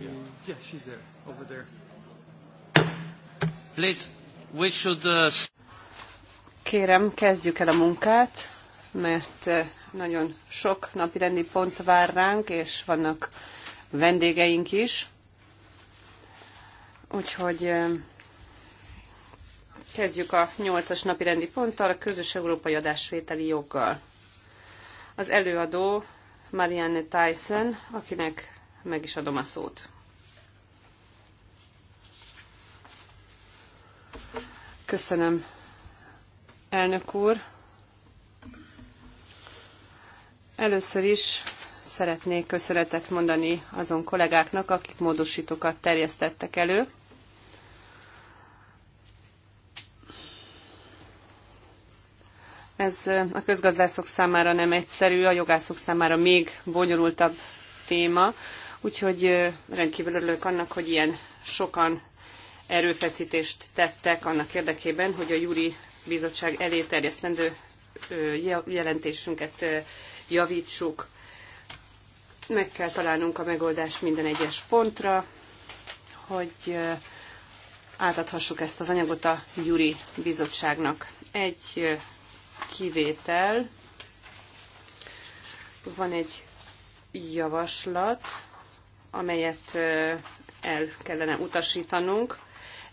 Yeah. yeah, she's there, over there. Please, we should... Uh... Kérem, kezdjük el a munkát, mert uh, nagyon sok napirendi pont vár ránk, és vannak vendégeink is. Úgyhogy um, kezdjük a nyolcas napirendi ponttal, a közös európai adásvételi joggal. Az előadó Marianne Tyson, akinek meg is adom a szót. Köszönöm, elnök úr. Először is szeretnék köszönetet mondani azon kollégáknak, akik módosítókat terjesztettek elő. Ez a közgazdászok számára nem egyszerű, a jogászok számára még bonyolultabb téma. Úgyhogy rendkívül örülök annak, hogy ilyen sokan erőfeszítést tettek annak érdekében, hogy a Júri Bizottság elé terjesztendő jelentésünket javítsuk. Meg kell találnunk a megoldást minden egyes pontra, hogy átadhassuk ezt az anyagot a Júri Bizottságnak. Egy kivétel, van egy javaslat, amelyet el kellene utasítanunk.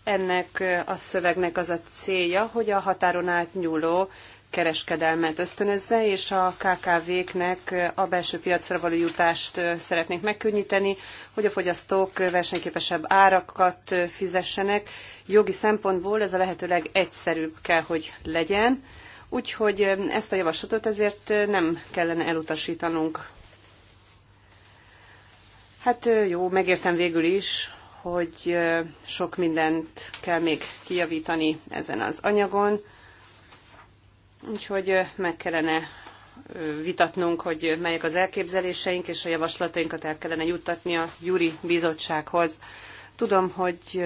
Ennek a szövegnek az a célja, hogy a határon átnyúló kereskedelmet ösztönözze, és a KKV-knek a belső piacra való jutást szeretnénk megkönnyíteni, hogy a fogyasztók versenyképesebb árakat fizessenek. Jogi szempontból ez a lehető legegyszerűbb kell, hogy legyen. Úgyhogy ezt a javaslatot ezért nem kellene elutasítanunk. Hát jó, megértem végül is, hogy sok mindent kell még kijavítani ezen az anyagon, úgyhogy meg kellene vitatnunk, hogy melyek az elképzeléseink, és a javaslatainkat el kellene juttatni a Júri Bizottsághoz. Tudom, hogy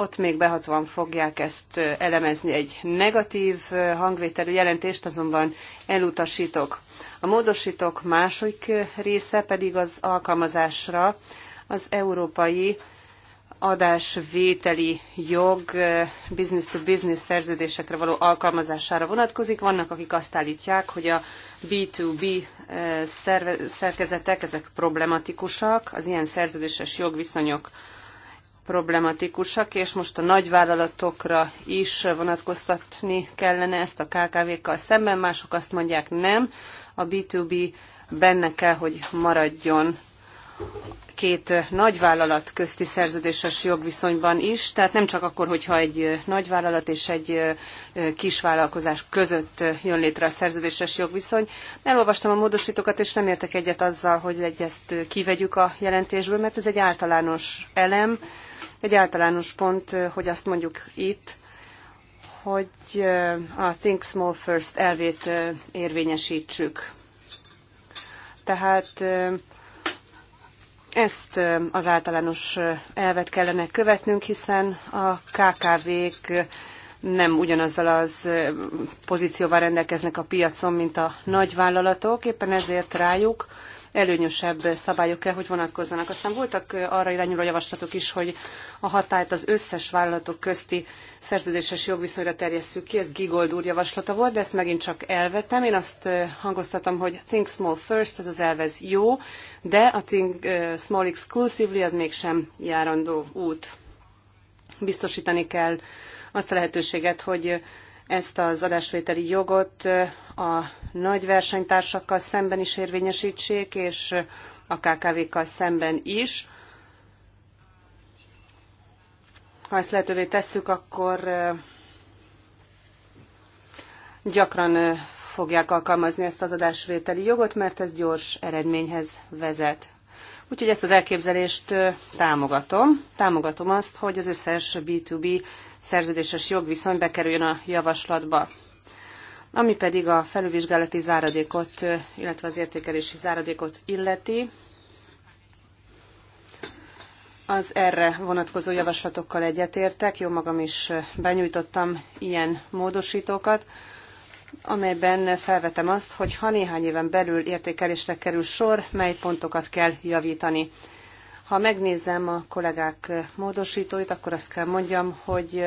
ott még behatóan fogják ezt elemezni egy negatív hangvételű jelentést, azonban elutasítok. A módosítók második része pedig az alkalmazásra az európai adásvételi jog business-to-business -business szerződésekre való alkalmazására vonatkozik. Vannak, akik azt állítják, hogy a B2B szerkezetek, ezek problematikusak, az ilyen szerződéses jogviszonyok problematikusak, és most a nagyvállalatokra is vonatkoztatni kellene ezt a KKV-kkal szemben. Mások azt mondják nem, a B2B benne kell, hogy maradjon két nagyvállalat közti szerződéses jogviszonyban is, tehát nem csak akkor, hogyha egy nagyvállalat és egy kisvállalkozás között jön létre a szerződéses jogviszony. Elolvastam a módosítókat, és nem értek egyet azzal, hogy ezt kivegyük a jelentésből, mert ez egy általános elem, egy általános pont, hogy azt mondjuk itt, hogy a Think Small First elvét érvényesítsük. Tehát ezt az általános elvet kellene követnünk, hiszen a KKV-k nem ugyanazzal az pozícióval rendelkeznek a piacon, mint a nagyvállalatok, éppen ezért rájuk előnyösebb szabályok kell, hogy vonatkozzanak. Aztán voltak arra irányuló javaslatok is, hogy a hatályt az összes vállalatok közti szerződéses jogviszonyra terjesszük ki. Ez Gigold úr javaslata volt, de ezt megint csak elvetem. Én azt hangoztatom, hogy think small first, ez az elvez jó, de a think small exclusively az mégsem járandó út. Biztosítani kell azt a lehetőséget, hogy ezt az adásvételi jogot a nagy versenytársakkal szemben is érvényesítsék, és a KKV-kkal szemben is. Ha ezt lehetővé tesszük, akkor gyakran fogják alkalmazni ezt az adásvételi jogot, mert ez gyors eredményhez vezet. Úgyhogy ezt az elképzelést támogatom. Támogatom azt, hogy az összes B2B szerződéses jogviszony bekerüljön a javaslatba. Ami pedig a felülvizsgálati záradékot, illetve az értékelési záradékot illeti, az erre vonatkozó javaslatokkal egyetértek, jó magam is benyújtottam ilyen módosítókat, amelyben felvetem azt, hogy ha néhány éven belül értékelésre kerül sor, mely pontokat kell javítani. Ha megnézem a kollégák módosítóit, akkor azt kell mondjam, hogy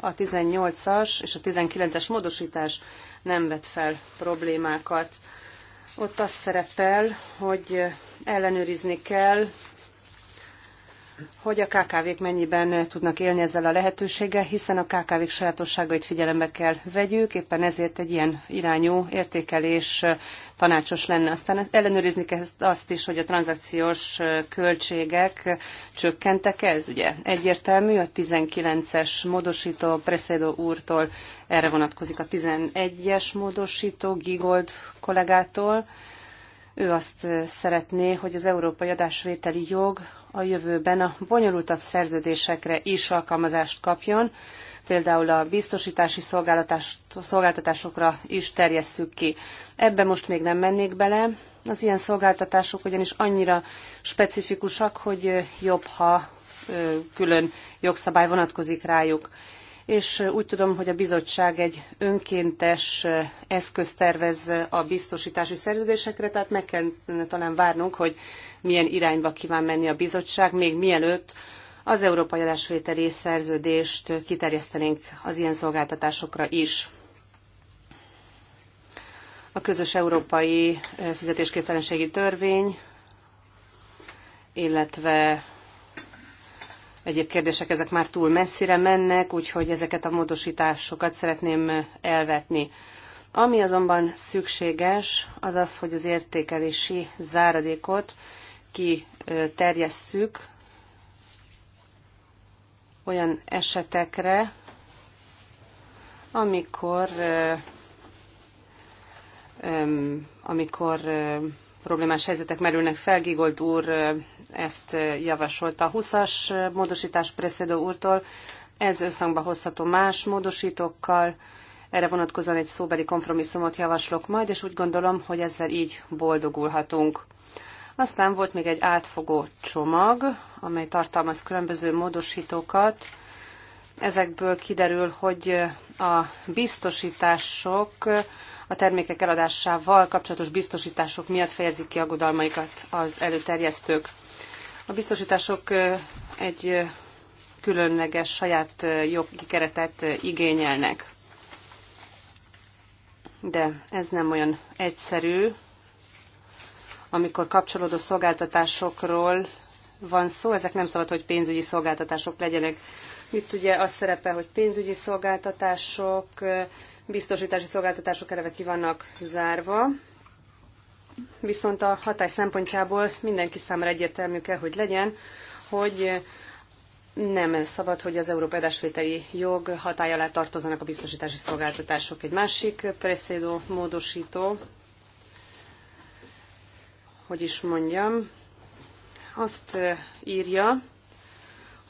a 18-as és a 19-es módosítás nem vet fel problémákat. Ott az szerepel, hogy ellenőrizni kell hogy a KKV-k mennyiben tudnak élni ezzel a lehetőséggel, hiszen a KKV-k sajátosságait figyelembe kell vegyük, éppen ezért egy ilyen irányú értékelés tanácsos lenne. Aztán ellenőrizni kell azt is, hogy a tranzakciós költségek csökkentek ez, ugye? Egyértelmű, a 19-es módosító Precedo úrtól erre vonatkozik a 11-es módosító Gigold kollégától. Ő azt szeretné, hogy az európai adásvételi jog a jövőben a bonyolultabb szerződésekre is alkalmazást kapjon, például a biztosítási szolgáltatásokra is terjesszük ki. Ebbe most még nem mennék bele, az ilyen szolgáltatások ugyanis annyira specifikusak, hogy jobb, ha külön jogszabály vonatkozik rájuk és úgy tudom, hogy a bizottság egy önkéntes eszközt tervez a biztosítási szerződésekre, tehát meg kell talán várnunk, hogy milyen irányba kíván menni a bizottság, még mielőtt az Európai Adásvételi Szerződést kiterjesztenénk az ilyen szolgáltatásokra is. A közös európai fizetésképtelenségi törvény, illetve egyéb kérdések ezek már túl messzire mennek, úgyhogy ezeket a módosításokat szeretném elvetni. Ami azonban szükséges, az az, hogy az értékelési záradékot kiterjesszük olyan esetekre, amikor amikor problémás helyzetek merülnek fel. Gigold úr ezt javasolta a 20-as módosítás Preszedő úrtól. Ez összhangba hozható más módosítókkal. Erre vonatkozóan egy szóbeli kompromisszumot javaslok majd, és úgy gondolom, hogy ezzel így boldogulhatunk. Aztán volt még egy átfogó csomag, amely tartalmaz különböző módosítókat. Ezekből kiderül, hogy a biztosítások a termékek eladásával kapcsolatos biztosítások miatt fejezik ki aggodalmaikat az előterjesztők. A biztosítások egy különleges saját jogi keretet igényelnek. De ez nem olyan egyszerű, amikor kapcsolódó szolgáltatásokról van szó, ezek nem szabad, hogy pénzügyi szolgáltatások legyenek. Itt ugye az szerepel, hogy pénzügyi szolgáltatások, biztosítási szolgáltatások eleve ki vannak zárva, viszont a hatály szempontjából mindenki számára egyértelmű kell, hogy legyen, hogy nem szabad, hogy az európai adásvételi jog hatály alá tartozanak a biztosítási szolgáltatások. Egy másik preszédó módosító, hogy is mondjam, azt írja,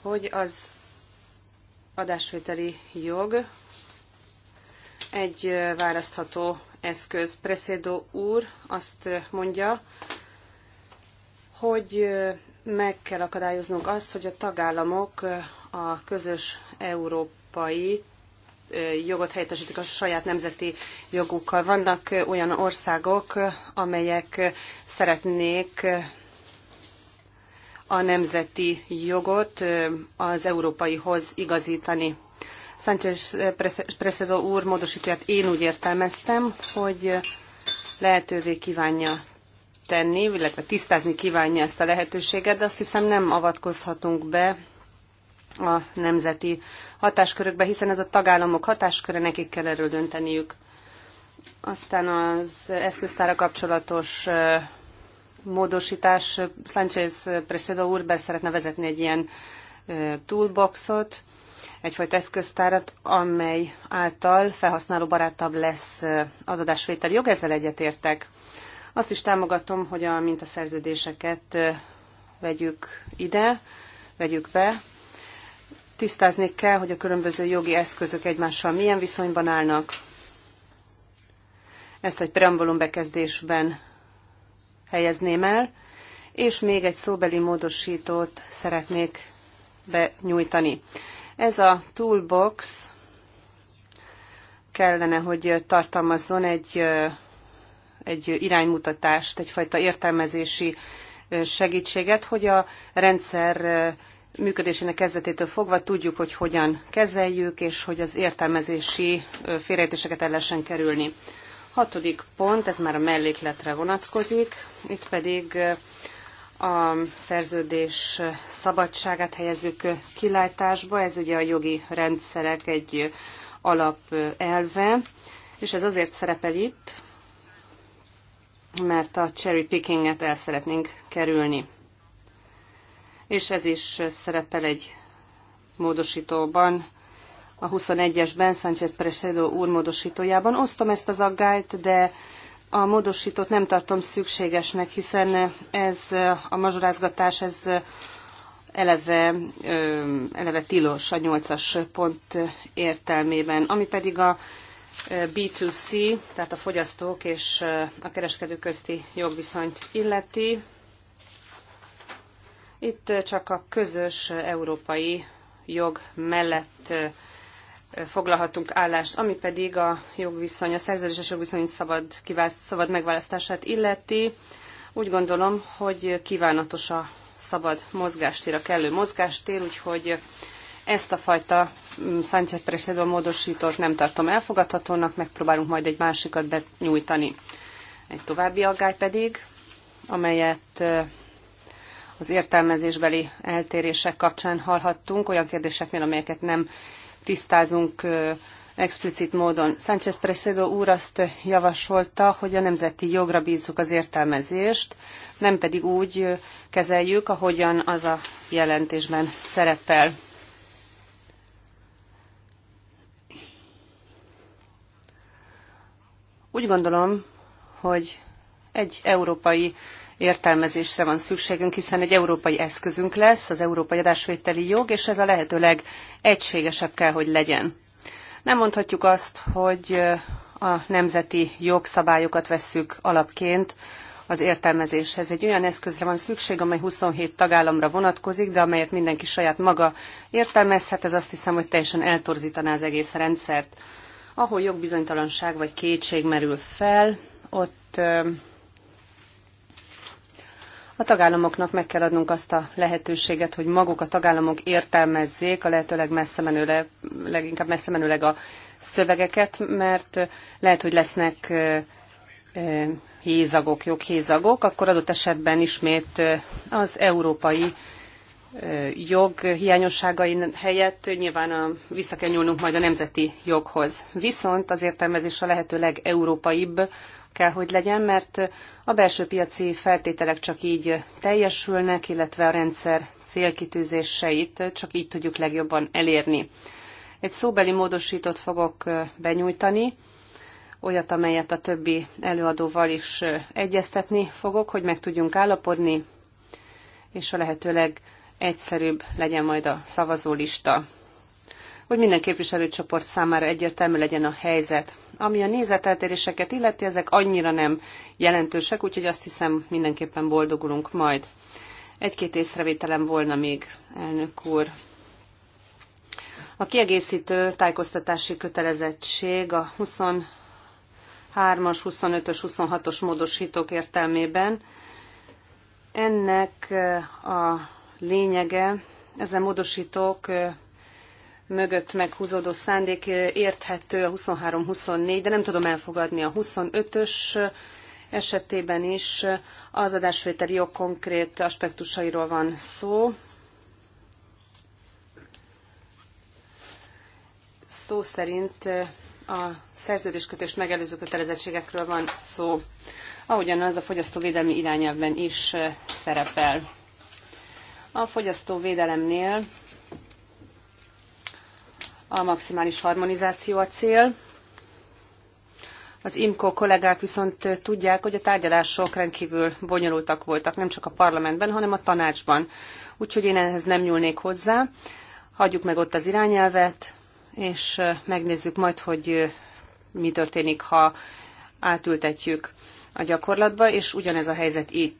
hogy az adásvételi jog egy választható eszköz. Preszédó úr azt mondja, hogy meg kell akadályoznunk azt, hogy a tagállamok a közös európai jogot helyettesítik a saját nemzeti jogukkal. Vannak olyan országok, amelyek szeretnék a nemzeti jogot az európaihoz igazítani. Sánchez eh, Presedo úr módosítóját én úgy értelmeztem, hogy lehetővé kívánja tenni, illetve tisztázni kívánja ezt a lehetőséget, de azt hiszem nem avatkozhatunk be a nemzeti hatáskörökbe, hiszen ez a tagállamok hatásköre, nekik kell erről dönteniük. Aztán az eszköztára kapcsolatos eh, módosítás, eh, Sánchez Presedo úr be szeretne vezetni egy ilyen toolboxot, egyfajta eszköztárat, amely által felhasználóbarátabb lesz az adásvétel jog, ezzel egyetértek. Azt is támogatom, hogy a mintaszerződéseket vegyük ide, vegyük be. Tisztázni kell, hogy a különböző jogi eszközök egymással milyen viszonyban állnak. Ezt egy preambulum bekezdésben helyezném el, és még egy szóbeli módosítót szeretnék benyújtani. Ez a toolbox kellene, hogy tartalmazzon egy, egy iránymutatást, egyfajta értelmezési segítséget, hogy a rendszer működésének kezdetétől fogva tudjuk, hogy hogyan kezeljük, és hogy az értelmezési félreértéseket el lehessen kerülni. Hatodik pont, ez már a mellékletre vonatkozik, itt pedig a szerződés szabadságát helyezzük kilátásba. Ez ugye a jogi rendszerek egy alapelve, és ez azért szerepel itt, mert a cherry pickinget el szeretnénk kerülni. És ez is szerepel egy módosítóban, a 21-esben, Sánchez Presedo úr módosítójában. Osztom ezt az aggályt, de a módosítót nem tartom szükségesnek, hiszen ez a mazsolázgatás, ez eleve, eleve tilos a 8-as pont értelmében. Ami pedig a B2C, tehát a fogyasztók és a kereskedő közti jogviszonyt illeti, itt csak a közös európai jog mellett foglalhatunk állást, ami pedig a jogviszony, a szerződéses jogviszony szabad, kiválaszt, szabad megválasztását illeti. Úgy gondolom, hogy kívánatos a szabad mozgástér, a kellő mozgástér, úgyhogy ezt a fajta mm, Sánchez Presedo módosítót nem tartom elfogadhatónak, megpróbálunk majd egy másikat benyújtani. Egy további aggály pedig, amelyet az értelmezésbeli eltérések kapcsán hallhattunk, olyan kérdéseknél, amelyeket nem tisztázunk explicit módon. Sánchez Presedo úr azt javasolta, hogy a nemzeti jogra bízzuk az értelmezést, nem pedig úgy kezeljük, ahogyan az a jelentésben szerepel. Úgy gondolom, hogy egy európai értelmezésre van szükségünk, hiszen egy európai eszközünk lesz, az európai adásvételi jog, és ez a lehetőleg egységesebb kell, hogy legyen. Nem mondhatjuk azt, hogy a nemzeti jogszabályokat vesszük alapként az értelmezéshez. Egy olyan eszközre van szükség, amely 27 tagállamra vonatkozik, de amelyet mindenki saját maga értelmezhet. Ez azt hiszem, hogy teljesen eltorzítaná az egész rendszert. Ahol jogbizonytalanság vagy kétség merül fel, ott a tagállamoknak meg kell adnunk azt a lehetőséget, hogy maguk a tagállamok értelmezzék a lehetőleg messze menőleg, leginkább messze menőleg a szövegeket, mert lehet, hogy lesznek hézagok, joghézagok, akkor adott esetben ismét az európai jog hiányosságain helyett nyilván a, vissza kell nyúlnunk majd a nemzeti joghoz. Viszont az értelmezés a lehető legeurópaibb kell, hogy legyen, mert a belső piaci feltételek csak így teljesülnek, illetve a rendszer célkitűzéseit csak így tudjuk legjobban elérni. Egy szóbeli módosítót fogok benyújtani, olyat, amelyet a többi előadóval is egyeztetni fogok, hogy meg tudjunk állapodni, és a lehetőleg egyszerűbb legyen majd a szavazólista, hogy minden képviselőcsoport számára egyértelmű legyen a helyzet. Ami a nézeteltéréseket illeti, ezek annyira nem jelentősek, úgyhogy azt hiszem mindenképpen boldogulunk majd. Egy-két észrevételem volna még, elnök úr. A kiegészítő tájékoztatási kötelezettség a 23-as, 25-ös, 26-os módosítók értelmében ennek eh, a lényege. Ezen módosítók mögött meghúzódó szándék érthető a 23-24, de nem tudom elfogadni a 25-ös esetében is az adásvételi jog konkrét aspektusairól van szó. Szó szerint a szerződéskötés megelőző kötelezettségekről van szó, ahogyan az a fogyasztóvédelmi irányelvben is szerepel. A fogyasztóvédelemnél a maximális harmonizáció a cél. Az IMCO kollégák viszont tudják, hogy a tárgyalások rendkívül bonyolultak voltak, nem csak a parlamentben, hanem a tanácsban. Úgyhogy én ehhez nem nyúlnék hozzá. Hagyjuk meg ott az irányelvet, és megnézzük majd, hogy mi történik, ha átültetjük a gyakorlatba, és ugyanez a helyzet itt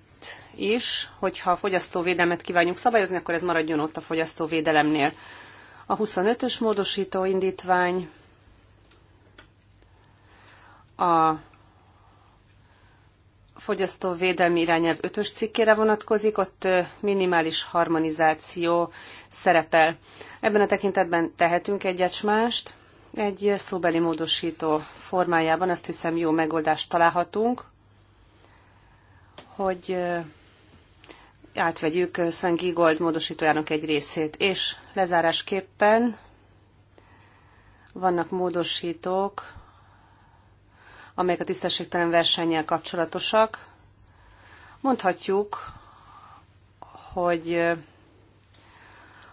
is, hogyha a fogyasztóvédelmet kívánjuk szabályozni, akkor ez maradjon ott a fogyasztóvédelemnél. A 25-ös módosító indítvány a fogyasztóvédelmi irányelv 5-ös cikkére vonatkozik, ott minimális harmonizáció szerepel. Ebben a tekintetben tehetünk egyet mást. Egy szóbeli módosító formájában azt hiszem jó megoldást találhatunk, hogy átvegyük Sven Gigold módosítójának egy részét. És lezárásképpen vannak módosítók, amelyek a tisztességtelen versennyel kapcsolatosak. Mondhatjuk, hogy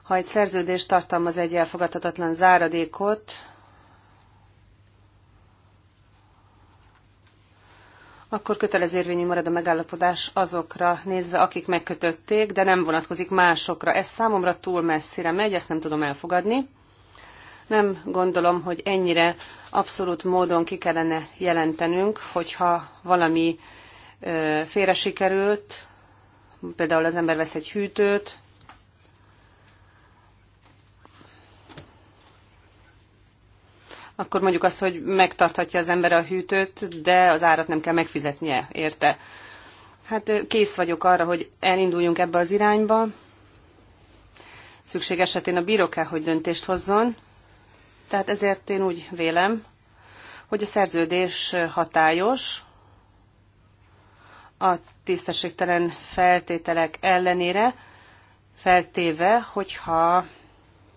ha egy szerződés tartalmaz egy elfogadhatatlan záradékot, akkor kötelező érvényű marad a megállapodás azokra nézve, akik megkötötték, de nem vonatkozik másokra. Ez számomra túl messzire megy, ezt nem tudom elfogadni. Nem gondolom, hogy ennyire abszolút módon ki kellene jelentenünk, hogyha valami félre sikerült, például az ember vesz egy hűtőt, akkor mondjuk azt, hogy megtarthatja az ember a hűtőt, de az árat nem kell megfizetnie, érte? Hát kész vagyok arra, hogy elinduljunk ebbe az irányba. Szükség esetén a bíró kell, hogy döntést hozzon. Tehát ezért én úgy vélem, hogy a szerződés hatályos, a tisztességtelen feltételek ellenére, feltéve, hogyha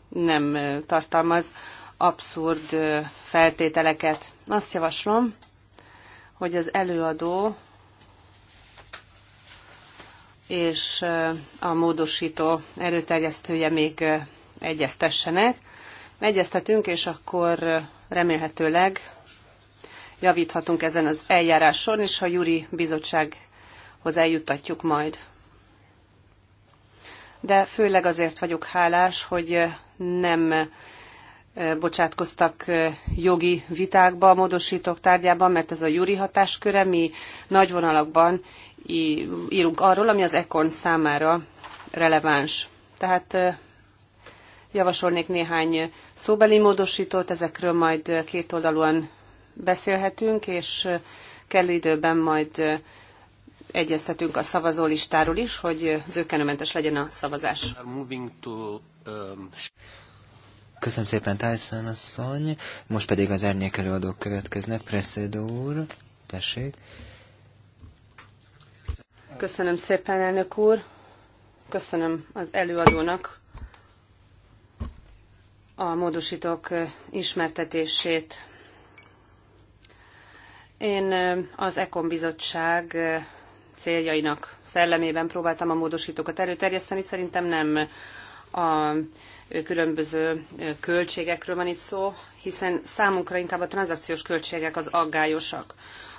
nem tartalmaz abszurd feltételeket. Azt javaslom, hogy az előadó és a módosító erőterjesztője még egyeztessenek. Egyeztetünk, és akkor remélhetőleg javíthatunk ezen az eljáráson, és a Juri Bizottsághoz eljuttatjuk majd. De főleg azért vagyok hálás, hogy nem bocsátkoztak jogi vitákba a módosítók tárgyában, mert ez a júri hatásköre, mi nagy vonalakban írunk arról, ami az ECON számára releváns. Tehát javasolnék néhány szóbeli módosítót, ezekről majd kétoldalúan beszélhetünk, és kellő időben majd egyeztetünk a szavazólistáról is, hogy zökkenőmentes legyen a szavazás. Köszönöm szépen, Tyson asszony. Most pedig az árnyék előadók következnek. Preszédó úr, tessék. Köszönöm szépen, elnök úr. Köszönöm az előadónak a módosítók ismertetését. Én az Ekon Bizottság céljainak szellemében próbáltam a módosítókat előterjeszteni. Szerintem nem a különböző költségekről van itt szó, hiszen számunkra inkább a tranzakciós költségek az aggályosak.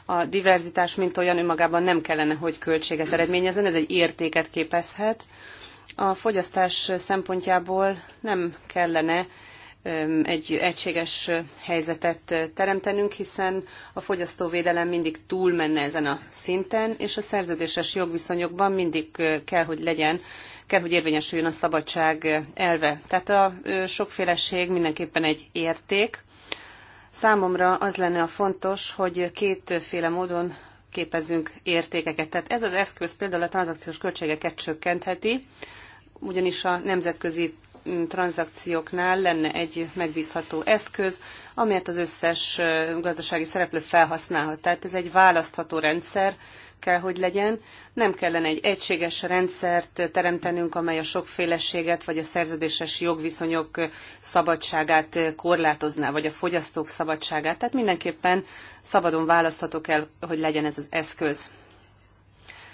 A diverzitás, mint olyan önmagában nem kellene, hogy költséget eredményezzen, ez egy értéket képezhet. A fogyasztás szempontjából nem kellene egy egységes helyzetet teremtenünk, hiszen a fogyasztóvédelem mindig túlmenne ezen a szinten, és a szerződéses jogviszonyokban mindig kell, hogy legyen kell, hogy érvényesüljön a szabadság elve. Tehát a sokféleség mindenképpen egy érték. Számomra az lenne a fontos, hogy kétféle módon képezünk értékeket. Tehát ez az eszköz például a tranzakciós költségeket csökkentheti, ugyanis a nemzetközi tranzakcióknál lenne egy megbízható eszköz, amelyet az összes gazdasági szereplő felhasználhat. Tehát ez egy választható rendszer, kell, hogy legyen. Nem kellene egy egységes rendszert teremtenünk, amely a sokféleséget vagy a szerződéses jogviszonyok szabadságát korlátozná, vagy a fogyasztók szabadságát. Tehát mindenképpen szabadon választhatok el, hogy legyen ez az eszköz.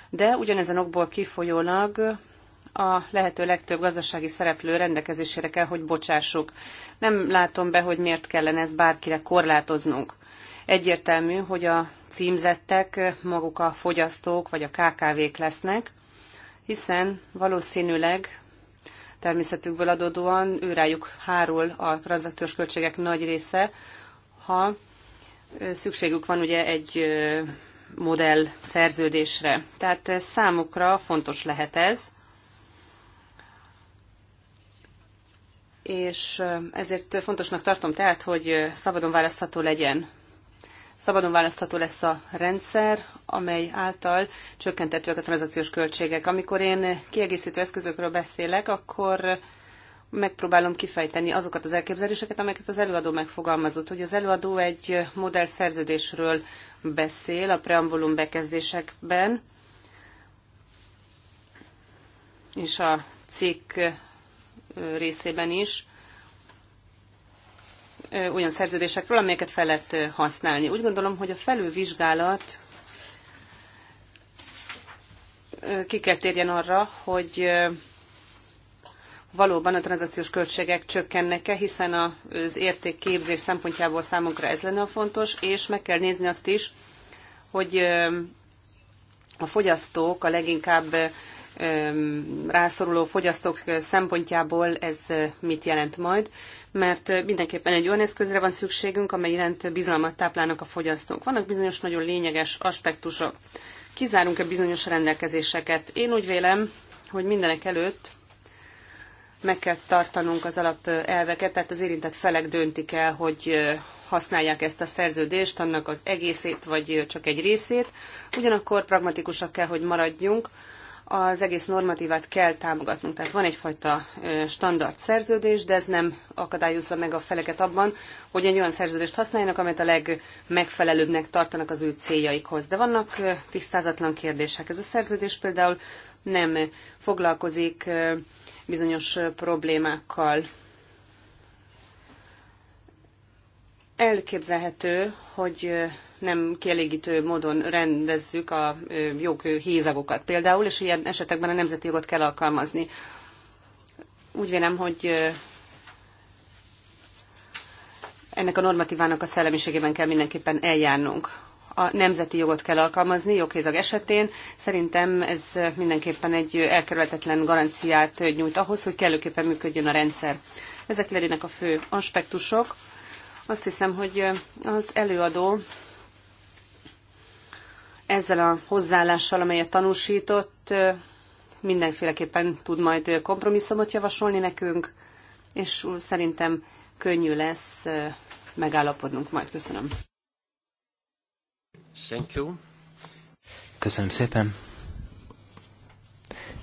De ugyanezen okból kifolyólag a lehető legtöbb gazdasági szereplő rendelkezésére kell, hogy bocsássuk. Nem látom be, hogy miért kellene ezt bárkire korlátoznunk. Egyértelmű, hogy a címzettek maguk a fogyasztók vagy a KKV-k lesznek, hiszen valószínűleg természetükből adódóan őrájuk hárul a tranzakciós költségek nagy része, ha szükségük van ugye egy modell szerződésre. Tehát számukra fontos lehet ez, és ezért fontosnak tartom tehát, hogy szabadon választható legyen Szabadon választható lesz a rendszer, amely által csökkentetőek a tranzakciós költségek. Amikor én kiegészítő eszközökről beszélek, akkor megpróbálom kifejteni azokat az elképzeléseket, amelyeket az előadó megfogalmazott, hogy az előadó egy modell szerződésről beszél a preambulum bekezdésekben, és a cikk részében is olyan szerződésekről, amelyeket fel lehet használni. Úgy gondolom, hogy a felülvizsgálat ki kell térjen arra, hogy valóban a tranzakciós költségek csökkennek-e, hiszen az értékképzés szempontjából számunkra ez lenne a fontos, és meg kell nézni azt is, hogy a fogyasztók a leginkább rászoruló fogyasztók szempontjából ez mit jelent majd, mert mindenképpen egy olyan eszközre van szükségünk, amely iránt bizalmat táplálnak a fogyasztók. Vannak bizonyos nagyon lényeges aspektusok. Kizárunk-e bizonyos rendelkezéseket? Én úgy vélem, hogy mindenek előtt meg kell tartanunk az alapelveket, tehát az érintett felek döntik el, hogy használják ezt a szerződést, annak az egészét vagy csak egy részét. Ugyanakkor pragmatikusak kell, hogy maradjunk, az egész normatívát kell támogatnunk. Tehát van egyfajta standard szerződés, de ez nem akadályozza meg a feleket abban, hogy egy olyan szerződést használjanak, amelyet a legmegfelelőbbnek tartanak az ő céljaikhoz. De vannak tisztázatlan kérdések. Ez a szerződés például nem foglalkozik bizonyos problémákkal. Elképzelhető, hogy nem kielégítő módon rendezzük a jog hézagokat például, és ilyen esetekben a nemzeti jogot kell alkalmazni. Úgy vélem, hogy ennek a normatívának a szellemiségében kell mindenképpen eljárnunk. A nemzeti jogot kell alkalmazni joghézag esetén. Szerintem ez mindenképpen egy elkerülhetetlen garanciát nyújt ahhoz, hogy kellőképpen működjön a rendszer. Ezek lennének a fő aspektusok. Azt hiszem, hogy az előadó ezzel a hozzáállással, amelyet tanúsított, mindenféleképpen tud majd kompromisszumot javasolni nekünk, és szerintem könnyű lesz megállapodnunk majd. Köszönöm. Thank you. Köszönöm szépen.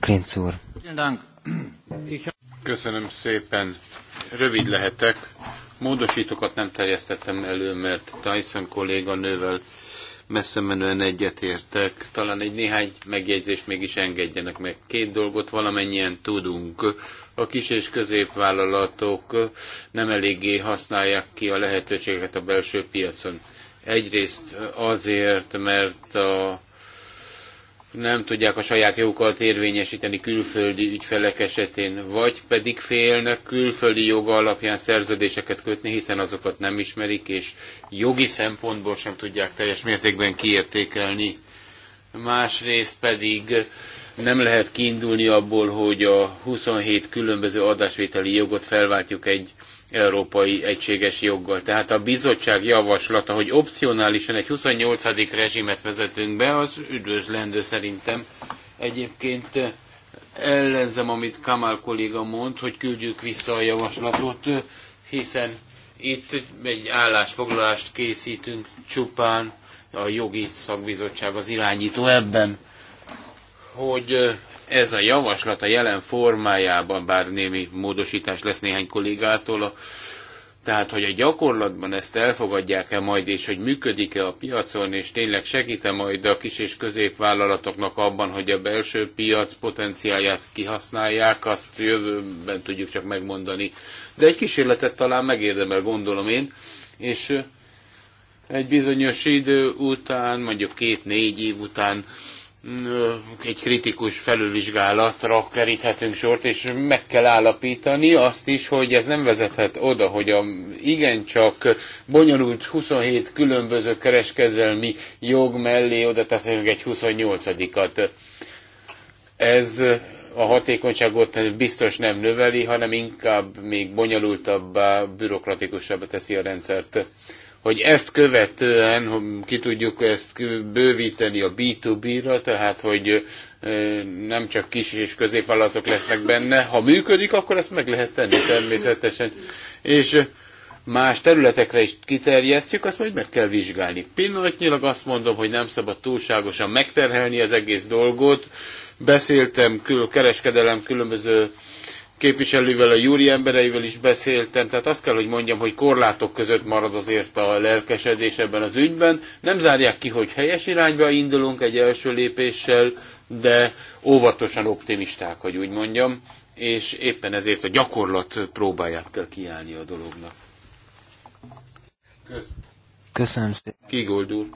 Klinc úr. Köszönöm szépen. Rövid lehetek. Módosítókat nem terjesztettem elő, mert Tyson kolléganővel nővel messze menően egyetértek. Talán egy néhány megjegyzést mégis engedjenek meg. Két dolgot valamennyien tudunk. A kis és középvállalatok nem eléggé használják ki a lehetőségeket a belső piacon. Egyrészt azért, mert a nem tudják a saját jogokat érvényesíteni külföldi ügyfelek esetén, vagy pedig félnek külföldi joga alapján szerződéseket kötni, hiszen azokat nem ismerik, és jogi szempontból sem tudják teljes mértékben kiértékelni. Másrészt pedig nem lehet kiindulni abból, hogy a 27 különböző adásvételi jogot felváltjuk egy európai egységes joggal. Tehát a bizottság javaslata, hogy opcionálisan egy 28. rezsimet vezetünk be, az üdvözlendő szerintem. Egyébként eh, ellenzem, amit Kamal kolléga mond, hogy küldjük vissza a javaslatot, eh, hiszen itt egy állásfoglalást készítünk csupán a jogi szakbizottság az irányító ebben, hogy eh, ez a javaslat a jelen formájában, bár némi módosítás lesz néhány kollégától, tehát, hogy a gyakorlatban ezt elfogadják-e majd, és hogy működik-e a piacon, és tényleg segít-e majd a kis és középvállalatoknak abban, hogy a belső piac potenciáját kihasználják, azt jövőben tudjuk csak megmondani. De egy kísérletet talán megérdemel, gondolom én, és egy bizonyos idő után, mondjuk két-négy év után egy kritikus felülvizsgálatra keríthetünk sort, és meg kell állapítani azt is, hogy ez nem vezethet oda, hogy a igencsak bonyolult 27 különböző kereskedelmi jog mellé oda teszünk egy 28-at. Ez a hatékonyságot biztos nem növeli, hanem inkább még bonyolultabbá, bürokratikusabbá teszi a rendszert hogy ezt követően hogy ki tudjuk ezt bővíteni a B2B-ra, tehát hogy nem csak kis és középvállalatok lesznek benne. Ha működik, akkor ezt meg lehet tenni természetesen. És más területekre is kiterjesztjük, azt majd meg kell vizsgálni. Pillanatnyilag azt mondom, hogy nem szabad túlságosan megterhelni az egész dolgot. Beszéltem kül kereskedelem különböző képviselővel, a júri embereivel is beszéltem, tehát azt kell, hogy mondjam, hogy korlátok között marad azért a lelkesedés ebben az ügyben. Nem zárják ki, hogy helyes irányba indulunk egy első lépéssel, de óvatosan optimisták, hogy úgy mondjam, és éppen ezért a gyakorlat próbáját kell kiállni a dolognak. Köszönöm. Köszönöm szépen. Kigoldul.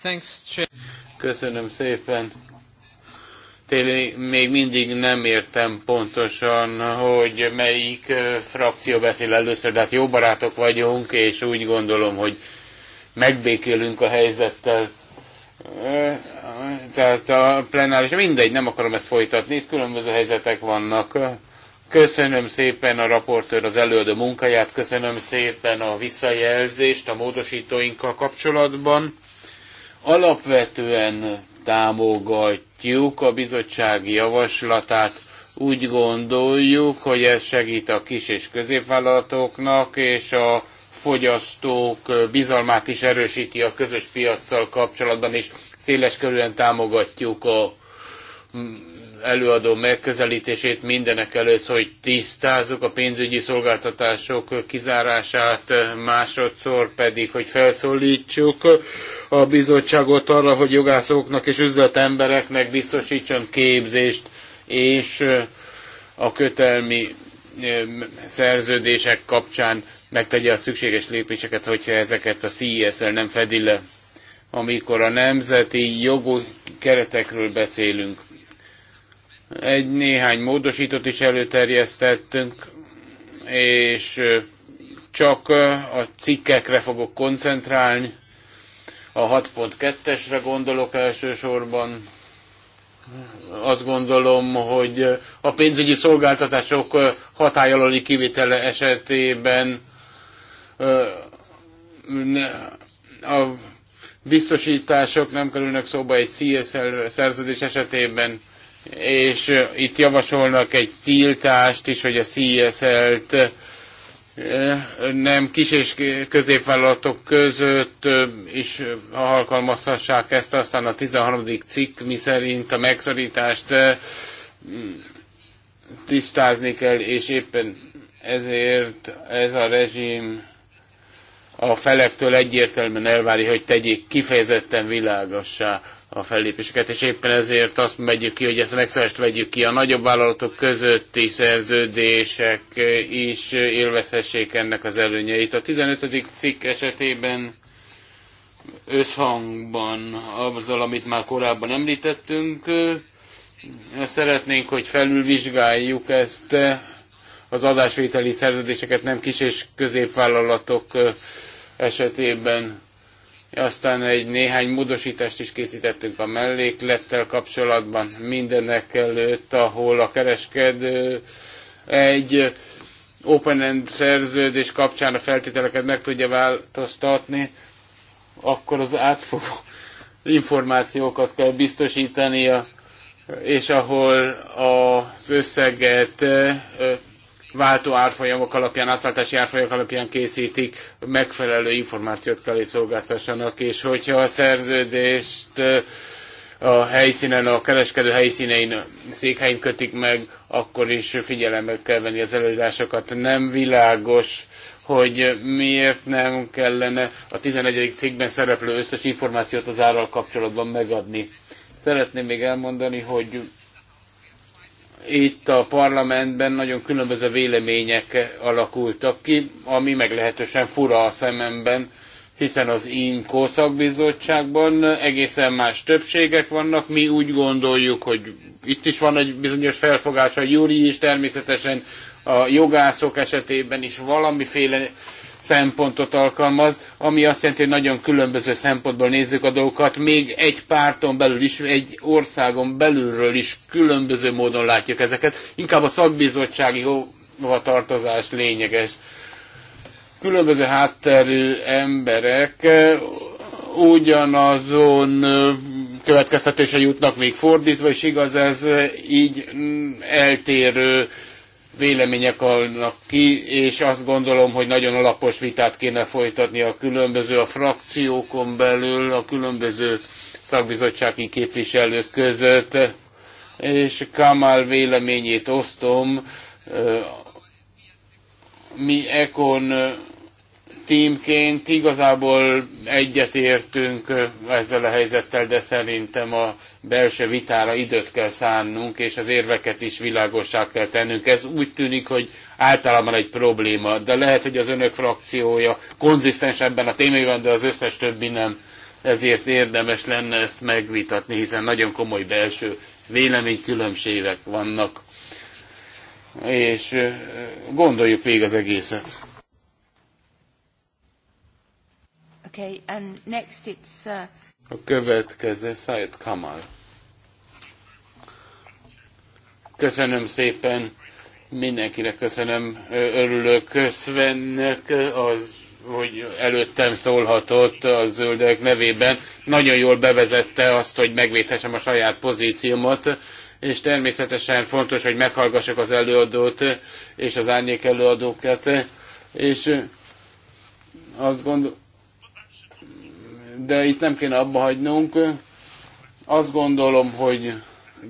Thanks, Köszönöm szépen. Tényleg még mindig nem értem pontosan, hogy melyik frakció beszél először, de hát jó barátok vagyunk, és úgy gondolom, hogy megbékélünk a helyzettel. Tehát a plenáris, mindegy, nem akarom ezt folytatni, itt különböző helyzetek vannak. Köszönöm szépen a raportőr az előadó munkáját, köszönöm szépen a visszajelzést a módosítóinkkal kapcsolatban. Alapvetően támogatjuk a bizottsági javaslatát. Úgy gondoljuk, hogy ez segít a kis és középvállalatoknak, és a fogyasztók bizalmát is erősíti a közös piaccal kapcsolatban, és széles körülön támogatjuk a mm, előadó megközelítését mindenek előtt, hogy tisztázzuk a pénzügyi szolgáltatások kizárását, másodszor pedig, hogy felszólítsuk a bizottságot arra, hogy jogászoknak és üzletembereknek biztosítson képzést, és a kötelmi szerződések kapcsán megtegye a szükséges lépéseket, hogyha ezeket a CISL e nem fedi le. Amikor a nemzeti jogú keretekről beszélünk, egy néhány módosítót is előterjesztettünk, és csak a cikkekre fogok koncentrálni, a 6.2-esre gondolok elsősorban. Azt gondolom, hogy a pénzügyi szolgáltatások hatály alali kivitele esetében a biztosítások nem kerülnek szóba egy CSL szerződés esetében, és itt javasolnak egy tiltást is, hogy a CSL-t nem kis és középvállalatok között is alkalmazhassák ezt, aztán a 13. cikk mi szerint a megszorítást tisztázni kell, és éppen ezért ez a rezsim a felektől egyértelműen elvárja, hogy tegyék kifejezetten világossá a fellépéseket, és éppen ezért azt megyük ki, hogy ezt a megszállást vegyük ki. A nagyobb vállalatok közötti szerződések is élvezhessék ennek az előnyeit. A 15. cikk esetében összhangban azzal, amit már korábban említettünk, szeretnénk, hogy felülvizsgáljuk ezt az adásvételi szerződéseket nem kis és középvállalatok esetében aztán egy néhány módosítást is készítettünk a melléklettel kapcsolatban mindenek előtt, ahol a kereskedő egy open-end szerződés kapcsán a feltételeket meg tudja változtatni, akkor az átfogó információkat kell biztosítania, és ahol az összeget váltó árfolyamok alapján, átváltási árfolyamok alapján készítik, megfelelő információt kell, hogy szolgáltassanak, és hogyha a szerződést a helyszínen, a kereskedő helyszínein, székhelyen kötik meg, akkor is figyelembe kell venni az előírásokat. Nem világos, hogy miért nem kellene a 11. cikkben szereplő összes információt az árral kapcsolatban megadni. Szeretném még elmondani, hogy itt a parlamentben nagyon különböző vélemények alakultak ki, ami meglehetősen fura a szememben, hiszen az INKO szakbizottságban egészen más többségek vannak. Mi úgy gondoljuk, hogy itt is van egy bizonyos felfogás, a Júri is természetesen a jogászok esetében is valamiféle szempontot alkalmaz, ami azt jelenti, hogy nagyon különböző szempontból nézzük a dolgokat, még egy párton belül is, egy országon belülről is különböző módon látjuk ezeket. Inkább a szakbizottsági hovatartozás lényeges. Különböző hátterű emberek ugyanazon következtetése jutnak, még fordítva és igaz ez, így mm, eltérő vélemények alnak ki, és azt gondolom, hogy nagyon alapos vitát kéne folytatni a különböző, a frakciókon belül, a különböző szakbizottsági képviselők között, és Kamal véleményét osztom, mi Ekon tímként igazából egyetértünk ezzel a helyzettel, de szerintem a belső vitára időt kell szánnunk, és az érveket is világossá kell tennünk. Ez úgy tűnik, hogy általában egy probléma, de lehet, hogy az önök frakciója konzisztens ebben a témában, de az összes többi nem. Ezért érdemes lenne ezt megvitatni, hiszen nagyon komoly belső véleménykülönbségek vannak. És gondoljuk végig az egészet. Okay, and next it's, uh... A következő Said Kamal. Köszönöm szépen mindenkinek, köszönöm, örülök Svennek az hogy előttem szólhatott a zöldek nevében. Nagyon jól bevezette azt, hogy megvédhessem a saját pozíciómat, és természetesen fontos, hogy meghallgassak az előadót és az árnyék előadókat, és azt gondolom, de itt nem kéne abba hagynunk. Azt gondolom, hogy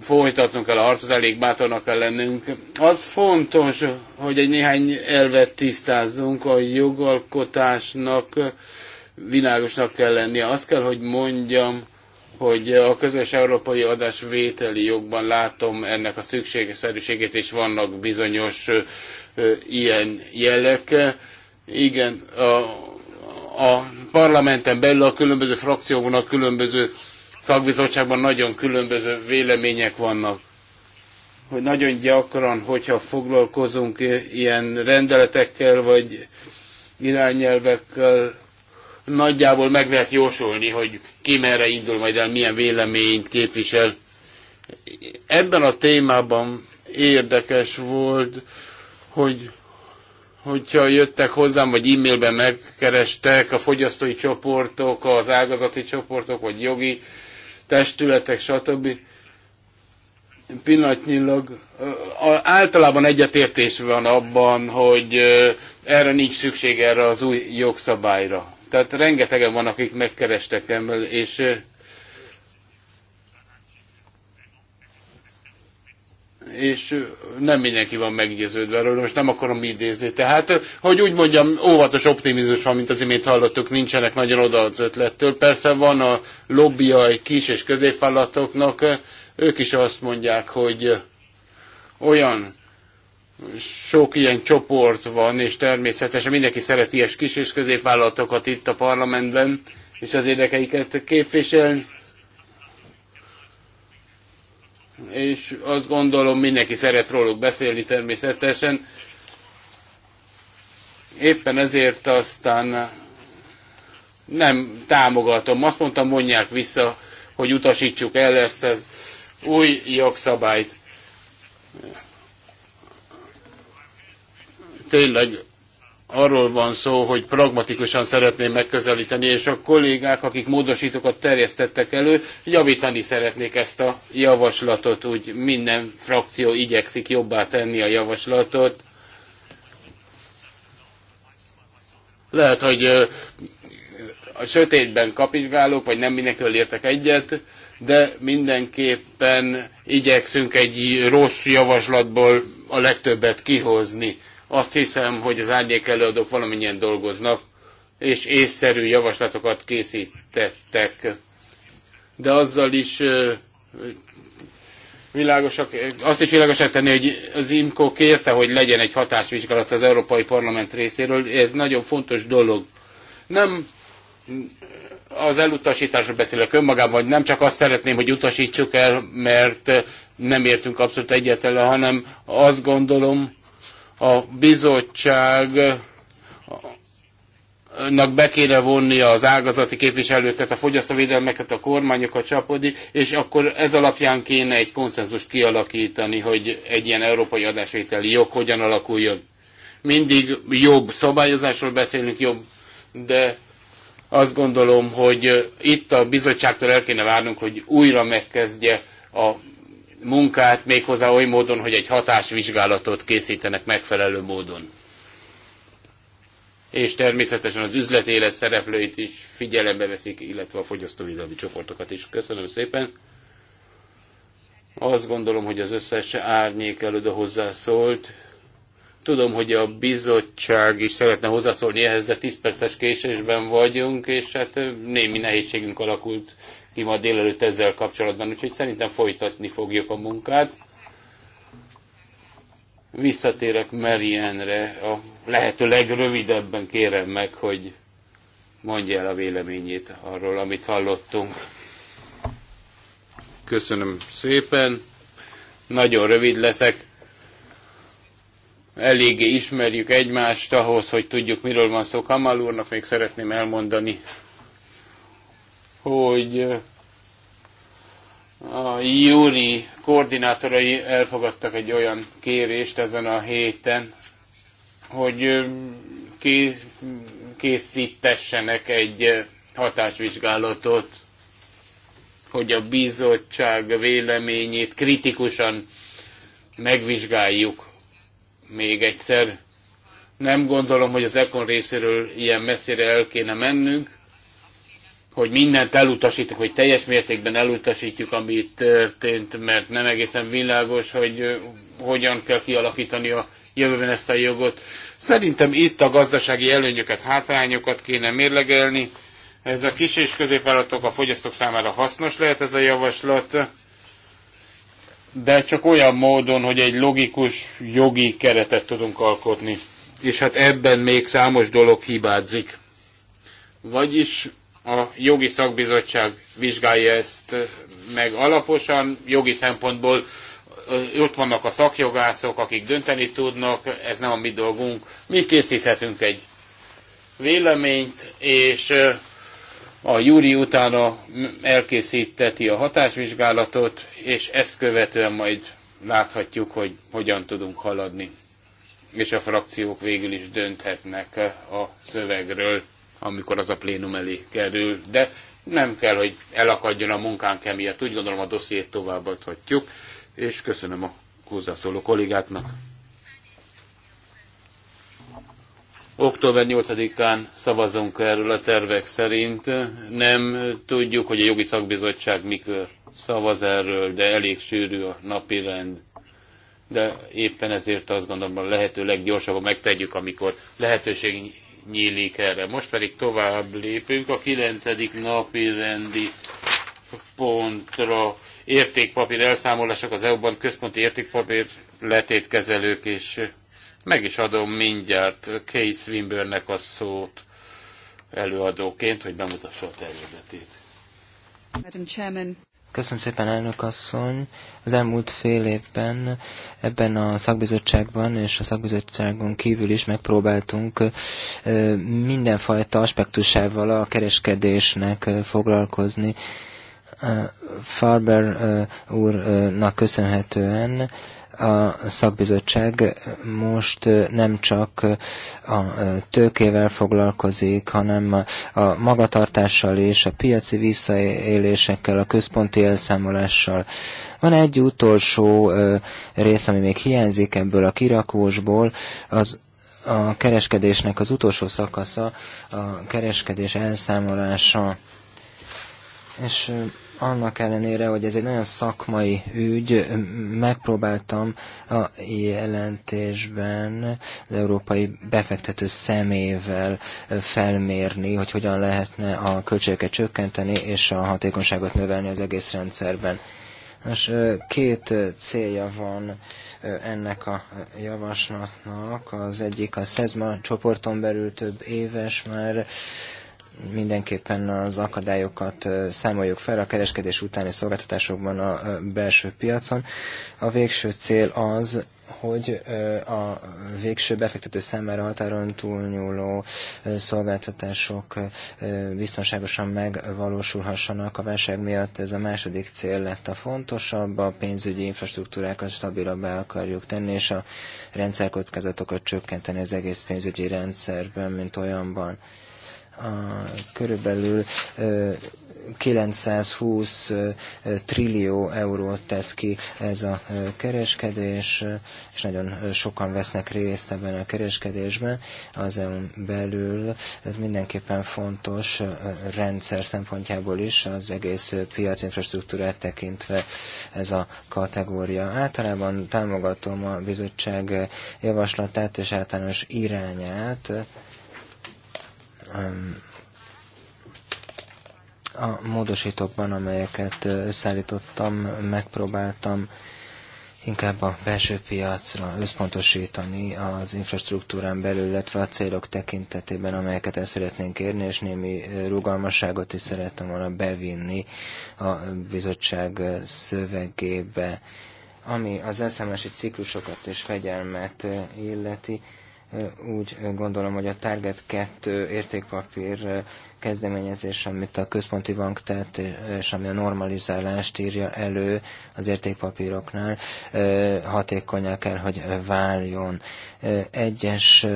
folytatnunk kell a harcot, elég bátornak kell lennünk. Az fontos, hogy egy néhány elvet tisztázzunk, a jogalkotásnak világosnak kell lennie. Azt kell, hogy mondjam, hogy a közös európai adásvételi jogban látom ennek a szükségeszerűségét, és vannak bizonyos ilyen jelek. Igen, a, a parlamenten belül a különböző frakciókban, a különböző szakbizottságban nagyon különböző vélemények vannak. Hogy nagyon gyakran, hogyha foglalkozunk ilyen rendeletekkel, vagy irányelvekkel, nagyjából meg lehet jósolni, hogy ki merre indul majd el, milyen véleményt képvisel. Ebben a témában érdekes volt, hogy hogyha jöttek hozzám, vagy e-mailben megkerestek a fogyasztói csoportok, az ágazati csoportok, vagy jogi testületek, stb. Pillanatnyilag általában egyetértés van abban, hogy erre nincs szükség erre az új jogszabályra. Tehát rengetegen van, akik megkerestek ember, és és nem mindenki van meggyőződve róla, most nem akarom idézni. Tehát, hogy úgy mondjam, óvatos optimizmus van, mint az imént hallottuk, nincsenek nagyon oda az ötlettől. Persze van a lobbia egy kis és középvállalatoknak, ők is azt mondják, hogy olyan sok ilyen csoport van, és természetesen mindenki szereti ilyes kis és középvállalatokat itt a parlamentben, és az érdekeiket képviselni és azt gondolom mindenki szeret róluk beszélni természetesen. Éppen ezért aztán nem támogatom. Azt mondtam, mondják vissza, hogy utasítsuk el ezt az új jogszabályt. Tényleg arról van szó, hogy pragmatikusan szeretném megközelíteni, és a kollégák, akik módosítókat terjesztettek elő, javítani szeretnék ezt a javaslatot, úgy minden frakció igyekszik jobbá tenni a javaslatot. Lehet, hogy a sötétben kapizsgálok, vagy nem mindenkül értek egyet, de mindenképpen igyekszünk egy rossz javaslatból a legtöbbet kihozni azt hiszem, hogy az árnyék előadók valamennyien dolgoznak, és észszerű javaslatokat készítettek. De azzal is világosak, azt is világosak tenni, hogy az IMCO kérte, hogy legyen egy hatásvizsgálat az Európai Parlament részéről. Ez nagyon fontos dolog. Nem az elutasításról beszélek önmagában, hogy nem csak azt szeretném, hogy utasítsuk el, mert nem értünk abszolút egyetlen, hanem azt gondolom, a bizottság nak be kéne vonni az ágazati képviselőket, a fogyasztóvédelmeket, a kormányokat, csapodni, és akkor ez alapján kéne egy konszenzust kialakítani, hogy egy ilyen európai adásvételi jog hogyan alakuljon. Mindig jobb szabályozásról beszélünk, jobb, de azt gondolom, hogy itt a bizottságtól el kéne várnunk, hogy újra megkezdje a munkát méghozzá oly módon, hogy egy hatásvizsgálatot készítenek megfelelő módon. És természetesen az üzletélet szereplőit is figyelembe veszik, illetve a fogyasztóvédelmi csoportokat is. Köszönöm szépen! Azt gondolom, hogy az összes árnyék előde hozzászólt. Tudom, hogy a bizottság is szeretne hozzászólni ehhez, de 10 perces késésben vagyunk, és hát némi nehézségünk alakult ki ma délelőtt ezzel kapcsolatban, úgyhogy szerintem folytatni fogjuk a munkát. Visszatérek Marianne-re, a lehető legrövidebben kérem meg, hogy mondja el a véleményét arról, amit hallottunk. Köszönöm szépen. Nagyon rövid leszek. Eléggé ismerjük egymást ahhoz, hogy tudjuk, miről van szó. Kamal úrnak még szeretném elmondani, hogy a júni koordinátorai elfogadtak egy olyan kérést ezen a héten, hogy készítessenek egy hatásvizsgálatot, hogy a bizottság véleményét kritikusan megvizsgáljuk még egyszer. Nem gondolom, hogy az Ekon részéről ilyen messzire el kéne mennünk, hogy mindent elutasítunk, hogy teljes mértékben elutasítjuk, ami itt történt, mert nem egészen világos, hogy hogyan kell kialakítani a jövőben ezt a jogot. Szerintem itt a gazdasági előnyöket, hátrányokat kéne mérlegelni. Ez a kis és középvállalatok, a fogyasztók számára hasznos lehet ez a javaslat, de csak olyan módon, hogy egy logikus jogi keretet tudunk alkotni. És hát ebben még számos dolog hibázik. Vagyis a jogi szakbizottság vizsgálja ezt meg alaposan, jogi szempontból ott vannak a szakjogászok, akik dönteni tudnak, ez nem a mi dolgunk. Mi készíthetünk egy véleményt, és a júri utána elkészíteti a hatásvizsgálatot, és ezt követően majd láthatjuk, hogy hogyan tudunk haladni. És a frakciók végül is dönthetnek a szövegről amikor az a plénum elé kerül, de nem kell, hogy elakadjon a munkánk emiatt. Úgy gondolom a dossziét továbbadhatjuk, és köszönöm a hozzászóló kollégáknak. Október 8-án szavazunk erről a tervek szerint. Nem tudjuk, hogy a jogi szakbizottság mikor szavaz erről, de elég sűrű a napi rend. De éppen ezért azt gondolom, a lehető leggyorsabban megtegyük, amikor lehetőség nyílik erre. Most pedig tovább lépünk a 9. napi rendi pontra. Értékpapír elszámolások az EU-ban központi értékpapír letétkezelők, és meg is adom mindjárt Case Swinburne-nek a szót előadóként, hogy bemutassa a tervezetét. Madam Chairman. Köszönöm szépen, elnök asszony. Az elmúlt fél évben ebben a szakbizottságban és a szakbizottságon kívül is megpróbáltunk mindenfajta aspektusával a kereskedésnek foglalkozni. Farber úrnak köszönhetően a szakbizottság most nem csak a tőkével foglalkozik, hanem a magatartással és a piaci visszaélésekkel, a központi elszámolással. Van egy utolsó rész, ami még hiányzik ebből a kirakósból, az a kereskedésnek az utolsó szakasza, a kereskedés elszámolása. És annak ellenére, hogy ez egy nagyon szakmai ügy, megpróbáltam a jelentésben az európai befektető szemével felmérni, hogy hogyan lehetne a költségeket csökkenteni és a hatékonyságot növelni az egész rendszerben. Most két célja van ennek a javaslatnak. Az egyik a SESMA csoporton belül több éves már mindenképpen az akadályokat számoljuk fel a kereskedés utáni szolgáltatásokban a belső piacon. A végső cél az, hogy a végső befektető számára határon túlnyúló szolgáltatások biztonságosan megvalósulhassanak. A válság miatt ez a második cél lett a fontosabb, a pénzügyi infrastruktúrákat stabilabbá akarjuk tenni, és a rendszerkockázatokat csökkenteni az egész pénzügyi rendszerben, mint olyanban körülbelül 920 trillió eurót tesz ki ez a kereskedés, és nagyon sokan vesznek részt ebben a kereskedésben az eu belül. Ez mindenképpen fontos rendszer szempontjából is, az egész piac infrastruktúrát tekintve ez a kategória. Általában támogatom a bizottság javaslatát és általános irányát, a módosítókban, amelyeket összeállítottam, megpróbáltam inkább a belső piacra összpontosítani az infrastruktúrán belül, illetve a célok tekintetében, amelyeket el szeretnénk érni, és némi rugalmasságot is szerettem volna bevinni a bizottság szövegébe. Ami az eszemesi ciklusokat és fegyelmet illeti, úgy gondolom, hogy a Target 2 értékpapír kezdeményezés, amit a központi bank tett, és ami a normalizálást írja elő az értékpapíroknál, hatékonyá kell, hogy váljon. Egyes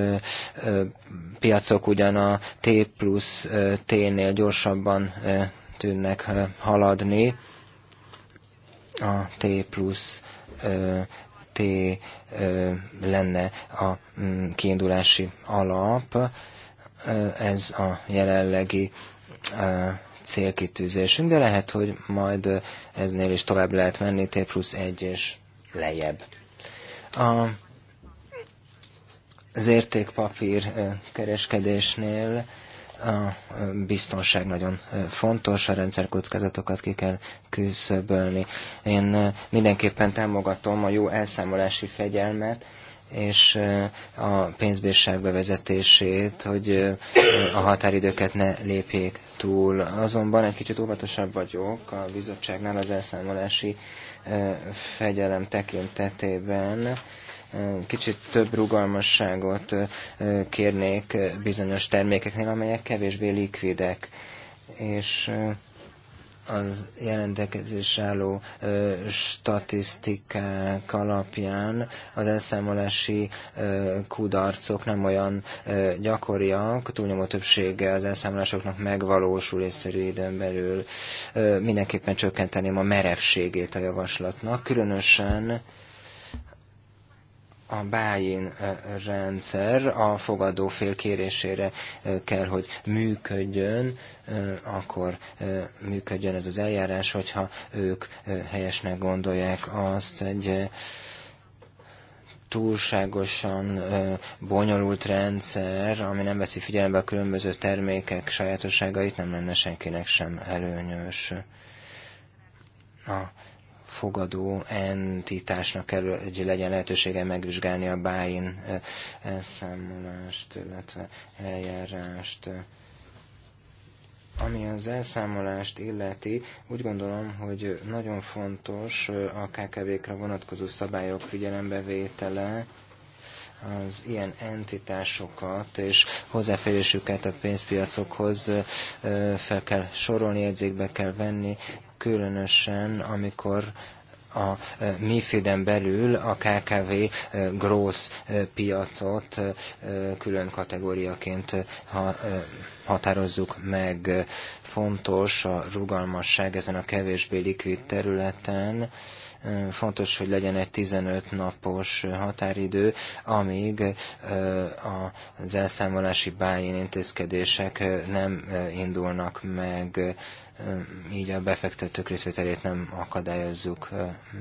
piacok ugyan a T plusz T-nél gyorsabban tűnnek haladni, a T plusz lenne a mm, kiindulási alap, ez a jelenlegi célkitűzésünk, de lehet, hogy majd eznél is tovább lehet menni, T plusz 1 és lejjebb. A, az értékpapír kereskedésnél a biztonság nagyon fontos, a rendszerkockázatokat ki kell küszöbölni. Én mindenképpen támogatom a jó elszámolási fegyelmet, és a pénzbírság bevezetését, hogy a határidőket ne lépjék túl. Azonban egy kicsit óvatosabb vagyok a bizottságnál az elszámolási fegyelem tekintetében kicsit több rugalmasságot kérnék bizonyos termékeknél, amelyek kevésbé likvidek, és az jelentkezés álló statisztikák alapján az elszámolási kudarcok nem olyan gyakoriak, túlnyomó többsége az elszámolásoknak megvalósul észszerű időn belül. mindenképpen csökkenteném a merevségét a javaslatnak, különösen a bájén eh, rendszer a fél kérésére eh, kell, hogy működjön, eh, akkor működjön ez az eljárás, hogyha ők helyesnek gondolják azt egy túlságosan ö, bonyolult rendszer, ami nem veszi figyelembe a különböző termékek sajátosságait, nem lenne senkinek sem előnyös. A fogadó entitásnak kell, hogy legyen lehetősége megvizsgálni a báin eh, elszámolást, illetve eljárást. Ami az elszámolást illeti, úgy gondolom, hogy nagyon fontos eh, a KKV-kra vonatkozó szabályok figyelembevétele, az ilyen entitásokat és hozzáférésüket a pénzpiacokhoz eh, fel kell sorolni, érzékbe kell venni, különösen amikor a e, MIFID-en belül a KKV e, grossz e, piacot külön kategóriaként határozzuk meg. Fontos a rugalmasság ezen a kevésbé likvid területen, fontos, hogy legyen egy 15 napos határidő, amíg az elszámolási bájén intézkedések nem indulnak meg így a befektetők részvételét nem akadályozzuk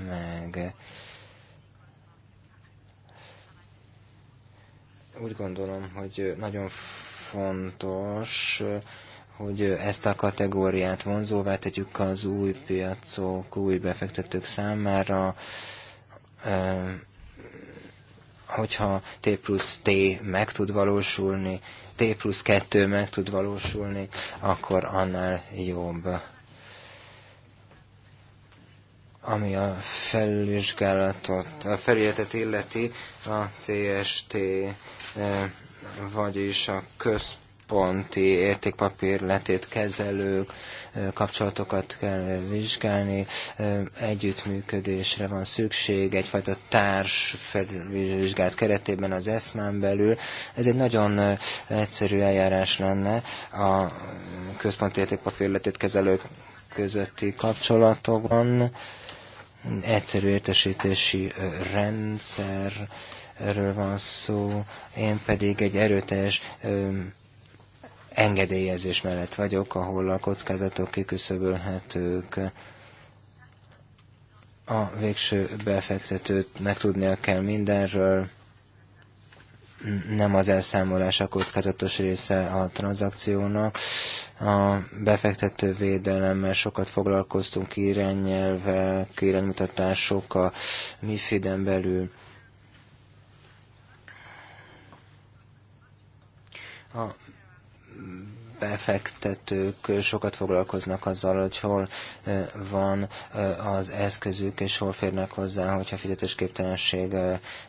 meg. Úgy gondolom, hogy nagyon fontos, hogy ezt a kategóriát vonzóvá tegyük az új piacok, új befektetők számára, hogyha T plusz T meg tud valósulni, T plusz 2 meg tud valósulni, akkor annál jobb. Ami a felvizsgálatot, a felületet illeti, a CST, eh, vagyis a központ, központi értékpapírletét kezelők kapcsolatokat kell vizsgálni, együttműködésre van szükség, egyfajta társ felvizsgált keretében az eszmán belül. Ez egy nagyon egyszerű eljárás lenne a központi értékpapírletét kezelők közötti kapcsolatokban egyszerű értesítési rendszerről van szó, én pedig egy erőteljes engedélyezés mellett vagyok, ahol a kockázatok kiküszöbölhetők. A végső befektetőnek tudnia kell mindenről, nem az elszámolás a kockázatos része a tranzakciónak. A befektető védelemmel sokat foglalkoztunk irányelvek, iránymutatások a MIFID-en belül. A befektetők sokat foglalkoznak azzal, hogy hol van az eszközük, és hol férnek hozzá, hogyha fizetésképtelenség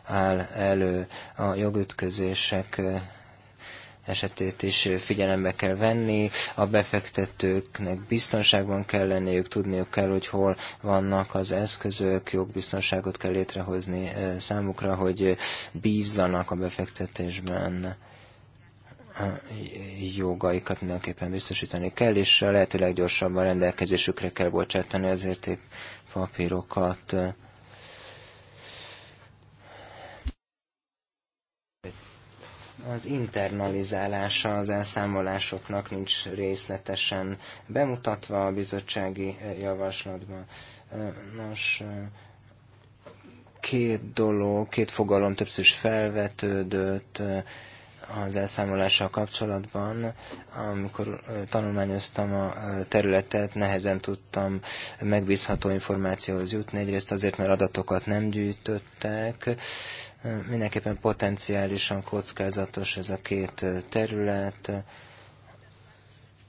áll elő. A jogütközések esetét is figyelembe kell venni, a befektetőknek biztonságban kell lenniük, tudniuk kell, hogy hol vannak az eszközök, jogbiztonságot kell létrehozni számukra, hogy bízzanak a befektetésben. Eh, jogaikat mindenképpen biztosítani kell, és a lehető leggyorsabban rendelkezésükre kell bocsátani az értékpapírokat. Az internalizálása az elszámolásoknak nincs részletesen bemutatva a bizottsági eh, javaslatban. Eh, nos, két dolog, két fogalom többször is felvetődött, az elszámolással kapcsolatban, amikor tanulmányoztam a területet, nehezen tudtam megbízható információhoz jutni, egyrészt azért, mert adatokat nem gyűjtöttek, mindenképpen potenciálisan kockázatos ez a két terület,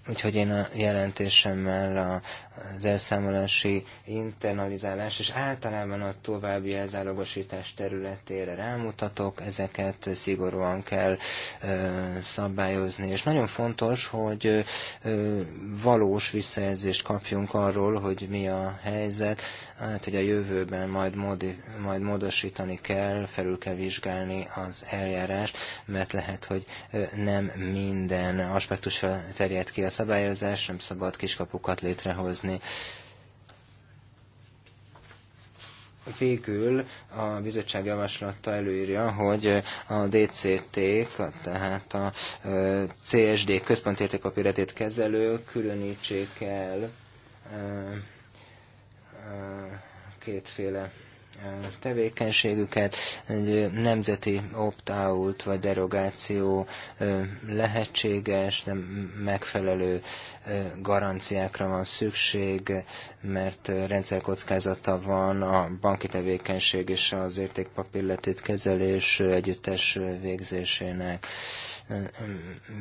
úgyhogy én a jelentésemmel az elszámolási internalizálás és általában a további elzárogosítás területére rámutatok, ezeket szigorúan kell ö, szabályozni. És nagyon fontos, hogy ö, valós visszajelzést kapjunk arról, hogy mi a helyzet, hát hogy a jövőben majd, modi, majd módosítani kell, felül kell vizsgálni az eljárás, mert lehet, hogy nem minden aspektusra terjed ki a szabályozás, nem szabad kiskapukat létrehozni hozni. Végül a bizottság javaslata előírja, hogy a DCT, tehát a CSD központi értékpapíretét kezelő különítsék el kétféle tevékenységüket, egy nemzeti opt-out vagy derogáció lehetséges, nem megfelelő garanciákra van szükség, mert rendszerkockázata van a banki tevékenység és az értékpapírletét kezelés együttes végzésének.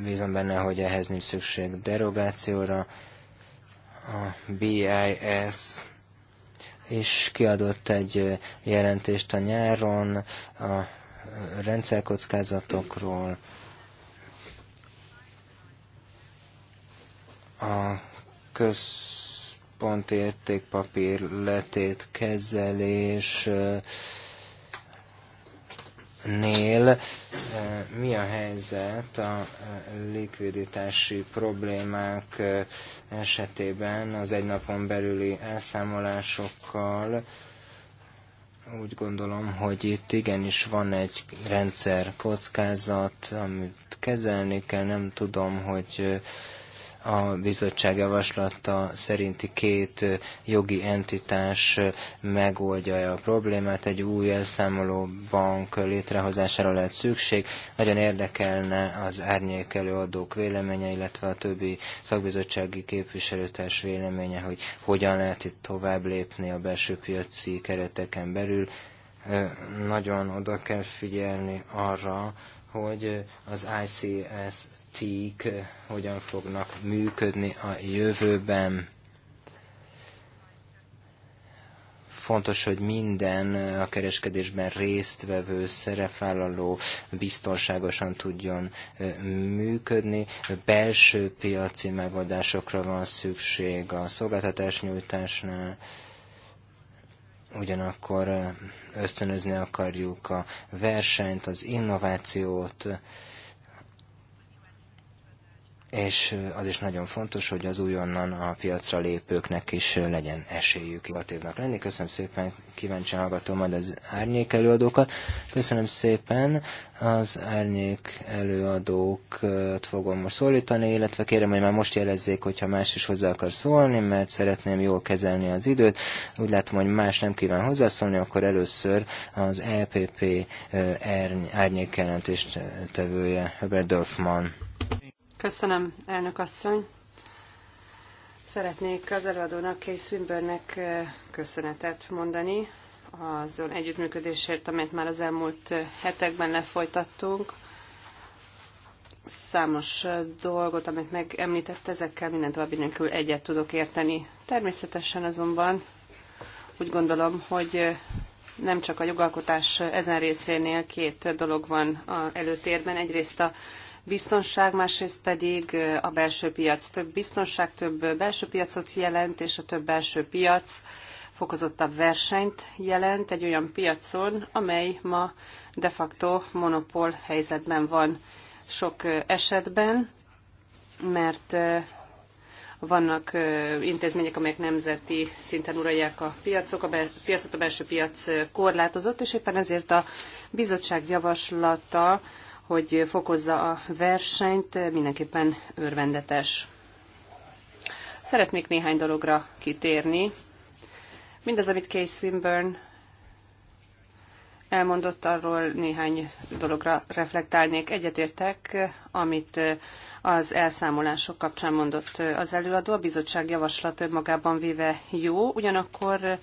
Bízom benne, hogy ehhez nincs szükség derogációra. A BIS is kiadott egy jelentést a nyáron a rendszerkockázatokról, a központi értékpapír letét kezelés, nél eh, mi a helyzet a eh, likviditási problémák eh, esetében az egy napon belüli elszámolásokkal. Úgy gondolom, hogy itt igenis van egy rendszer kockázat, amit kezelni kell, nem tudom, hogy a bizottság javaslata szerinti két jogi entitás megoldja a problémát, egy új elszámoló bank létrehozására lehet szükség. Nagyon érdekelne az árnyék előadók véleménye, illetve a többi szakbizottsági képviselőtárs véleménye, hogy hogyan lehet itt tovább lépni a belső piaci kereteken belül. Nagyon oda kell figyelni arra, hogy az ICS IT-k eh, hogyan fognak működni a jövőben. Fontos, hogy minden eh, a kereskedésben résztvevő, szerepvállaló biztonságosan tudjon eh, működni. Belső piaci megoldásokra van szükség a szolgáltatás nyújtásnál ugyanakkor ösztönözni akarjuk a versenyt, az innovációt, és az is nagyon fontos, hogy az újonnan a piacra lépőknek is legyen esélyük innovatívnak lenni. Köszönöm szépen, kíváncsi hallgatom majd az árnyék előadókat. Köszönöm szépen, az árnyék előadókat fogom most szólítani, illetve kérem, hogy már most jelezzék, hogyha más is hozzá akar szólni, mert szeretném jól kezelni az időt. Úgy látom, hogy más nem kíván hozzászólni, akkor először az EPP árnyék jelentést tevője, Herbert Dorfman. Köszönöm, elnök asszony. Szeretnék az előadónak, Kay Swinburne-nek eh, köszönetet mondani azon együttműködésért, amit már az elmúlt eh, hetekben lefolytattunk. Számos eh, dolgot, amit megemlített, ezekkel minden további nélkül egyet tudok érteni. Természetesen azonban úgy gondolom, hogy nem csak a jogalkotás ezen részénél két dolog van a előtérben. Egyrészt a biztonság, másrészt pedig a belső piac. Több biztonság, több belső piacot jelent, és a több belső piac fokozottabb versenyt jelent egy olyan piacon, amely ma de facto monopól helyzetben van sok esetben, mert vannak intézmények, amelyek nemzeti szinten uralják a piacok, a piacot a belső piac korlátozott, és éppen ezért a bizottság javaslata hogy fokozza a versenyt, mindenképpen örvendetes. Szeretnék néhány dologra kitérni. Mindaz, amit Case Swinburne elmondott, arról néhány dologra reflektálnék. Egyetértek, amit az elszámolások kapcsán mondott az előadó. A bizottság javaslat önmagában véve jó, ugyanakkor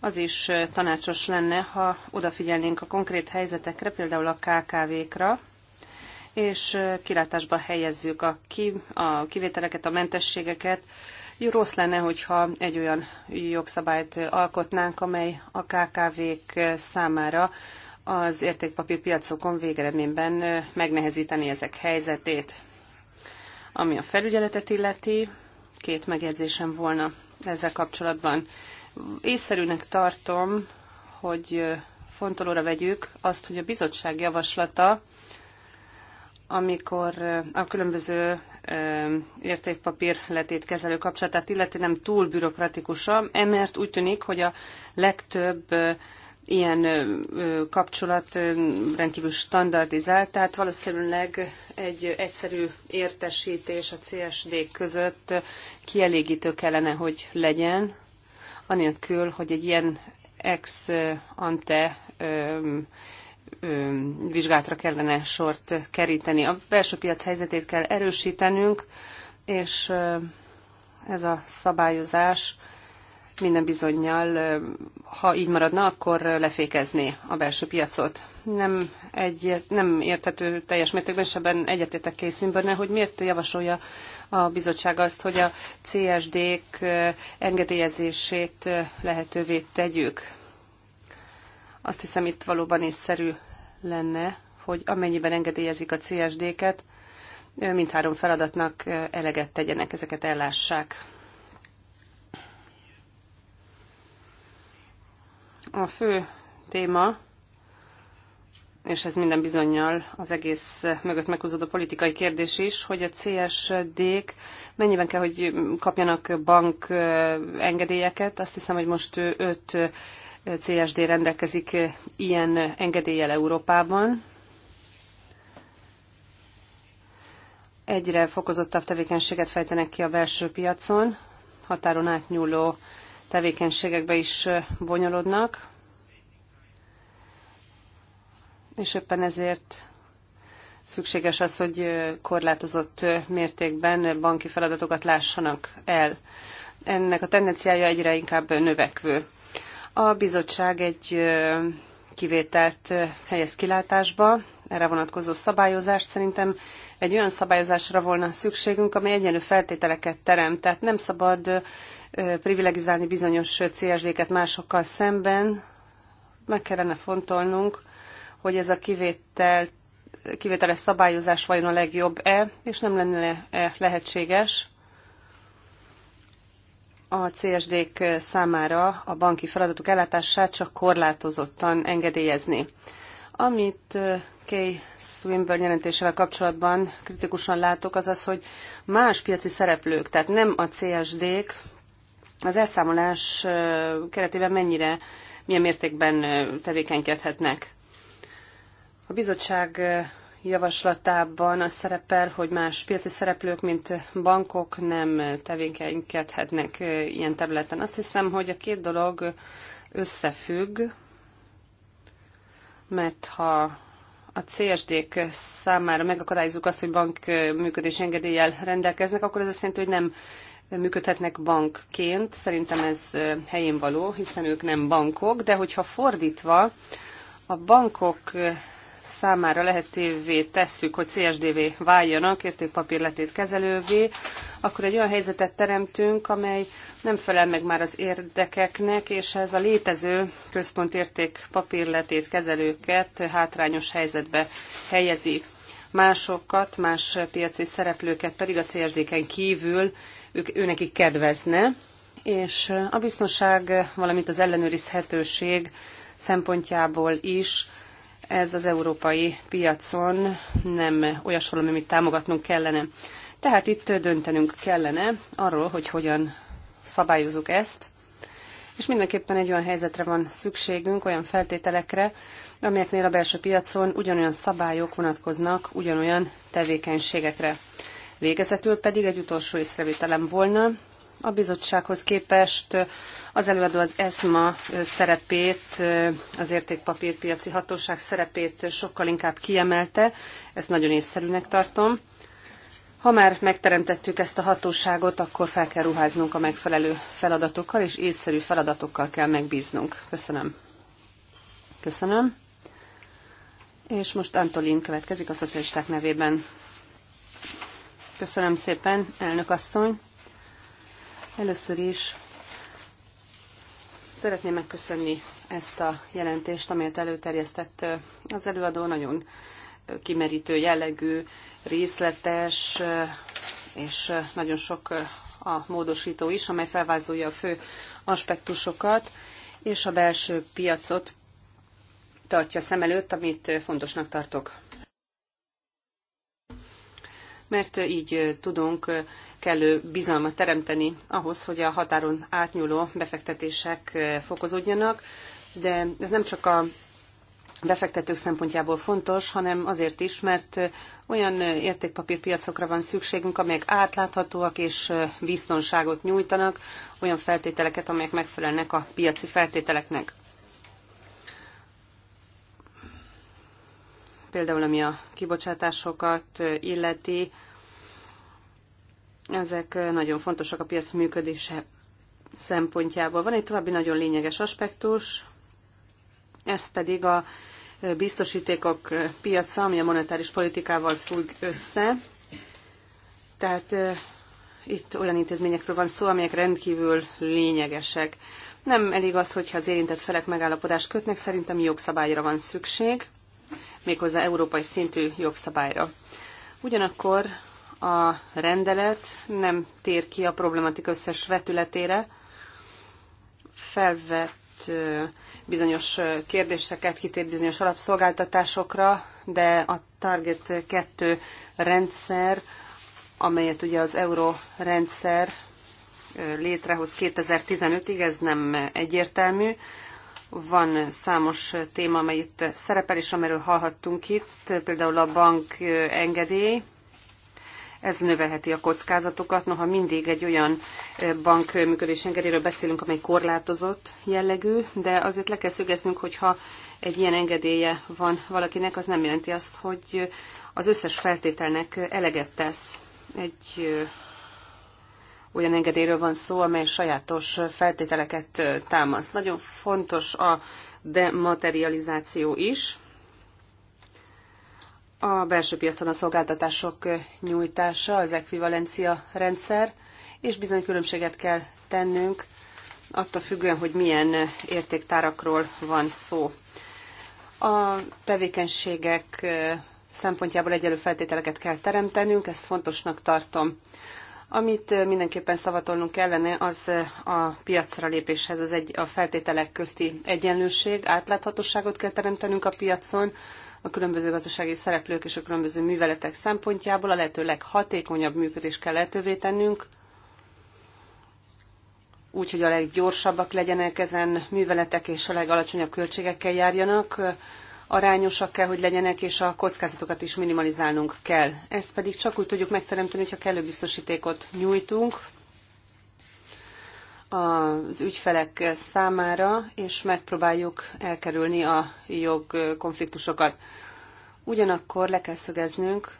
az is tanácsos lenne, ha odafigyelnénk a konkrét helyzetekre, például a KKV-kra, és kilátásba helyezzük a, ki, a kivételeket, a mentességeket. Jó, rossz lenne, hogyha egy olyan jogszabályt alkotnánk, amely a KKV-k számára az értékpapírpiacokon végeredményben megnehezíteni ezek helyzetét. Ami a felügyeletet illeti, két megjegyzésem volna ezzel kapcsolatban. Észszerűnek tartom, hogy fontolóra vegyük azt, hogy a bizottság javaslata amikor a különböző értékpapír kezelő kapcsolatát illeti nem túl bürokratikusa, emert úgy tűnik, hogy a legtöbb ilyen kapcsolat rendkívül standardizált, tehát valószínűleg egy egyszerű értesítés a CSD között kielégítő kellene, hogy legyen, anélkül, hogy egy ilyen ex ante vizsgálatra kellene sort keríteni. A belső piac helyzetét kell erősítenünk, és ez a szabályozás minden bizonyal, ha így maradna, akkor lefékezné a belső piacot. Nem, egy, nem értető teljes mértékben, és ebben egyetértek készünkben, hogy miért javasolja a bizottság azt, hogy a CSD-k engedélyezését lehetővé tegyük. Azt hiszem itt valóban észszerű lenne, hogy amennyiben engedélyezik a CSD-ket, mindhárom feladatnak eleget tegyenek, ezeket ellássák. A fő téma, és ez minden bizonyal az egész mögött meghúzódó politikai kérdés is, hogy a CSD-k mennyiben kell, hogy kapjanak bank engedélyeket. Azt hiszem, hogy most öt CSD rendelkezik eh, ilyen engedéllyel Európában. Egyre fokozottabb tevékenységet fejtenek ki a belső piacon, határon átnyúló tevékenységekbe is eh, bonyolodnak, és éppen ezért szükséges az, hogy eh, korlátozott mértékben banki feladatokat lássanak el. Ennek a tendenciája egyre inkább növekvő. A bizottság egy kivételt helyez kilátásba, erre vonatkozó szabályozást szerintem egy olyan szabályozásra volna szükségünk, amely egyenlő feltételeket teremt. Tehát nem szabad privilegizálni bizonyos CSD-ket másokkal szemben. Meg kellene fontolnunk, hogy ez a kivétel, kivételes szabályozás vajon a legjobb-e, és nem lenne -e lehetséges a CSD-k számára a banki feladatok ellátását csak korlátozottan engedélyezni. Amit eh, Kay Swinburne jelentésével kapcsolatban kritikusan látok, az az, hogy más piaci szereplők, tehát nem a CSD-k, az elszámolás eh, keretében mennyire, milyen mértékben eh, tevékenykedhetnek. A bizottság javaslatában az szerepel, hogy más piaci szereplők, mint bankok nem tevékenykedhetnek ilyen területen. Azt hiszem, hogy a két dolog összefügg, mert ha a CSD-k számára megakadályozunk azt, hogy bank működés engedéllyel rendelkeznek, akkor ez azt jelenti, hogy nem működhetnek bankként. Szerintem ez helyén való, hiszen ők nem bankok, de hogyha fordítva a bankok számára lehetővé tesszük, hogy CSDV váljanak értékpapírletét kezelővé, akkor egy olyan helyzetet teremtünk, amely nem felel meg már az érdekeknek, és ez a létező központ értékpapírletét kezelőket hátrányos helyzetbe helyezi. Másokat, más piaci szereplőket pedig a CSD-ken kívül ők, őnekik kedvezne, és a biztonság, valamint az ellenőrizhetőség szempontjából is ez az európai piacon nem olyas valami, amit támogatnunk kellene. Tehát itt döntenünk kellene arról, hogy hogyan szabályozzuk ezt, és mindenképpen egy olyan helyzetre van szükségünk, olyan feltételekre, amelyeknél a belső piacon ugyanolyan szabályok vonatkoznak ugyanolyan tevékenységekre. Végezetül pedig egy utolsó észrevételem volna, a bizottsághoz képest az előadó az ESMA szerepét, az értékpapírpiaci hatóság szerepét sokkal inkább kiemelte, ezt nagyon észszerűnek tartom. Ha már megteremtettük ezt a hatóságot, akkor fel kell ruháznunk a megfelelő feladatokkal, és észszerű feladatokkal kell megbíznunk. Köszönöm. Köszönöm. És most Antolin következik a szocialisták nevében. Köszönöm szépen, elnök asszony. Először is szeretném megköszönni ezt a jelentést, amelyet előterjesztett az előadó, nagyon kimerítő jellegű, részletes, és nagyon sok a módosító is, amely felvázolja a fő aspektusokat, és a belső piacot tartja szem előtt, amit fontosnak tartok mert így tudunk kellő bizalmat teremteni ahhoz, hogy a határon átnyúló befektetések fokozódjanak, de ez nem csak a befektetők szempontjából fontos, hanem azért is, mert olyan értékpapírpiacokra van szükségünk, amelyek átláthatóak és biztonságot nyújtanak, olyan feltételeket, amelyek megfelelnek a piaci feltételeknek. például ami a kibocsátásokat illeti, ezek nagyon fontosak a piac működése szempontjából. Van egy további nagyon lényeges aspektus, ez pedig a biztosítékok piaca, ami a monetáris politikával függ össze. Tehát itt olyan intézményekről van szó, amelyek rendkívül lényegesek. Nem elég az, hogyha az érintett felek megállapodást kötnek, szerintem jogszabályra van szükség méghozzá európai szintű jogszabályra. Ugyanakkor a rendelet nem tér ki a problematik összes vetületére, felvet bizonyos kérdéseket, kitér bizonyos alapszolgáltatásokra, de a Target 2 rendszer, amelyet ugye az euró rendszer létrehoz 2015-ig, ez nem egyértelmű. Van számos téma, amely itt szerepel, és amiről hallhattunk itt, például a bank engedély, ez növelheti a kockázatokat, noha mindig egy olyan bank működés engedélyről beszélünk, amely korlátozott jellegű, de azért le kell szögeznünk, hogyha egy ilyen engedélye van valakinek, az nem jelenti azt, hogy az összes feltételnek eleget tesz egy olyan engedélyről van szó, amely sajátos feltételeket támaszt. Nagyon fontos a dematerializáció is. A belső piacon a szolgáltatások nyújtása, az ekvivalencia rendszer, és bizony különbséget kell tennünk attól függően, hogy milyen értéktárakról van szó. A tevékenységek szempontjából egyelő feltételeket kell teremtenünk, ezt fontosnak tartom. Amit mindenképpen szavatolnunk kellene, az a piacra lépéshez, az egy, a feltételek közti egyenlőség, átláthatóságot kell teremtenünk a piacon, a különböző gazdasági szereplők és a különböző műveletek szempontjából a lehető leghatékonyabb működést kell lehetővé tennünk, úgy, hogy a leggyorsabbak legyenek ezen műveletek és a legalacsonyabb költségekkel járjanak arányosak kell, hogy legyenek, és a kockázatokat is minimalizálnunk kell. Ezt pedig csak úgy tudjuk megteremteni, hogyha kellő biztosítékot nyújtunk az ügyfelek számára, és megpróbáljuk elkerülni a jogkonfliktusokat. Ugyanakkor le kell szögeznünk,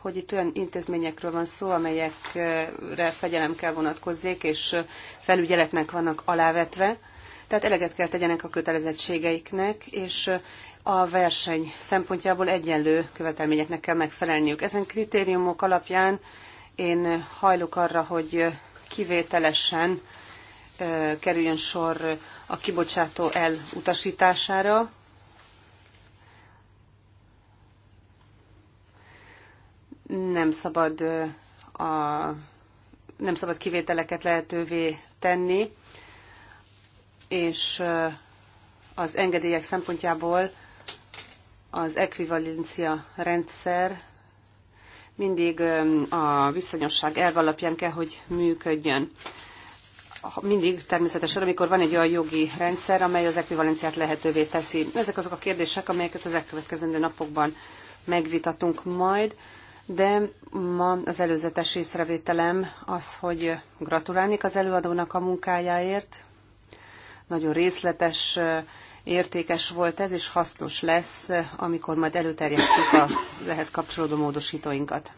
hogy itt olyan intézményekről van szó, amelyekre fegyelem kell vonatkozzék, és felügyeletnek vannak alávetve. Tehát eleget kell tegyenek a kötelezettségeiknek, és a verseny szempontjából egyenlő követelményeknek kell megfelelniük. Ezen kritériumok alapján én hajlok arra, hogy kivételesen kerüljön sor a kibocsátó elutasítására. Nem szabad, a, nem szabad kivételeket lehetővé tenni, és az engedélyek szempontjából az ekvivalencia rendszer mindig a viszonyosság elv alapján kell, hogy működjön. Mindig természetesen, amikor van egy olyan jogi rendszer, amely az ekvivalenciát lehetővé teszi. Ezek azok a kérdések, amelyeket az elkövetkezendő napokban megvitatunk majd, de ma az előzetes észrevételem az, hogy gratulálnék az előadónak a munkájáért. Nagyon részletes értékes volt ez, és hasznos lesz, amikor majd előterjesztjük a ehhez kapcsolódó módosítóinkat.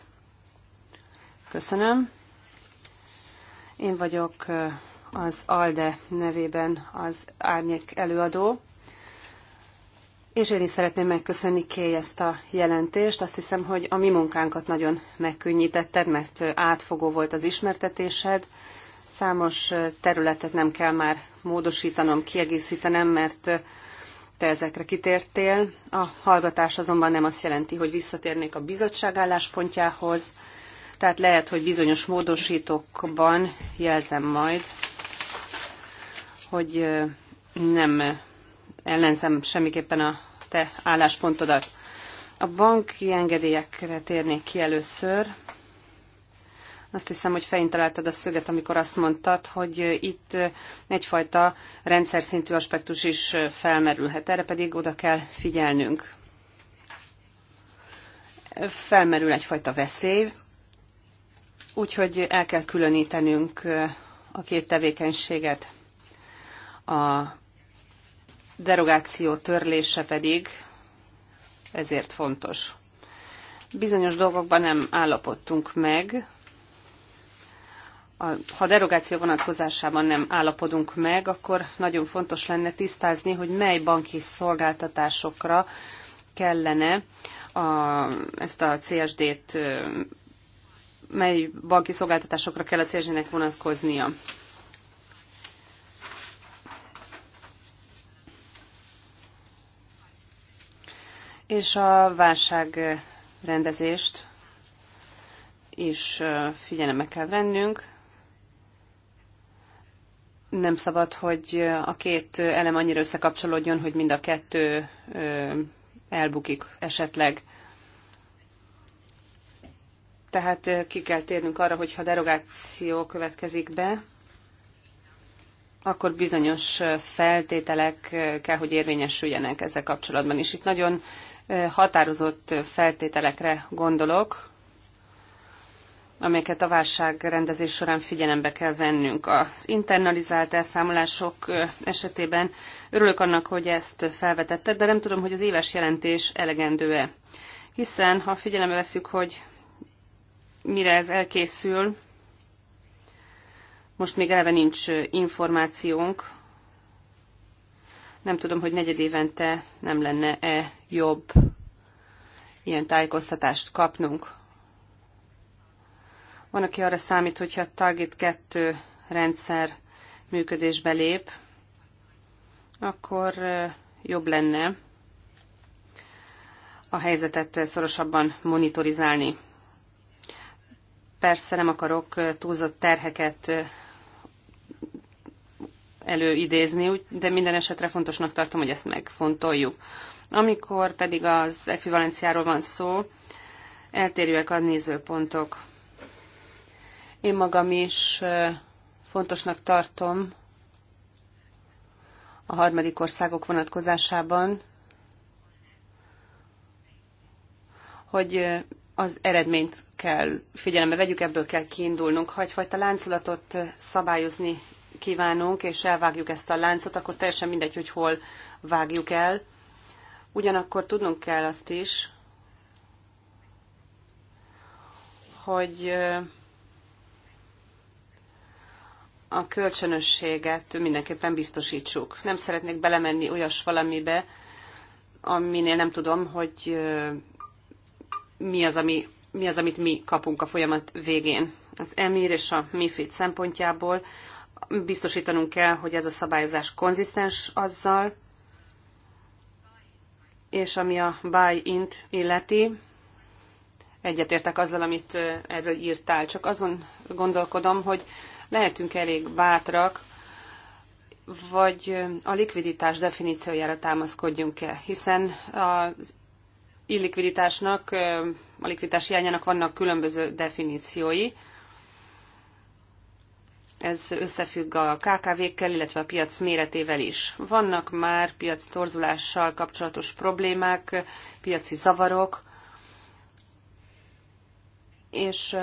Köszönöm. Én vagyok az ALDE nevében az árnyék előadó, és én is szeretném megköszönni Kéj ezt a jelentést. Azt hiszem, hogy a mi munkánkat nagyon megkönnyítetted, mert átfogó volt az ismertetésed, Számos területet nem kell már módosítanom, kiegészítenem, mert te ezekre kitértél. A hallgatás azonban nem azt jelenti, hogy visszatérnék a bizottság álláspontjához, tehát lehet, hogy bizonyos módosítókban jelzem majd, hogy nem ellenzem semmiképpen a te álláspontodat. A banki engedélyekre térnék ki először. Azt hiszem, hogy fején találtad a szöget, amikor azt mondtad, hogy itt egyfajta rendszer szintű aspektus is felmerülhet. Erre pedig oda kell figyelnünk. Felmerül egyfajta veszély, úgyhogy el kell különítenünk a két tevékenységet. A derogáció törlése pedig ezért fontos. Bizonyos dolgokban nem állapodtunk meg, ha derogáció vonatkozásában nem állapodunk meg, akkor nagyon fontos lenne tisztázni, hogy mely banki szolgáltatásokra kellene a, ezt a CSD-t, mely banki szolgáltatásokra kell a CSD-nek vonatkoznia. És a válságrendezést is figyelembe kell vennünk nem szabad, hogy a két elem annyira összekapcsolódjon, hogy mind a kettő elbukik esetleg. Tehát ki kell térnünk arra, hogy ha derogáció következik be, akkor bizonyos feltételek kell, hogy érvényesüljenek ezzel kapcsolatban is. Itt nagyon határozott feltételekre gondolok, amelyeket a válságrendezés során figyelembe kell vennünk. Az internalizált elszámolások esetében örülök annak, hogy ezt felvetetted, de nem tudom, hogy az éves jelentés elegendő-e. Hiszen, ha figyelembe veszük, hogy mire ez elkészül, most még eleve nincs információnk, nem tudom, hogy negyed évente nem lenne-e jobb ilyen tájékoztatást kapnunk. Van, aki arra számít, hogyha a Target 2 rendszer működésbe lép, akkor jobb lenne a helyzetet szorosabban monitorizálni. Persze nem akarok túlzott terheket előidézni, de minden esetre fontosnak tartom, hogy ezt megfontoljuk. Amikor pedig az ekvivalenciáról van szó, eltérőek a nézőpontok. Én magam is fontosnak tartom a harmadik országok vonatkozásában, hogy az eredményt kell figyelembe vegyük, ebből kell kiindulnunk. Ha egyfajta láncolatot szabályozni kívánunk, és elvágjuk ezt a láncot, akkor teljesen mindegy, hogy hol vágjuk el. Ugyanakkor tudnunk kell azt is, hogy a kölcsönösséget mindenképpen biztosítsuk. Nem szeretnék belemenni olyas valamibe, aminél nem tudom, hogy mi az, ami, mi az, amit mi kapunk a folyamat végén. Az EMIR és a MIFID szempontjából biztosítanunk kell, hogy ez a szabályozás konzisztens azzal, és ami a buy-int illeti, egyetértek azzal, amit erről írtál, csak azon gondolkodom, hogy lehetünk elég bátrak, vagy a likviditás definíciójára támaszkodjunk-e, hiszen az illikviditásnak, a likviditás hiányának vannak különböző definíciói. Ez összefügg a KKV-kkel, illetve a piac méretével is. Vannak már piac torzulással kapcsolatos problémák, piaci zavarok, és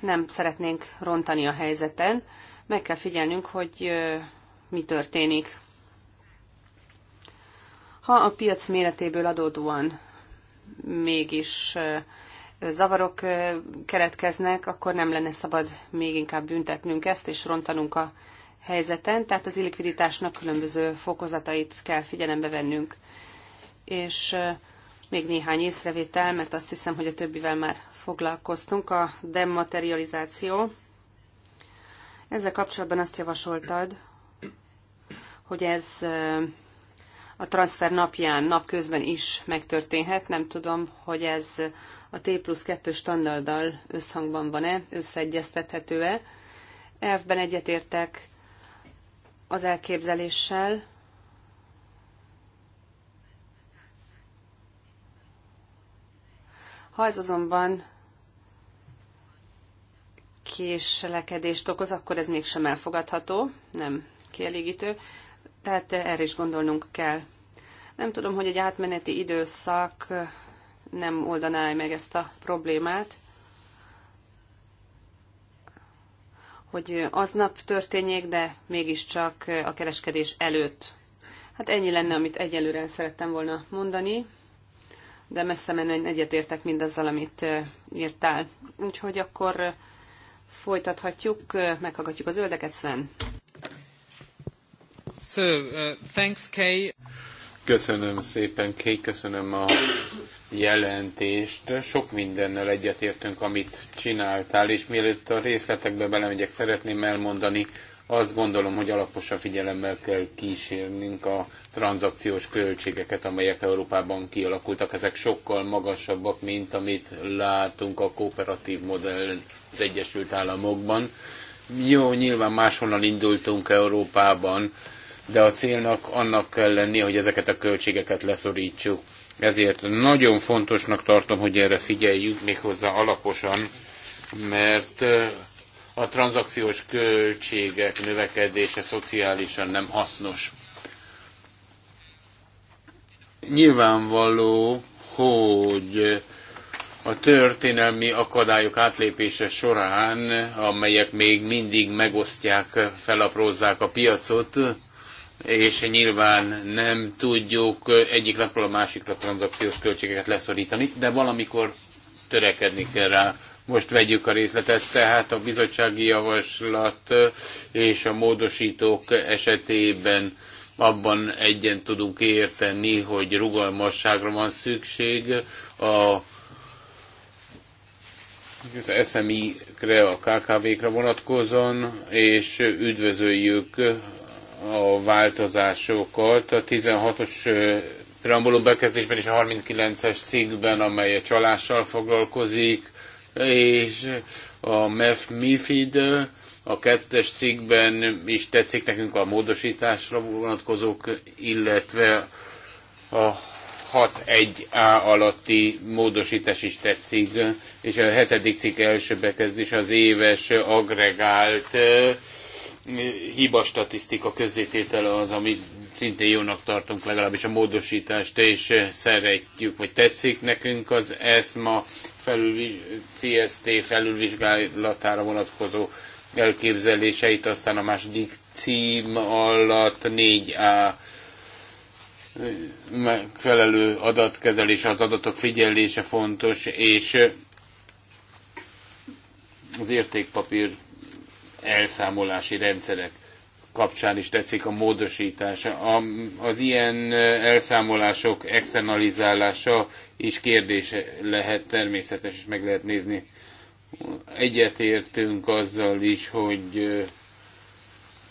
nem szeretnénk rontani a helyzeten. Meg kell figyelnünk, hogy mi történik. Ha a piac méretéből adódóan mégis zavarok keretkeznek, akkor nem lenne szabad még inkább büntetnünk ezt, és rontanunk a helyzeten, tehát az illikviditásnak különböző fokozatait kell figyelembe vennünk. És még néhány észrevétel, mert azt hiszem, hogy a többivel már foglalkoztunk, a dematerializáció. Ezzel kapcsolatban azt javasoltad, hogy ez a transfer napján, napközben is megtörténhet. Nem tudom, hogy ez a T plusz 2 standarddal összhangban van-e, összeegyeztethető-e. Elfben egyetértek az elképzeléssel, Ha ez azonban késlekedést okoz, akkor ez mégsem elfogadható, nem kielégítő. Tehát erre is gondolnunk kell. Nem tudom, hogy egy átmeneti időszak nem oldaná meg ezt a problémát, hogy aznap történjék, de mégiscsak a kereskedés előtt. Hát ennyi lenne, amit egyelőre szerettem volna mondani, de messze menően egyetértek mindazzal, amit eh, írtál. Úgyhogy akkor Folytathatjuk, meghallgatjuk a zöldeket, Sven. So, uh, thanks, Kay. Köszönöm szépen, Kay, köszönöm a jelentést. Sok mindennel egyetértünk, amit csináltál, és mielőtt a részletekbe belemegyek, szeretném elmondani, azt gondolom, hogy alaposan figyelemmel kell kísérnünk a tranzakciós költségeket, amelyek Európában kialakultak. Ezek sokkal magasabbak, mint amit látunk a kooperatív modell az Egyesült Államokban. Jó, nyilván máshonnan indultunk Európában, de a célnak annak kell lennie, hogy ezeket a költségeket leszorítsuk. Ezért nagyon fontosnak tartom, hogy erre figyeljünk méghozzá alaposan, mert a tranzakciós költségek növekedése szociálisan nem hasznos. Nyilvánvaló, hogy a történelmi akadályok átlépése során, amelyek még mindig megosztják, felaprózzák a piacot, és nyilván nem tudjuk egyik napról a másikra tranzakciós költségeket leszorítani, de valamikor törekedni kell rá. Most vegyük a részletet, tehát a bizottsági javaslat és a módosítók esetében abban egyen tudunk érteni, hogy rugalmasságra van szükség a az SMI-kre, a kkv kre vonatkozóan, és üdvözöljük a változásokat. A 16-os preambulum bekezdésben és a 39-es cikkben, amely a csalással foglalkozik, és a MEF MIFID a kettes cikkben is tetszik nekünk a módosításra vonatkozók, illetve a 6.1a alatti módosítás is tetszik, és a hetedik cikk első bekezdés az éves agregált eh, hiba statisztika közzététele az, amit szintén jónak tartunk legalábbis a módosítást, és eh, szeretjük, vagy tetszik nekünk az ESMA felül, CST felülvizsgálatára vonatkozó elképzeléseit, aztán a második cím alatt 4A megfelelő adatkezelés, az adatok figyelése fontos, és az értékpapír elszámolási rendszerek kapcsán is tetszik a módosítás. A, az ilyen elszámolások externalizálása is kérdés lehet természetes, és meg lehet nézni. Egyetértünk azzal is, hogy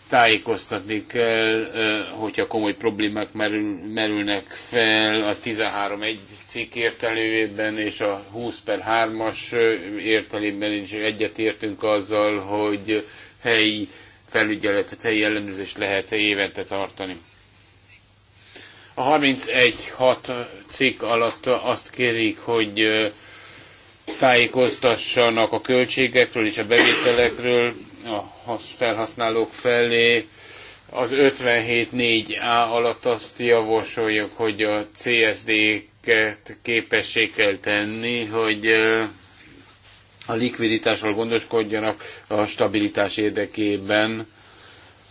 tájékoztatni kell, hogyha komoly problémák merül, merülnek fel a 13.1 cikk értelőjében és a 20 per 3-as értelében is egyetértünk azzal, hogy helyi felügyeletet, helyi ellenőrzést lehet évente tartani. A 31.6 cikk alatt azt kérik, hogy tájékoztassanak a költségekről és a bevételekről a felhasználók felé. Az 57.4a alatt azt javasoljuk, hogy a CSD-ket képessé kell tenni, hogy a likviditásról gondoskodjanak a stabilitás érdekében.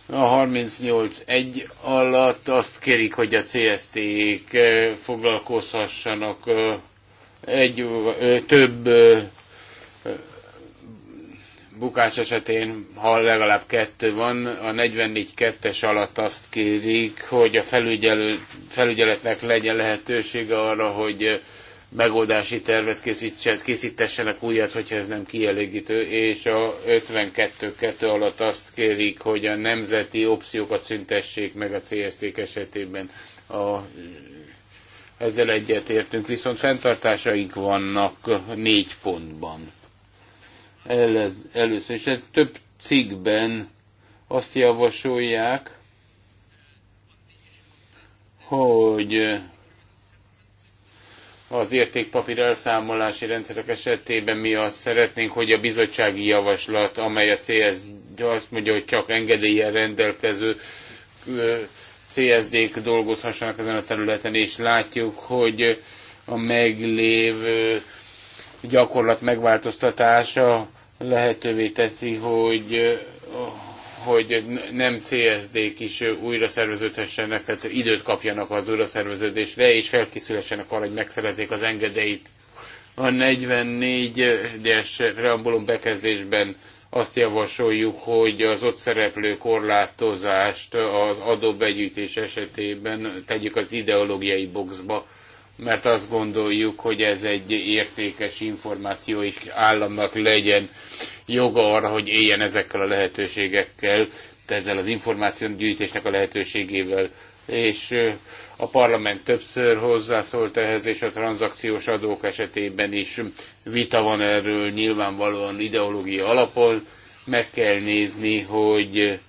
A 38.1 alatt azt kérik, hogy a CST-k eh, foglalkozhassanak eh, egy, eh, több bukás esetén, ha legalább kettő van, a 44.2-es alatt azt kérik, hogy a felügyeletnek legyen lehetősége arra, hogy megoldási tervet készítessenek újat, hogyha ez nem kielégítő, és a 52-2 alatt azt kérik, hogy a nemzeti opciókat szüntessék meg a CST esetében. A, ezzel egyetértünk, viszont fenntartásaink vannak négy pontban. El, először is hát több cikkben azt javasolják, hogy az értékpapír elszámolási rendszerek esetében mi azt szeretnénk, hogy a bizottsági javaslat, amely a CS azt mondja, hogy csak engedélyen rendelkező CSD-k dolgozhassanak ezen a területen, és látjuk, hogy a meglévő gyakorlat megváltoztatása lehetővé teszi, hogy hogy nem CSD-k is újra szerveződhessenek, tehát időt kapjanak az újra szerveződésre, és felkészülhessenek arra, hogy megszerezzék az engedélyt. A 44-es preambulum bekezdésben azt javasoljuk, hogy az ott szereplő korlátozást az adóbegyűjtés esetében tegyük az ideológiai boxba, mert azt gondoljuk, hogy ez egy értékes információ, és államnak legyen joga arra, hogy éljen ezekkel a lehetőségekkel, ezzel az információgyűjtésnek a lehetőségével. És a parlament többször hozzászólt ehhez, és a tranzakciós adók esetében is vita van erről, nyilvánvalóan ideológia alapon. Meg kell nézni, hogy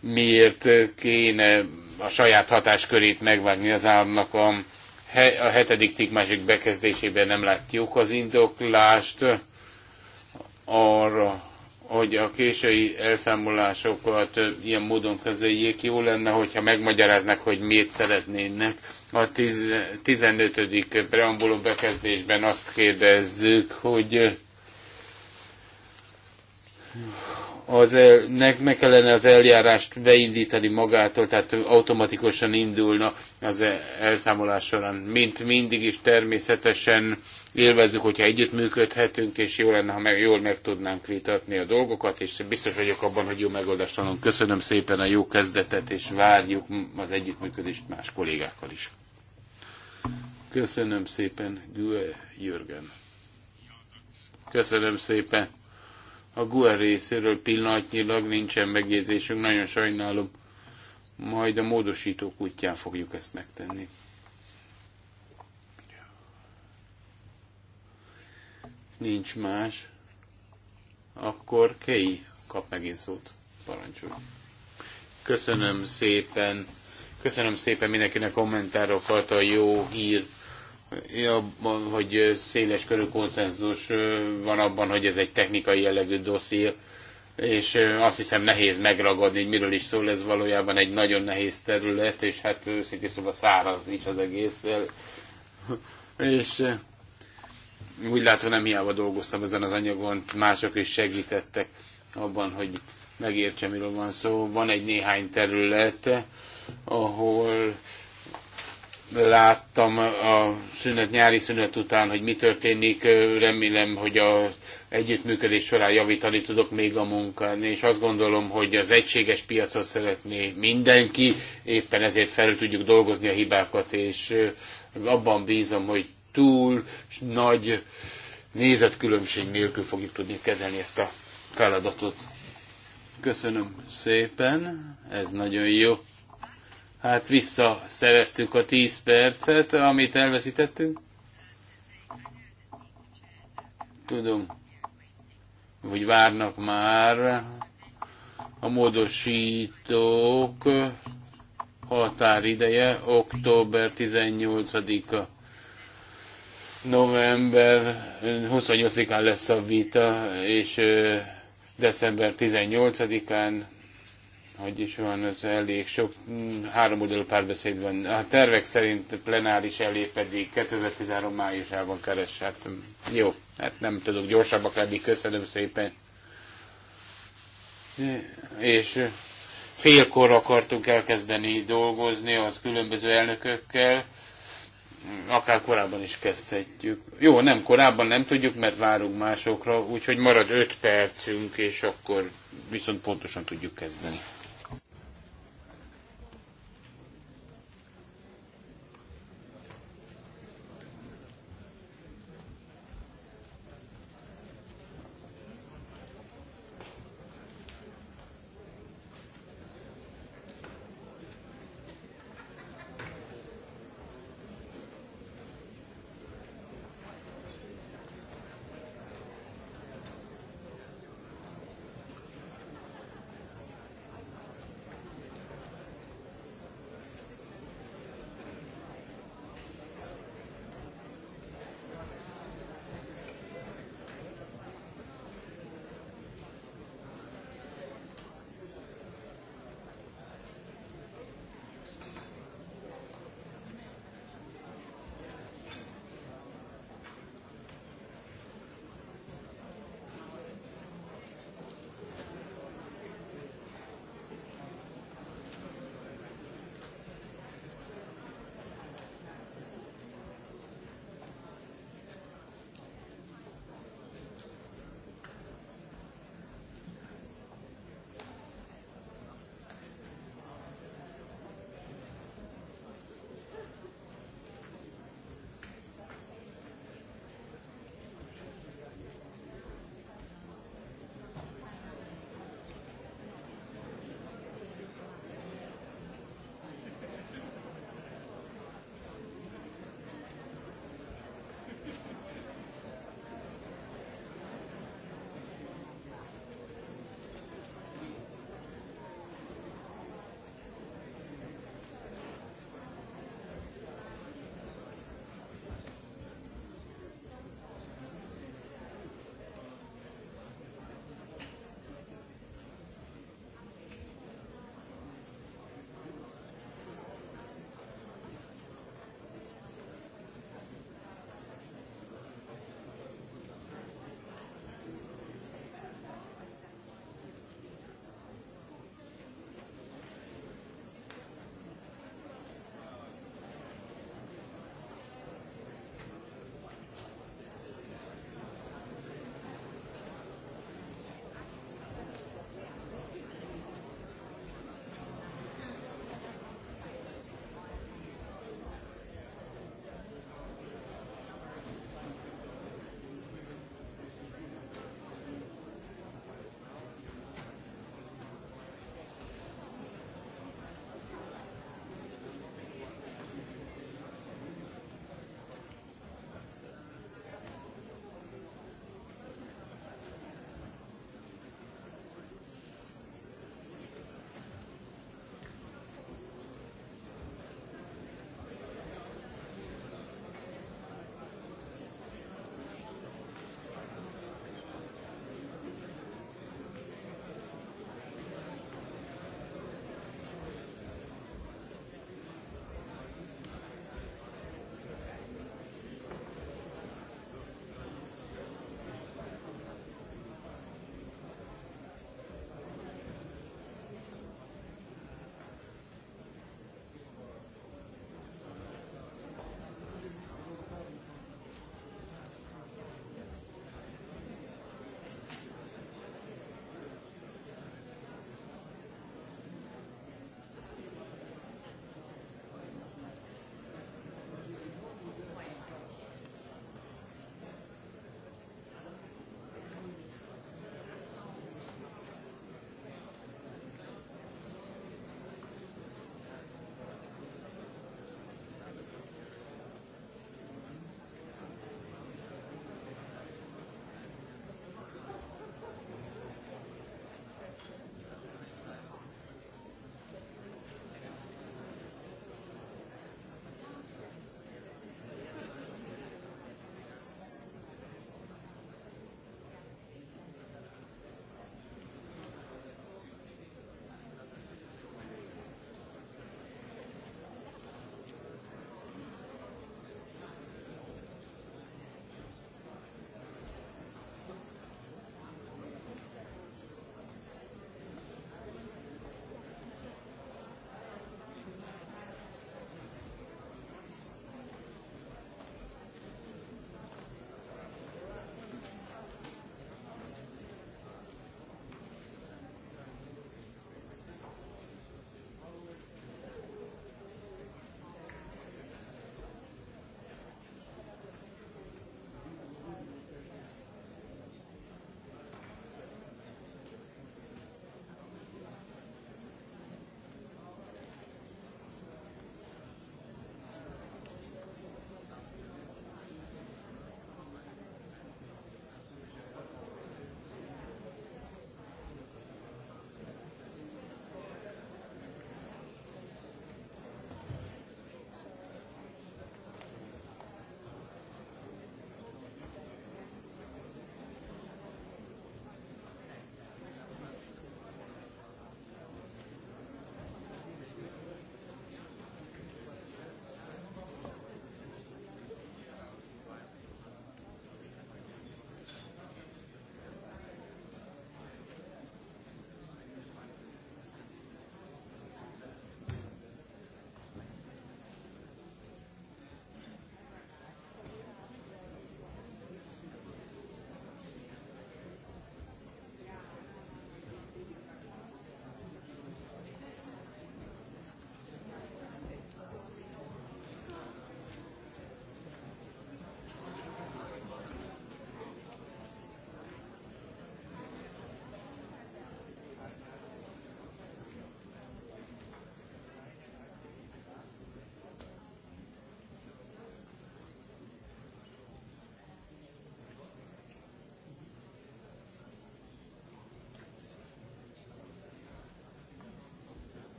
miért kéne a saját hatáskörét megvágni az államnak a, hetedik cikk másik bekezdésében nem látjuk az indoklást arra, hogy a késői elszámolásokat ilyen módon kezeljék. Jó lenne, hogyha megmagyaráznak, hogy miért szeretnének. A 15. preambuló bekezdésben azt kérdezzük, hogy az, meg, meg kellene az eljárást beindítani magától, tehát automatikusan indulna az e, elszámolás során. Mint mindig is természetesen élvezzük, hogyha együttműködhetünk, és jó lenne, ha meg, jól meg tudnánk vitatni a dolgokat, és biztos vagyok abban, hogy jó megoldást találunk. Köszönöm szépen a jó kezdetet, és várjuk az együttműködést más kollégákkal is. Köszönöm szépen, Gue Jürgen. Köszönöm szépen. A GUE részéről pillanatnyilag nincsen megjegyzésünk, nagyon sajnálom. Majd a módosítók útján fogjuk ezt megtenni. nincs más, akkor Kei kap megint szót. Parancsolj. Köszönöm szépen. Köszönöm szépen mindenkinek kommentárokat, a jó hír, hogy széles körű konszenzus van abban, hogy ez egy technikai jellegű dosszi, és azt hiszem nehéz megragadni, hogy miről is szól ez valójában egy nagyon nehéz terület, és hát őszintén szóval száraz is az egész. És úgy látom, nem hiába dolgoztam ezen az anyagon, mások is segítettek abban, hogy megértse, miről van szó. Van egy néhány terület, ahol láttam a szünet, nyári szünet után, hogy mi történik. Remélem, hogy a együttműködés során javítani tudok még a munkán, és azt gondolom, hogy az egységes piacot szeretné mindenki, éppen ezért felül tudjuk dolgozni a hibákat, és abban bízom, hogy túl nagy nézetkülönbség nélkül fogjuk tudni kezelni ezt a feladatot. Köszönöm szépen, ez nagyon jó. Hát visszaszereztük a 10 percet, amit elveszítettünk. Tudom, hogy várnak már a módosítók határideje október 18-a november 28-án lesz a vita, és december 18-án, hogy is van, az elég sok, mm, három oldalú párbeszéd van. A tervek szerint plenáris elé pedig 2013 májusában keres. Hát mm, jó, hát nem tudok gyorsabbak lenni, köszönöm szépen. És félkor akartunk elkezdeni dolgozni az különböző elnökökkel, akár korábban is kezdhetjük. Jó, nem, korábban nem tudjuk, mert várunk másokra, úgyhogy marad 5 percünk, és akkor viszont pontosan tudjuk kezdeni.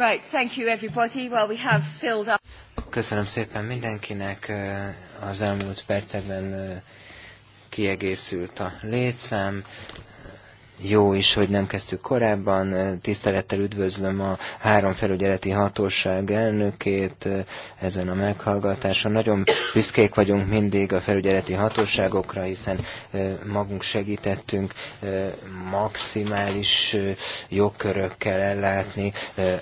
Right, thank you everybody. Well, we have filled up. Köszönöm szépen mindenkinek. Eh, az elmúlt percekben eh, kiegészült a létszám. Jó is, hogy nem kezdtük korábban. Eh, tisztelettel üdvözlöm a három felügyeleti hatóság elnökét ezen a meghallgatáson. Nagyon Büszkék vagyunk mindig a felügyeleti hatóságokra, hiszen magunk segítettünk maximális jogkörökkel ellátni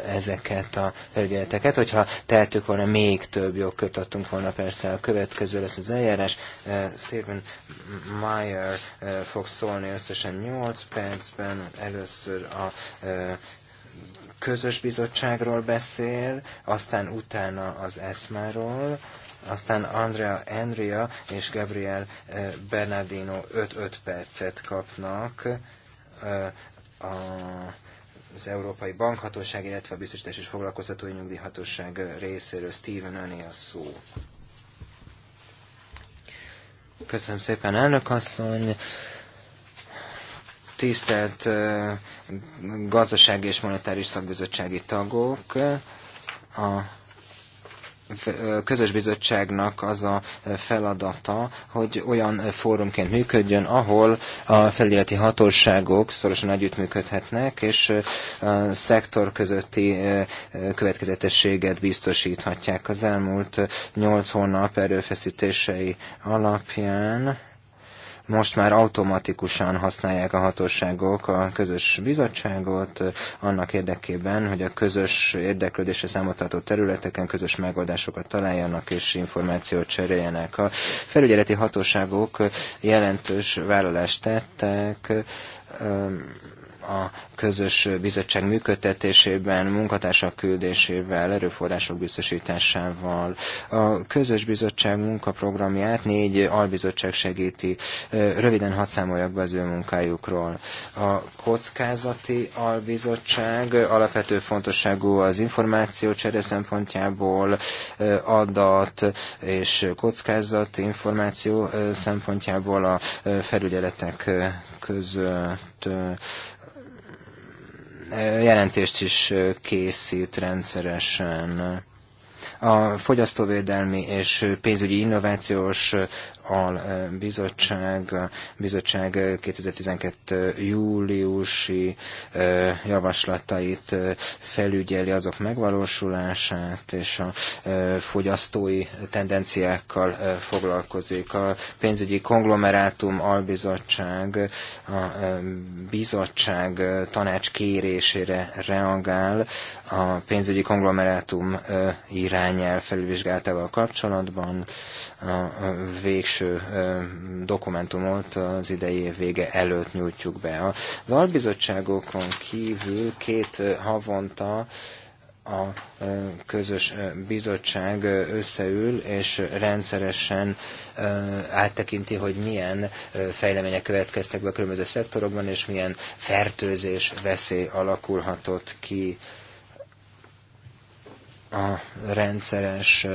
ezeket a felügyeleteket. Hogyha tehetük volna, még több jogkört adtunk volna persze a következő lesz az eljárás. Stephen Meyer fog szólni összesen 8 percben. Először a közös bizottságról beszél, aztán utána az eszmáról, aztán Andrea Andrea és Gabriel eh, Bernardino 5-5 percet kapnak eh, az Európai Bankhatóság, illetve a Biztosítás és Foglalkoztatói Nyugdíjhatóság részéről. Steven Öné a szó. Köszönöm szépen, elnök asszony. Tisztelt eh, gazdasági és monetáris szakbizottsági tagok, a közös bizottságnak az a feladata, hogy olyan fórumként működjön, ahol a felületi hatóságok szorosan együttműködhetnek, és a szektor közötti következetességet biztosíthatják. Az elmúlt nyolc hónap erőfeszítései alapján most már automatikusan használják a hatóságok a közös bizottságot annak érdekében, hogy a közös érdeklődésre számotható területeken közös megoldásokat találjanak és információt cseréljenek. A felügyeleti hatóságok jelentős vállalást tettek, a közös bizottság működtetésében, munkatársak küldésével, erőforrások biztosításával. A közös bizottság munkaprogramját négy albizottság segíti. Röviden hat számoljak be az ő munkájukról. A kockázati albizottság alapvető fontosságú az információ csere szempontjából, adat és kockázat információ szempontjából a felügyeletek között jelentést is készít rendszeresen a fogyasztóvédelmi és pénzügyi innovációs albizottság, eh, a bizottság 2012. Eh, júliusi eh, javaslatait felügyeli azok megvalósulását, és a fogyasztói tendenciákkal foglalkozik. A pénzügyi konglomerátum albizottság a bizottság tanács kérésére reagál a pénzügyi konglomerátum irányel felülvizsgáltával kapcsolatban a végső dokumentumot az idei év vége előtt nyújtjuk be. Az albizottságokon kívül két havonta a közös bizottság összeül, és rendszeresen áttekinti, hogy milyen fejlemények következtek be a különböző szektorokban, és milyen fertőzés veszély alakulhatott ki a rendszeres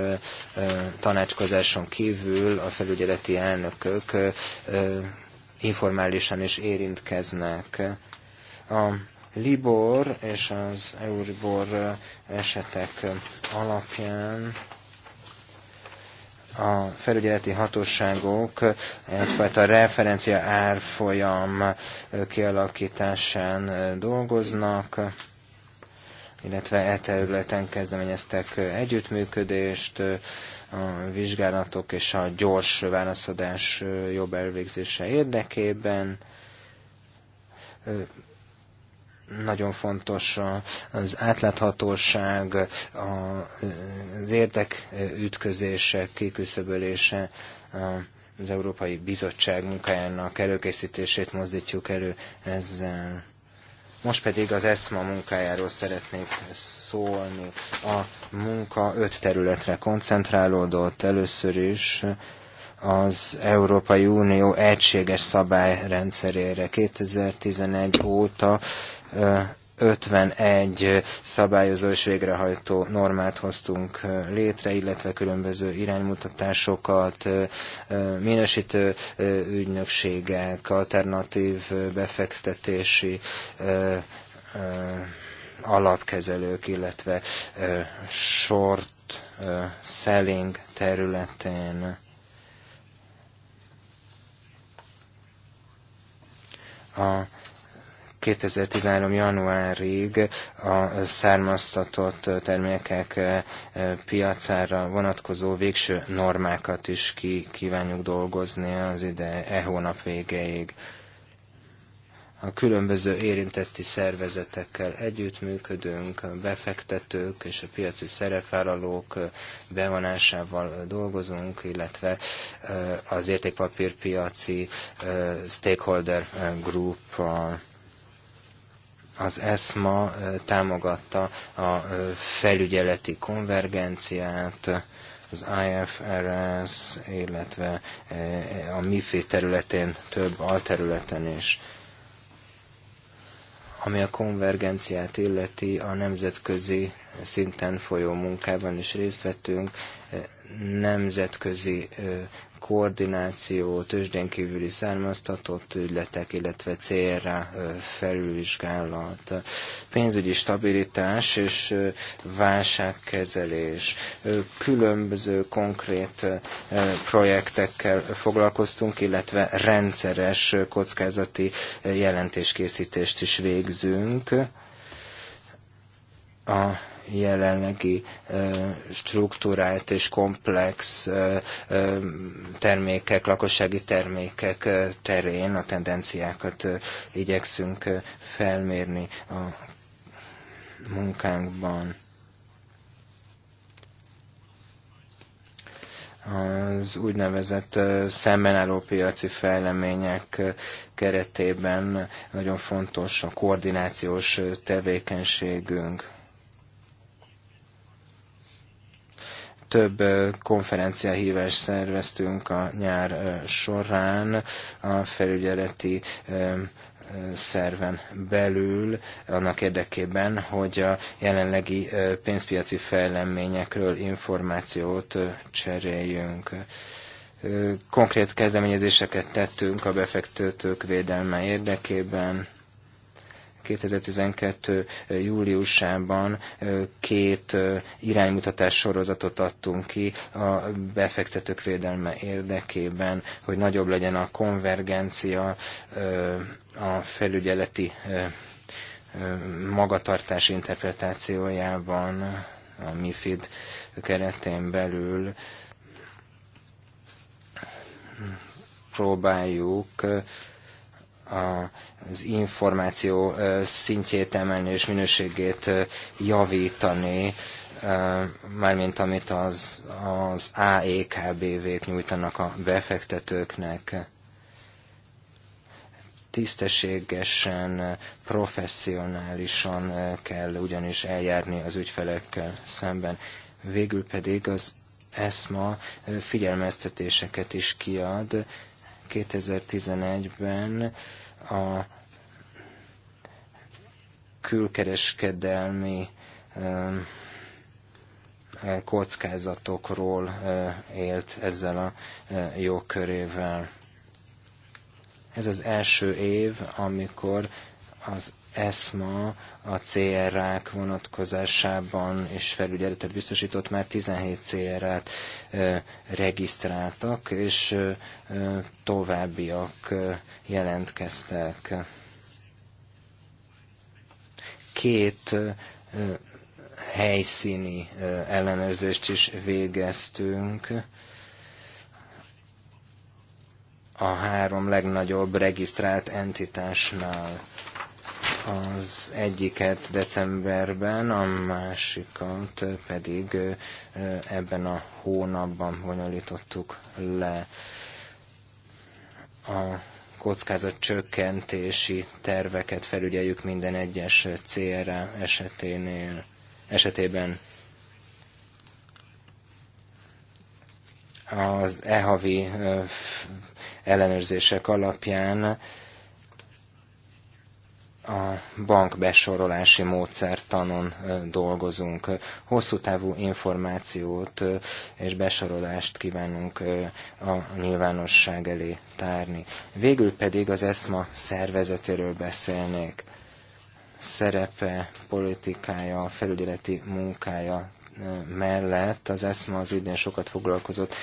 tanácskozáson kívül a felügyeleti elnökök informálisan is érintkeznek. A Libor és az Euribor esetek alapján a felügyeleti hatóságok egyfajta referencia árfolyam kialakításán dolgoznak illetve e területen kezdeményeztek együttműködést, a vizsgálatok és a gyors válaszadás jobb elvégzése érdekében. Nagyon fontos az átláthatóság, az érdekütközések kiküszöbölése, az Európai Bizottság munkájának előkészítését mozdítjuk elő ezzel most pedig az ESMA munkájáról szeretnék szólni. A munka öt területre koncentrálódott. Először is az Európai Unió egységes szabályrendszerére. 2011 óta 51 szabályozó és végrehajtó normát hoztunk létre, illetve különböző iránymutatásokat, minősítő ügynökségek, alternatív befektetési alapkezelők, illetve short selling területén a 2013. januárig a származtatott termékek piacára vonatkozó végső normákat is ki kívánjuk dolgozni az ide e hónap végéig. A különböző érintetti szervezetekkel együttműködünk, a befektetők és a piaci szerepvállalók bevonásával dolgozunk, illetve az értékpapírpiaci stakeholder group az ESMA támogatta a felügyeleti konvergenciát, az IFRS, illetve a MIFI területén, több alterületen is. Ami a konvergenciát illeti, a nemzetközi szinten folyó munkában is részt vettünk, nemzetközi koordináció, tőzsdén kívüli származtatott ügyletek, illetve célra felülvizsgálat, pénzügyi stabilitás és válságkezelés. Különböző konkrét projektekkel foglalkoztunk, illetve rendszeres kockázati jelentéskészítést is végzünk. A jelenlegi struktúrált és komplex termékek, lakossági termékek terén a tendenciákat igyekszünk felmérni a munkánkban. az úgynevezett szembenálló piaci fejlemények keretében nagyon fontos a koordinációs tevékenységünk. több konferenciahívást szerveztünk a nyár során a felügyeleti szerven belül annak érdekében, hogy a jelenlegi pénzpiaci fejleményekről információt cseréljünk. Konkrét kezdeményezéseket tettünk a befektetők védelme érdekében, 2012. Eh, júliusában eh, két eh, iránymutatás sorozatot adtunk ki a befektetők védelme érdekében, hogy nagyobb legyen a konvergencia a felügyeleti magatartás interpretációjában a MIFID keretén belül próbáljuk a az információ szintjét emelni és minőségét javítani, mármint amit az, az AEKBV-k nyújtanak a befektetőknek tisztességesen, professzionálisan kell ugyanis eljárni az ügyfelekkel szemben. Végül pedig az ESMA figyelmeztetéseket is kiad. 2011-ben a külkereskedelmi eh, kockázatokról eh, élt ezzel a eh, jogkörével. Ez az első év, amikor az ESMA a CR-ák vonatkozásában és felügyeletet biztosított, már 17 CRA-t regisztráltak, és továbbiak jelentkeztek. Két helyszíni ellenőrzést is végeztünk a három legnagyobb regisztrált entitásnál az egyiket decemberben, a másikat pedig ebben a hónapban bonyolítottuk le a kockázat csökkentési terveket felügyeljük minden egyes célra eseténél, esetében. Az e ellenőrzések alapján a bankbesorolási módszertanon dolgozunk. Hosszú távú információt és besorolást kívánunk a nyilvánosság elé tárni. Végül pedig az ESMA szervezetéről beszélnék. Szerepe, politikája, felügyeleti munkája mellett az ESMA az idén sokat foglalkozott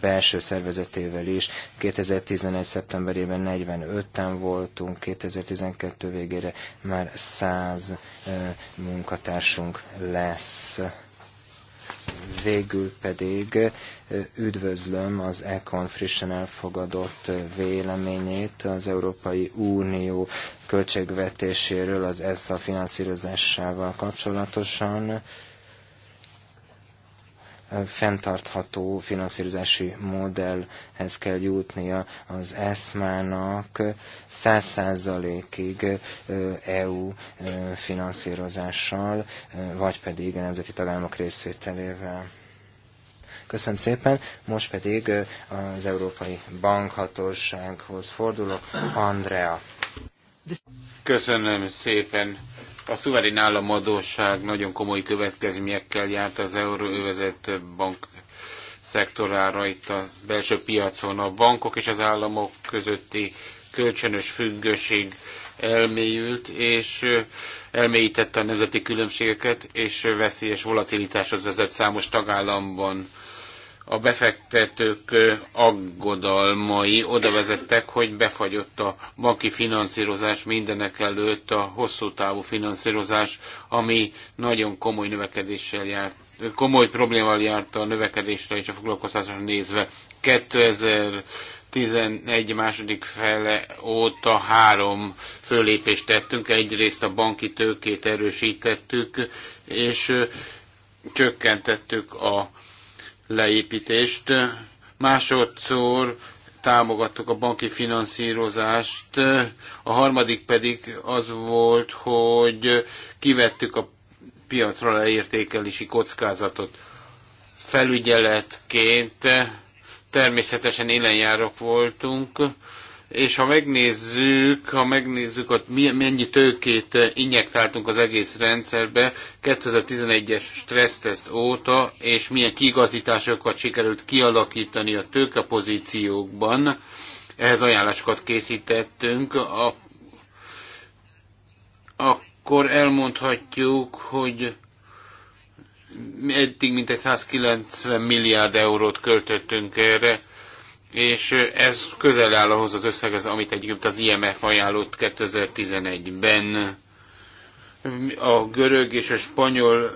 belső szervezetével is. 2011. szeptemberében 45-en voltunk, 2012 végére már 100 munkatársunk lesz. Végül pedig üdvözlöm az ECON frissen elfogadott véleményét az Európai Unió költségvetéséről az ESZA finanszírozásával kapcsolatosan fenntartható finanszírozási modellhez kell jutnia az ESMA-nak 100%-ig EU finanszírozással, vagy pedig a nemzeti tagállamok részvételével. Köszönöm szépen. Most pedig az Európai Bankhatósághoz fordulok. Andrea. Köszönöm szépen. A szuverén államadóság nagyon komoly következményekkel járt az euróövezet bank szektorára itt a belső piacon. A bankok és az államok közötti kölcsönös függőség elmélyült, és elmélyítette a nemzeti különbségeket, és veszélyes volatilitáshoz vezet számos tagállamban a befektetők aggodalmai oda vezettek, hogy befagyott a banki finanszírozás mindenek előtt, a hosszú távú finanszírozás, ami nagyon komoly növekedéssel járt, komoly problémával járt a növekedésre és a foglalkoztatásra nézve. 2011 második fele óta három fölépést tettünk. Egyrészt a banki tőkét erősítettük, és csökkentettük a leépítést. Másodszor támogattuk a banki finanszírozást, a harmadik pedig az volt, hogy kivettük a piacra leértékelési kockázatot felügyeletként. Természetesen élenjárok voltunk, és ha megnézzük, ha megnézzük, hogy mennyi tőkét injektáltunk az egész rendszerbe 2011-es stresszteszt óta, és milyen kiigazításokat sikerült kialakítani a tőkepozíciókban, ehhez ajánlásokat készítettünk, a, akkor elmondhatjuk, hogy eddig mintegy 190 milliárd eurót költöttünk erre, és ez közel áll ahhoz az összeghez, amit egyébként az IMF ajánlott 2011-ben. A görög és a spanyol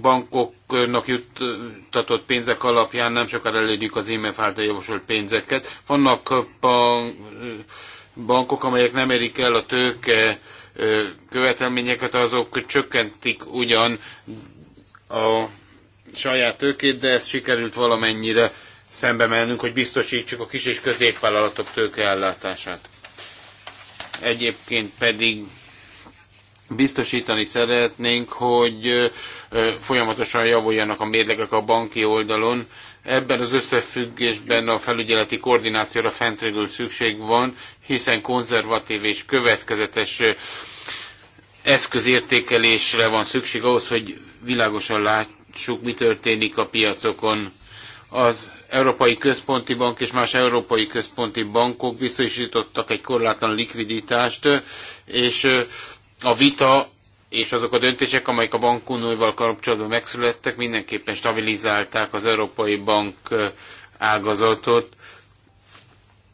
bankoknak juttatott pénzek alapján nem sokkal elérjük az IMF által javasolt pénzeket. Vannak bankok, amelyek nem érik el a tőke követelményeket, azok csökkentik ugyan a saját tőkét, de ez sikerült valamennyire szembe mennünk, hogy biztosítsuk a kis és középvállalatok tőkeellátását. Egyébként pedig biztosítani szeretnénk, hogy folyamatosan javuljanak a mérlegek a banki oldalon. Ebben az összefüggésben a felügyeleti koordinációra fentrégül szükség van, hiszen konzervatív és következetes eszközértékelésre van szükség ahhoz, hogy világosan látsuk, mi történik a piacokon. Az Európai Központi Bank és más európai központi bankok biztosítottak egy korlátlan likviditást, és a vita és azok a döntések, amelyek a bankunóival kapcsolatban megszülettek, mindenképpen stabilizálták az európai bank ágazatot.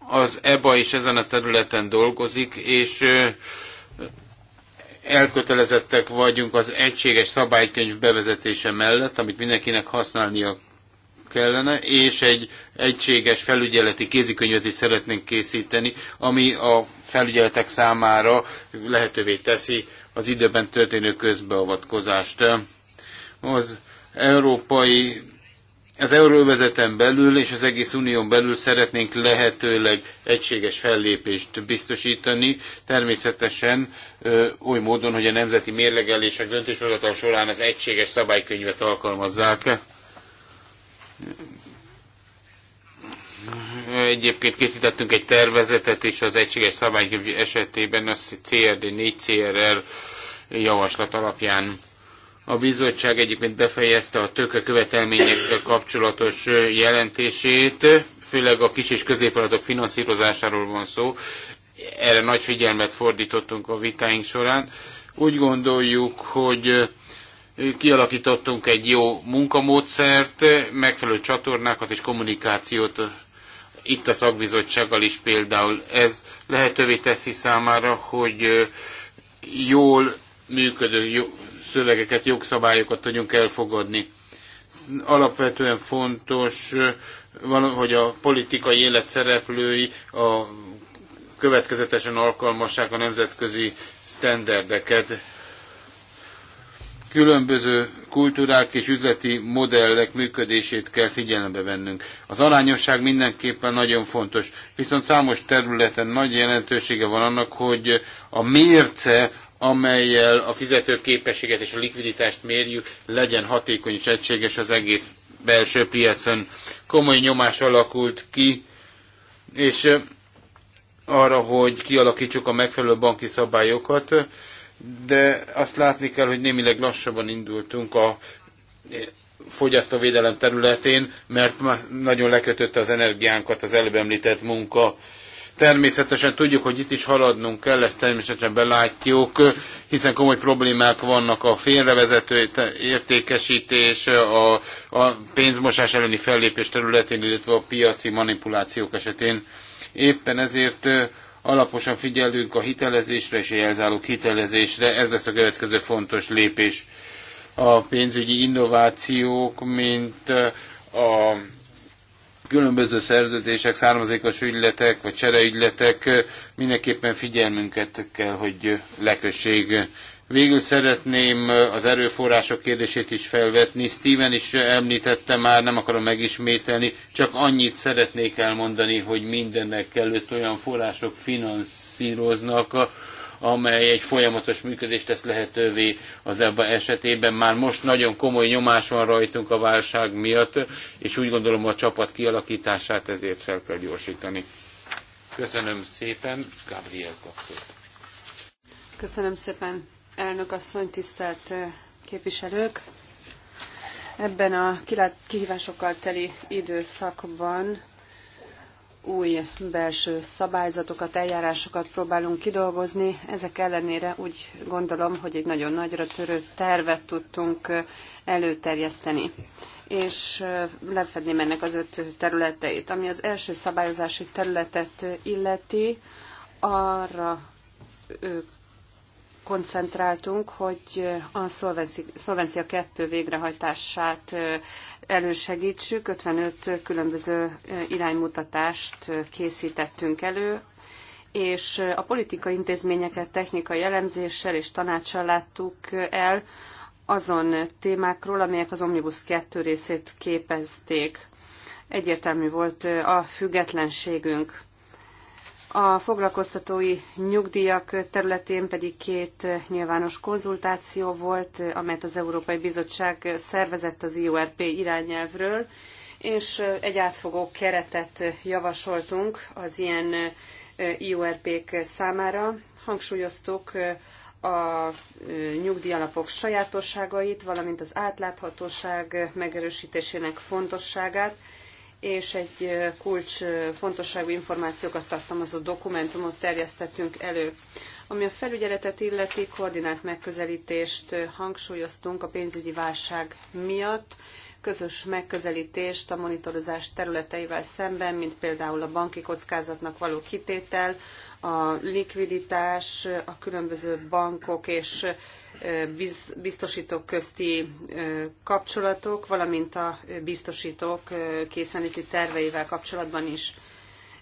Az EBA is ezen a területen dolgozik, és elkötelezettek vagyunk az egységes szabálykönyv bevezetése mellett, amit mindenkinek használnia kellene, és egy egységes felügyeleti kézikönyvet is szeretnénk készíteni, ami a felügyeletek számára lehetővé teszi az időben történő közbeavatkozást. Az európai az euróvezeten belül és az egész unión belül szeretnénk lehetőleg egységes fellépést biztosítani, természetesen ö, oly módon, hogy a nemzeti mérlegelések döntéshozatal során az egységes szabálykönyvet alkalmazzák. Egyébként készítettünk egy tervezetet is az egységes szabálykönyv esetében, a CRD 4 CRR javaslat alapján. A bizottság egyébként befejezte a követelményekkel kapcsolatos jelentését, főleg a kis és középvállalatok finanszírozásáról van szó. Erre nagy figyelmet fordítottunk a vitáink során. Úgy gondoljuk, hogy kialakítottunk egy jó munkamódszert, megfelelő csatornákat és kommunikációt itt a szakbizottsággal is például. Ez lehetővé teszi számára, hogy jól működő szövegeket, jogszabályokat tudjunk elfogadni. Alapvetően fontos, hogy a politikai élet szereplői a következetesen alkalmassák a nemzetközi sztenderdeket különböző kultúrák és üzleti modellek működését kell figyelembe vennünk. Az arányosság mindenképpen nagyon fontos, viszont számos területen nagy jelentősége van annak, hogy a mérce, amelyel a fizetőképességet és a likviditást mérjük, legyen hatékony és egységes az egész belső piacon. Komoly nyomás alakult ki, és arra, hogy kialakítsuk a megfelelő banki szabályokat, de azt látni kell, hogy némileg lassabban indultunk a fogyasztóvédelem területén, mert már nagyon lekötötte az energiánkat az előbb említett munka. Természetesen tudjuk, hogy itt is haladnunk kell, ezt természetesen belátjuk, hiszen komoly problémák vannak a félrevezető értékesítés, a, a pénzmosás elleni fellépés területén, illetve a piaci manipulációk esetén. Éppen ezért Alaposan figyelünk a hitelezésre és a jelzálók hitelezésre, ez lesz a következő fontos lépés. A pénzügyi innovációk, mint eh, a különböző szerződések, származékos ügyletek vagy csereügyletek eh, mindenképpen figyelmünket kell, hogy eh, lekösség. Végül szeretném eh, az erőforrások kérdését is felvetni. Steven is említette már, nem akarom megismételni, csak annyit szeretnék elmondani, hogy mindennek előtt olyan források finanszíroznak, eh, amely egy folyamatos működést tesz lehetővé az ebben esetében. Már most nagyon komoly nyomás van rajtunk a válság miatt, és úgy gondolom a csapat kialakítását ezért fel kell gyorsítani. Köszönöm szépen, Gabriel Kapszot. Köszönöm szépen, Elnök asszony, tisztelt eh, képviselők! Ebben a kihívásokkal teli időszakban új belső szabályzatokat, eljárásokat próbálunk kidolgozni. Ezek ellenére úgy gondolom, hogy egy nagyon nagyra törő tervet tudtunk eh, előterjeszteni és eh, lefedném ennek az öt területeit. Ami az első szabályozási területet illeti, arra koncentráltunk, hogy a Szolvencia 2 végrehajtását elősegítsük. 55 különböző iránymutatást készítettünk elő, és a politikai intézményeket technikai elemzéssel és tanácssal láttuk el azon témákról, amelyek az Omnibus 2 részét képezték. Egyértelmű volt a függetlenségünk a foglalkoztatói nyugdíjak területén pedig két nyilvános konzultáció volt, amelyet az Európai Bizottság szervezett az IORP irányelvről, és egy átfogó keretet javasoltunk az ilyen IORP-k számára. Hangsúlyoztuk a nyugdíjalapok sajátosságait, valamint az átláthatóság megerősítésének fontosságát, és egy kulcs fontosságú információkat tartalmazó dokumentumot terjesztettünk elő. Ami a felügyeletet illeti, koordinált megközelítést hangsúlyoztunk a pénzügyi válság miatt, közös megközelítést a monitorozás területeivel szemben, mint például a banki kockázatnak való kitétel, a likviditás, a különböző bankok és biztosítók közti kapcsolatok, valamint a biztosítók készenléti terveivel kapcsolatban is.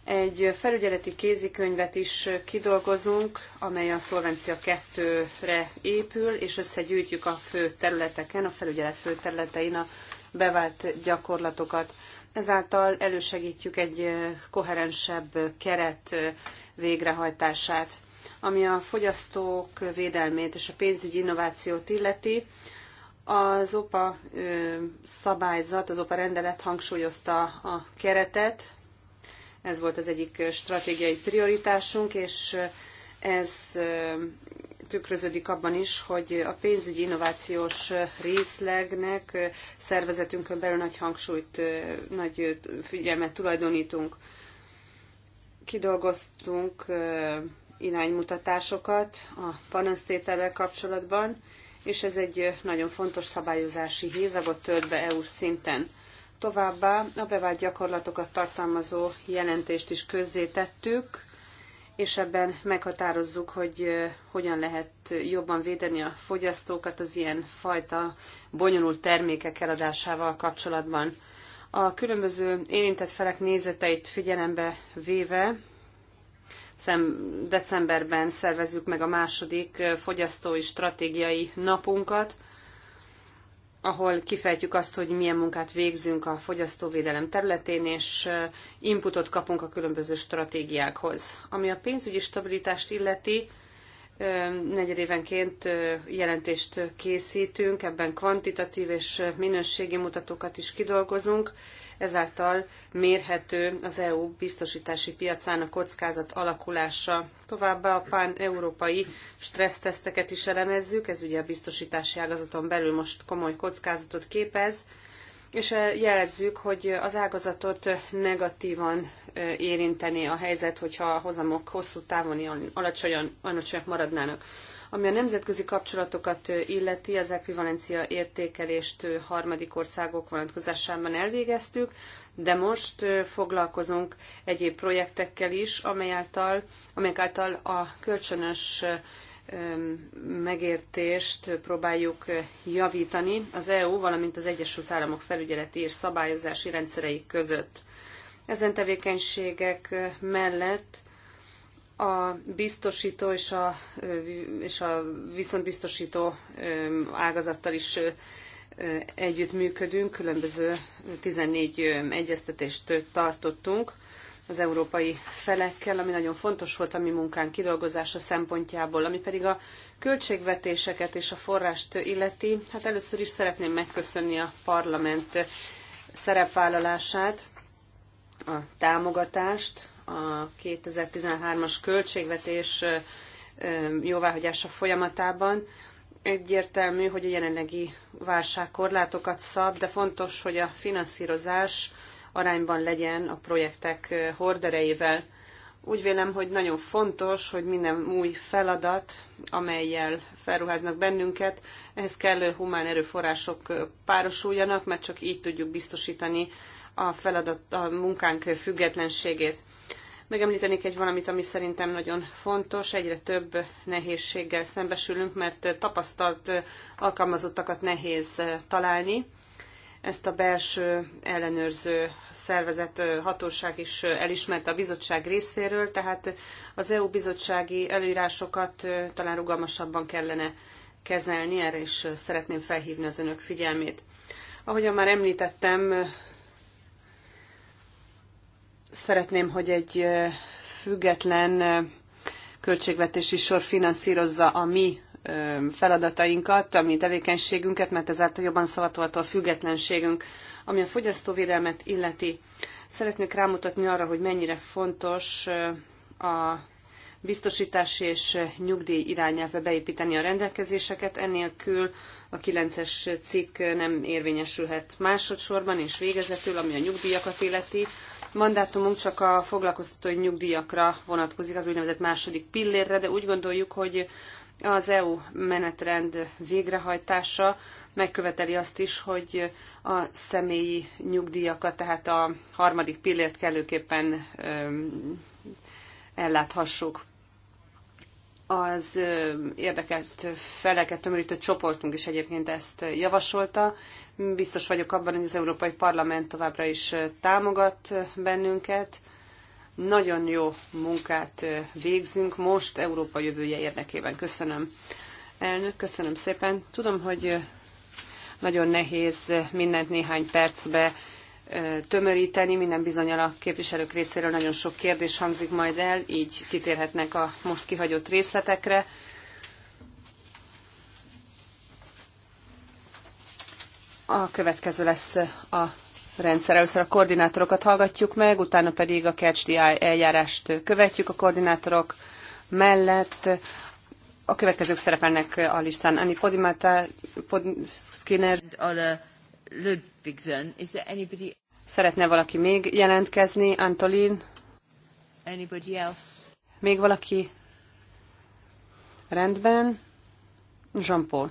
Egy felügyeleti kézikönyvet is kidolgozunk, amely a Szolvencia 2-re épül, és összegyűjtjük a fő területeken, a felügyelet fő területein a bevált gyakorlatokat. Ezáltal elősegítjük egy koherensebb keret végrehajtását ami a fogyasztók védelmét és a pénzügyi innovációt illeti. Az OPA szabályzat, az OPA rendelet hangsúlyozta a keretet, ez volt az egyik stratégiai prioritásunk, és ez tükröződik abban is, hogy a pénzügyi innovációs részlegnek szervezetünkön belül nagy hangsúlyt, nagy figyelmet tulajdonítunk. Kidolgoztunk iránymutatásokat a panasztétellel kapcsolatban, és ez egy nagyon fontos szabályozási hézagot tölt be EU szinten. Továbbá a bevált gyakorlatokat tartalmazó jelentést is közzétettük, és ebben meghatározzuk, hogy hogyan lehet jobban védeni a fogyasztókat az ilyen fajta bonyolult termékek eladásával kapcsolatban. A különböző érintett felek nézeteit figyelembe véve decemberben szervezzük meg a második fogyasztói stratégiai napunkat, ahol kifejtjük azt, hogy milyen munkát végzünk a fogyasztóvédelem területén, és inputot kapunk a különböző stratégiákhoz. Ami a pénzügyi stabilitást illeti, negyedévenként jelentést készítünk, ebben kvantitatív és minőségi mutatókat is kidolgozunk, ezáltal mérhető az EU biztosítási piacának kockázat alakulása. Továbbá a pán-európai stresszteszteket is elemezzük, ez ugye a biztosítási ágazaton belül most komoly kockázatot képez, és jelezzük, hogy az ágazatot negatívan érinteni a helyzet, hogyha a hozamok hosszú távon alacsonyan, alacsonyak maradnának. Ami a nemzetközi kapcsolatokat illeti, az ekvivalencia értékelést harmadik országok vonatkozásában elvégeztük, de most foglalkozunk egyéb projektekkel is, amely által, amelyek által a kölcsönös megértést próbáljuk javítani az EU, valamint az Egyesült Államok felügyeleti és szabályozási rendszerei között. Ezen tevékenységek mellett a biztosító és a, és a viszontbiztosító ágazattal is együttműködünk, különböző 14 egyeztetést tartottunk az európai felekkel, ami nagyon fontos volt a mi munkánk kidolgozása szempontjából, ami pedig a költségvetéseket és a forrást illeti. Hát először is szeretném megköszönni a parlament szerepvállalását, a támogatást, a 2013-as költségvetés jóváhagyása folyamatában. Egyértelmű, hogy a jelenlegi válság korlátokat szab, de fontos, hogy a finanszírozás arányban legyen a projektek horderejével. Úgy vélem, hogy nagyon fontos, hogy minden új feladat, amelyel felruháznak bennünket, ehhez kellő humán erőforrások párosuljanak, mert csak így tudjuk biztosítani a feladat, a munkánk függetlenségét. Megemlítenék egy valamit, ami szerintem nagyon fontos. Egyre több nehézséggel szembesülünk, mert tapasztalt alkalmazottakat nehéz találni. Ezt a belső ellenőrző szervezet hatóság is elismerte a bizottság részéről, tehát az EU bizottsági előírásokat talán rugalmasabban kellene kezelni, erre is szeretném felhívni az önök figyelmét. Ahogyan már említettem, szeretném, hogy egy független költségvetési sor finanszírozza a mi feladatainkat, a mi tevékenységünket, mert ezáltal jobban szavatolható a függetlenségünk, ami a fogyasztóvédelmet illeti. Szeretnék rámutatni arra, hogy mennyire fontos a biztosítás és nyugdíj irányelve beépíteni a rendelkezéseket, ennélkül a 9-es cikk nem érvényesülhet másodszorban és végezetül, ami a nyugdíjakat illeti mandátumunk csak a foglalkoztatói nyugdíjakra vonatkozik, az úgynevezett második pillérre, de úgy gondoljuk, hogy az EU menetrend végrehajtása megköveteli azt is, hogy a személyi nyugdíjakat, tehát a harmadik pillért kellőképpen elláthassuk. Az érdekelt feleket tömörítő csoportunk is egyébként ezt javasolta, Biztos vagyok abban, hogy az Európai Parlament továbbra is támogat bennünket. Nagyon jó munkát végzünk most Európa jövője érdekében. Köszönöm. Elnök, köszönöm szépen. Tudom, hogy nagyon nehéz mindent néhány percbe tömöríteni, minden bizonyal a képviselők részéről nagyon sok kérdés hangzik majd el, így kitérhetnek a most kihagyott részletekre. A következő lesz a rendszer. Először a koordinátorokat hallgatjuk meg, utána pedig a CatchDI eljárást követjük a koordinátorok mellett. A következők szerepelnek a listán. Anni Podimata, Pod Skinner. Ludvigsen. anybody... Szeretne valaki még jelentkezni? Antolin? Anybody else? Még valaki? Rendben. Jean-Paul.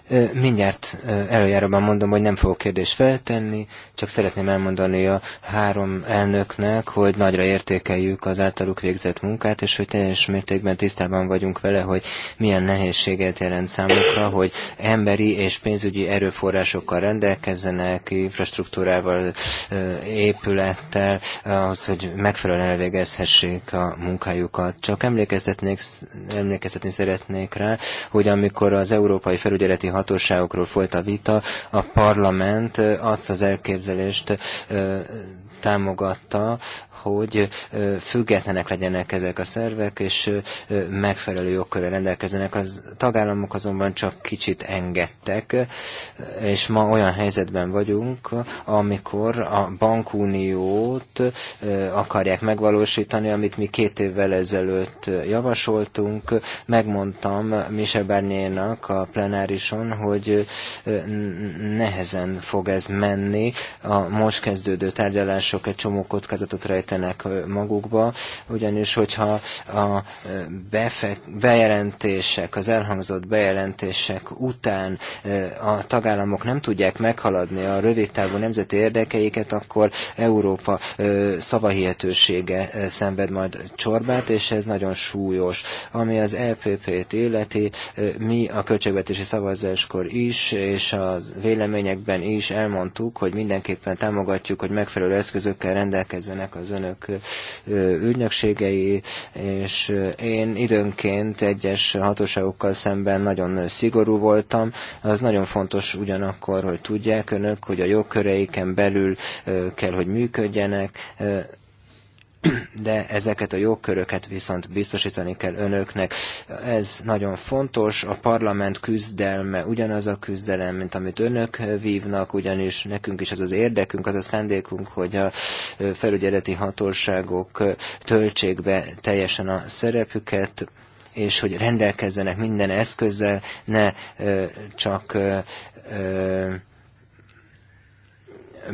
Mindjárt előjáróban mondom, hogy nem fogok kérdést feltenni, csak szeretném elmondani a három elnöknek, hogy nagyra értékeljük az általuk végzett munkát, és hogy teljes mértékben tisztában vagyunk vele, hogy milyen nehézséget jelent számukra, hogy emberi és pénzügyi erőforrásokkal rendelkezzenek, infrastruktúrával, épülettel, ahhoz, hogy megfelelően elvégezhessék a munkájukat. Csak emlékeztetnék, emlékeztetni szeretnék rá, hogy amikor az Európai Felügyeleti hatóságokról folyt a vita, a parlament azt az elképzelést támogatta, hogy függetlenek legyenek ezek a szervek, és megfelelő jogkörre rendelkezzenek. Az tagállamok azonban csak kicsit engedtek, és ma olyan helyzetben vagyunk, amikor a bankuniót akarják megvalósítani, amit mi két évvel ezelőtt javasoltunk. Megmondtam Michel Barnier-nak a plenárison, hogy nehezen fog ez menni a most kezdődő tárgyalás mások egy csomó kockázatot rejtenek magukba, ugyanis hogyha a bejelentések, az elhangzott bejelentések után a tagállamok nem tudják meghaladni a rövidtávú nemzeti érdekeiket, akkor Európa szavahihetősége szenved majd csorbát, és ez nagyon súlyos. Ami az EPP-t illeti, mi a költségvetési szavazáskor is, és a véleményekben is elmondtuk, hogy mindenképpen támogatjuk, hogy megfelelő eszköz eszközökkel rendelkezzenek az önök ügynökségei, és én időnként egyes hatóságokkal szemben nagyon szigorú voltam. Az nagyon fontos ugyanakkor, hogy tudják önök, hogy a jogköreiken belül kell, hogy működjenek, de ezeket a jogköröket viszont biztosítani kell önöknek. Ez nagyon fontos, a parlament küzdelme ugyanaz a küzdelem, mint amit önök vívnak, ugyanis nekünk is az az érdekünk, az a szándékunk, hogy a felügyeleti hatóságok töltsék be teljesen a szerepüket, és hogy rendelkezzenek minden eszközzel, ne csak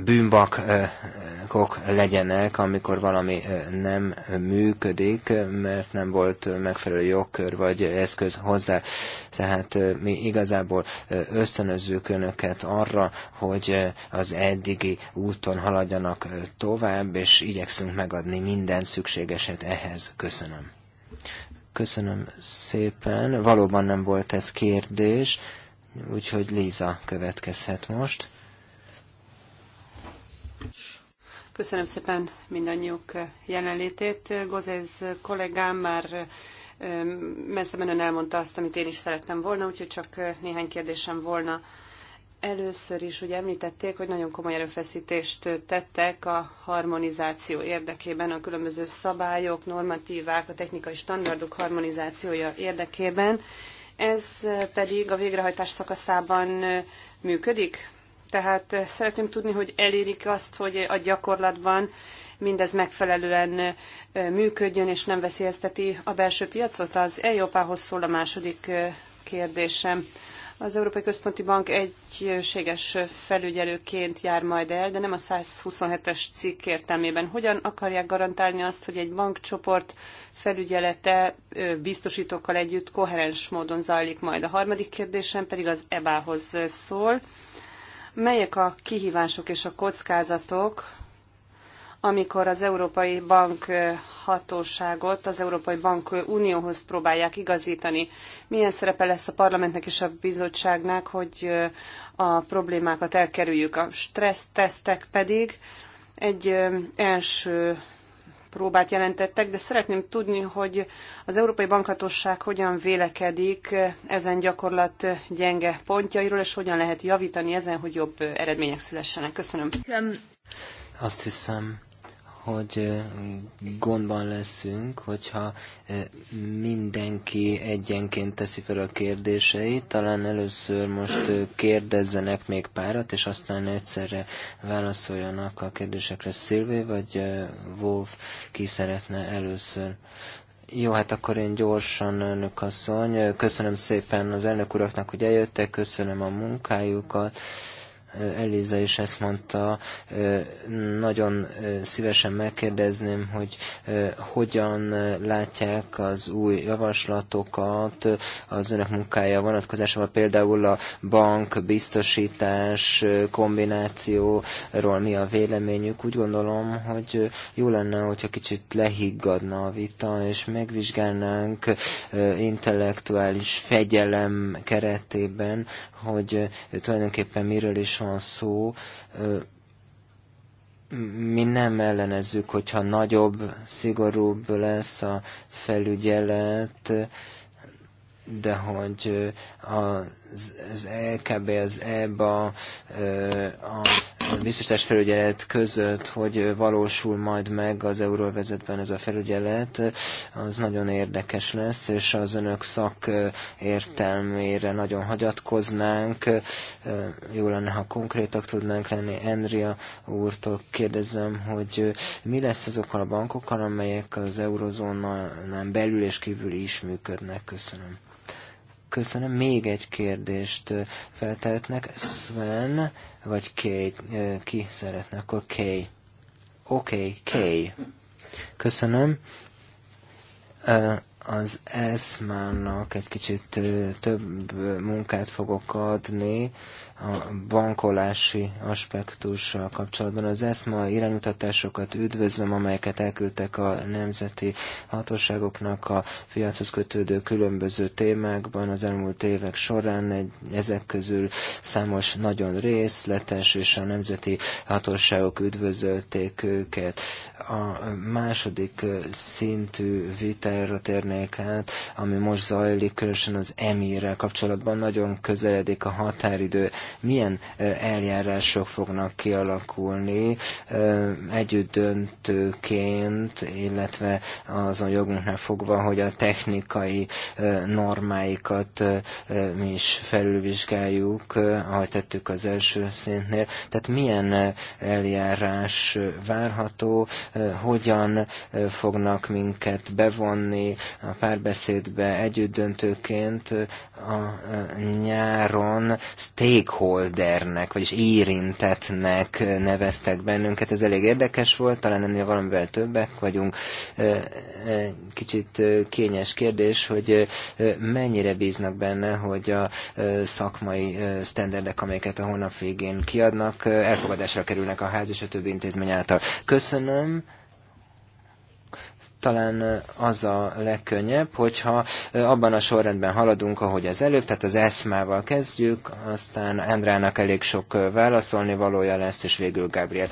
bűnbakok legyenek, amikor valami nem működik, mert nem volt megfelelő jogkör vagy eszköz hozzá. Tehát mi igazából ösztönözzük önöket arra, hogy az eddigi úton haladjanak tovább, és igyekszünk megadni minden szükségeset ehhez. Köszönöm. Köszönöm szépen. Valóban nem volt ez kérdés, úgyhogy Líza következhet most. Köszönöm szépen mindannyiuk jelenlétét. Gozéz kollégám már messze menően elmondta azt, amit én is szerettem volna, úgyhogy csak néhány kérdésem volna. Először is ugye említették, hogy nagyon komoly erőfeszítést tettek a harmonizáció érdekében, a különböző szabályok, normatívák, a technikai standardok harmonizációja érdekében. Ez pedig a végrehajtás szakaszában működik? Tehát szeretném tudni, hogy elérik azt, hogy a gyakorlatban mindez megfelelően működjön és nem veszélyezteti a belső piacot. Az Európához szól a második kérdésem. Az Európai Központi Bank egységes felügyelőként jár majd el, de nem a 127-es cikk értelmében. Hogyan akarják garantálni azt, hogy egy bankcsoport felügyelete biztosítókkal együtt koherens módon zajlik majd? A harmadik kérdésem pedig az EBA-hoz szól. Melyek a kihívások és a kockázatok, amikor az Európai Bank hatóságot az Európai Bank Unióhoz próbálják igazítani. Milyen szerepe lesz a parlamentnek és a bizottságnak, hogy a problémákat elkerüljük? A stressztesztek pedig egy első próbát jelentettek, de szeretném tudni, hogy az Európai Bankhatóság hogyan vélekedik ezen gyakorlat gyenge pontjairól, és hogyan lehet javítani ezen, hogy jobb eredmények szülessenek. Köszönöm. Azt hiszem, hogy gondban leszünk, hogyha mindenki egyenként teszi fel a kérdéseit, talán először most kérdezzenek még párat, és aztán egyszerre válaszoljanak a kérdésekre. Szilvé vagy Wolf, ki szeretne először? Jó, hát akkor én gyorsan, önök asszony. Köszönöm szépen az elnök uraknak, hogy eljöttek, köszönöm a munkájukat. Eliza is ezt mondta, nagyon szívesen megkérdezném, hogy hogyan látják az új javaslatokat az önök munkája vonatkozásában, például a bank, biztosítás kombinációról mi a véleményük. Úgy gondolom, hogy jó lenne, hogyha kicsit lehiggadna a vita, és megvizsgálnánk intellektuális fegyelem keretében, hogy tulajdonképpen miről is van van szó, mi nem ellenezzük, hogyha nagyobb, szigorúbb lesz a felügyelet, de hogy a az LKB, e, az EBA, a biztosítás felügyelet között, hogy valósul majd meg az euróvezetben ez a felügyelet, az nagyon érdekes lesz, és az önök szak értelmére nagyon hagyatkoznánk. Jó lenne, ha konkrétak tudnánk lenni. Enria úrtól kérdezem, hogy mi lesz azokkal a bankokkal, amelyek az eurozónán belül és kívül is működnek. Köszönöm. Köszönöm. Még egy kérdést feltehetnek. Sven vagy Kay? Ki szeretne? Akkor Kay. Oké, okay, Kay. Köszönöm. Az eszmának egy kicsit több munkát fogok adni a bankolási aspektussal kapcsolatban. Az ESMA iránymutatásokat üdvözlöm, amelyeket elküldtek a nemzeti hatóságoknak a piachoz kötődő különböző témákban az elmúlt évek során. Egy, ezek közül számos nagyon részletes, és a nemzeti hatóságok üdvözölték őket. A második szintű vitára térnék át, ami most zajlik, különösen az emírrel kapcsolatban nagyon közeledik a határidő milyen eljárások fognak kialakulni együtt döntőként, illetve azon jogunknál fogva, hogy a technikai normáikat mi is felülvizsgáljuk, ahogy tettük az első szintnél. Tehát milyen eljárás várható, hogyan fognak minket bevonni a párbeszédbe együttdöntőként, a e, nyáron stakeholdernek, vagyis érintetnek neveztek bennünket. Ez elég érdekes volt, talán ennél valamivel többek vagyunk. E, e, kicsit kényes kérdés, hogy mennyire bíznak benne, hogy a szakmai sztenderdek, amelyeket a hónap végén kiadnak, elfogadásra kerülnek a ház és a többi intézmény által. Köszönöm talán az a legkönnyebb, hogyha abban a sorrendben haladunk, ahogy az előbb, tehát az eszmával kezdjük, aztán Andrának elég sok válaszolni valója lesz, és végül Gabriel.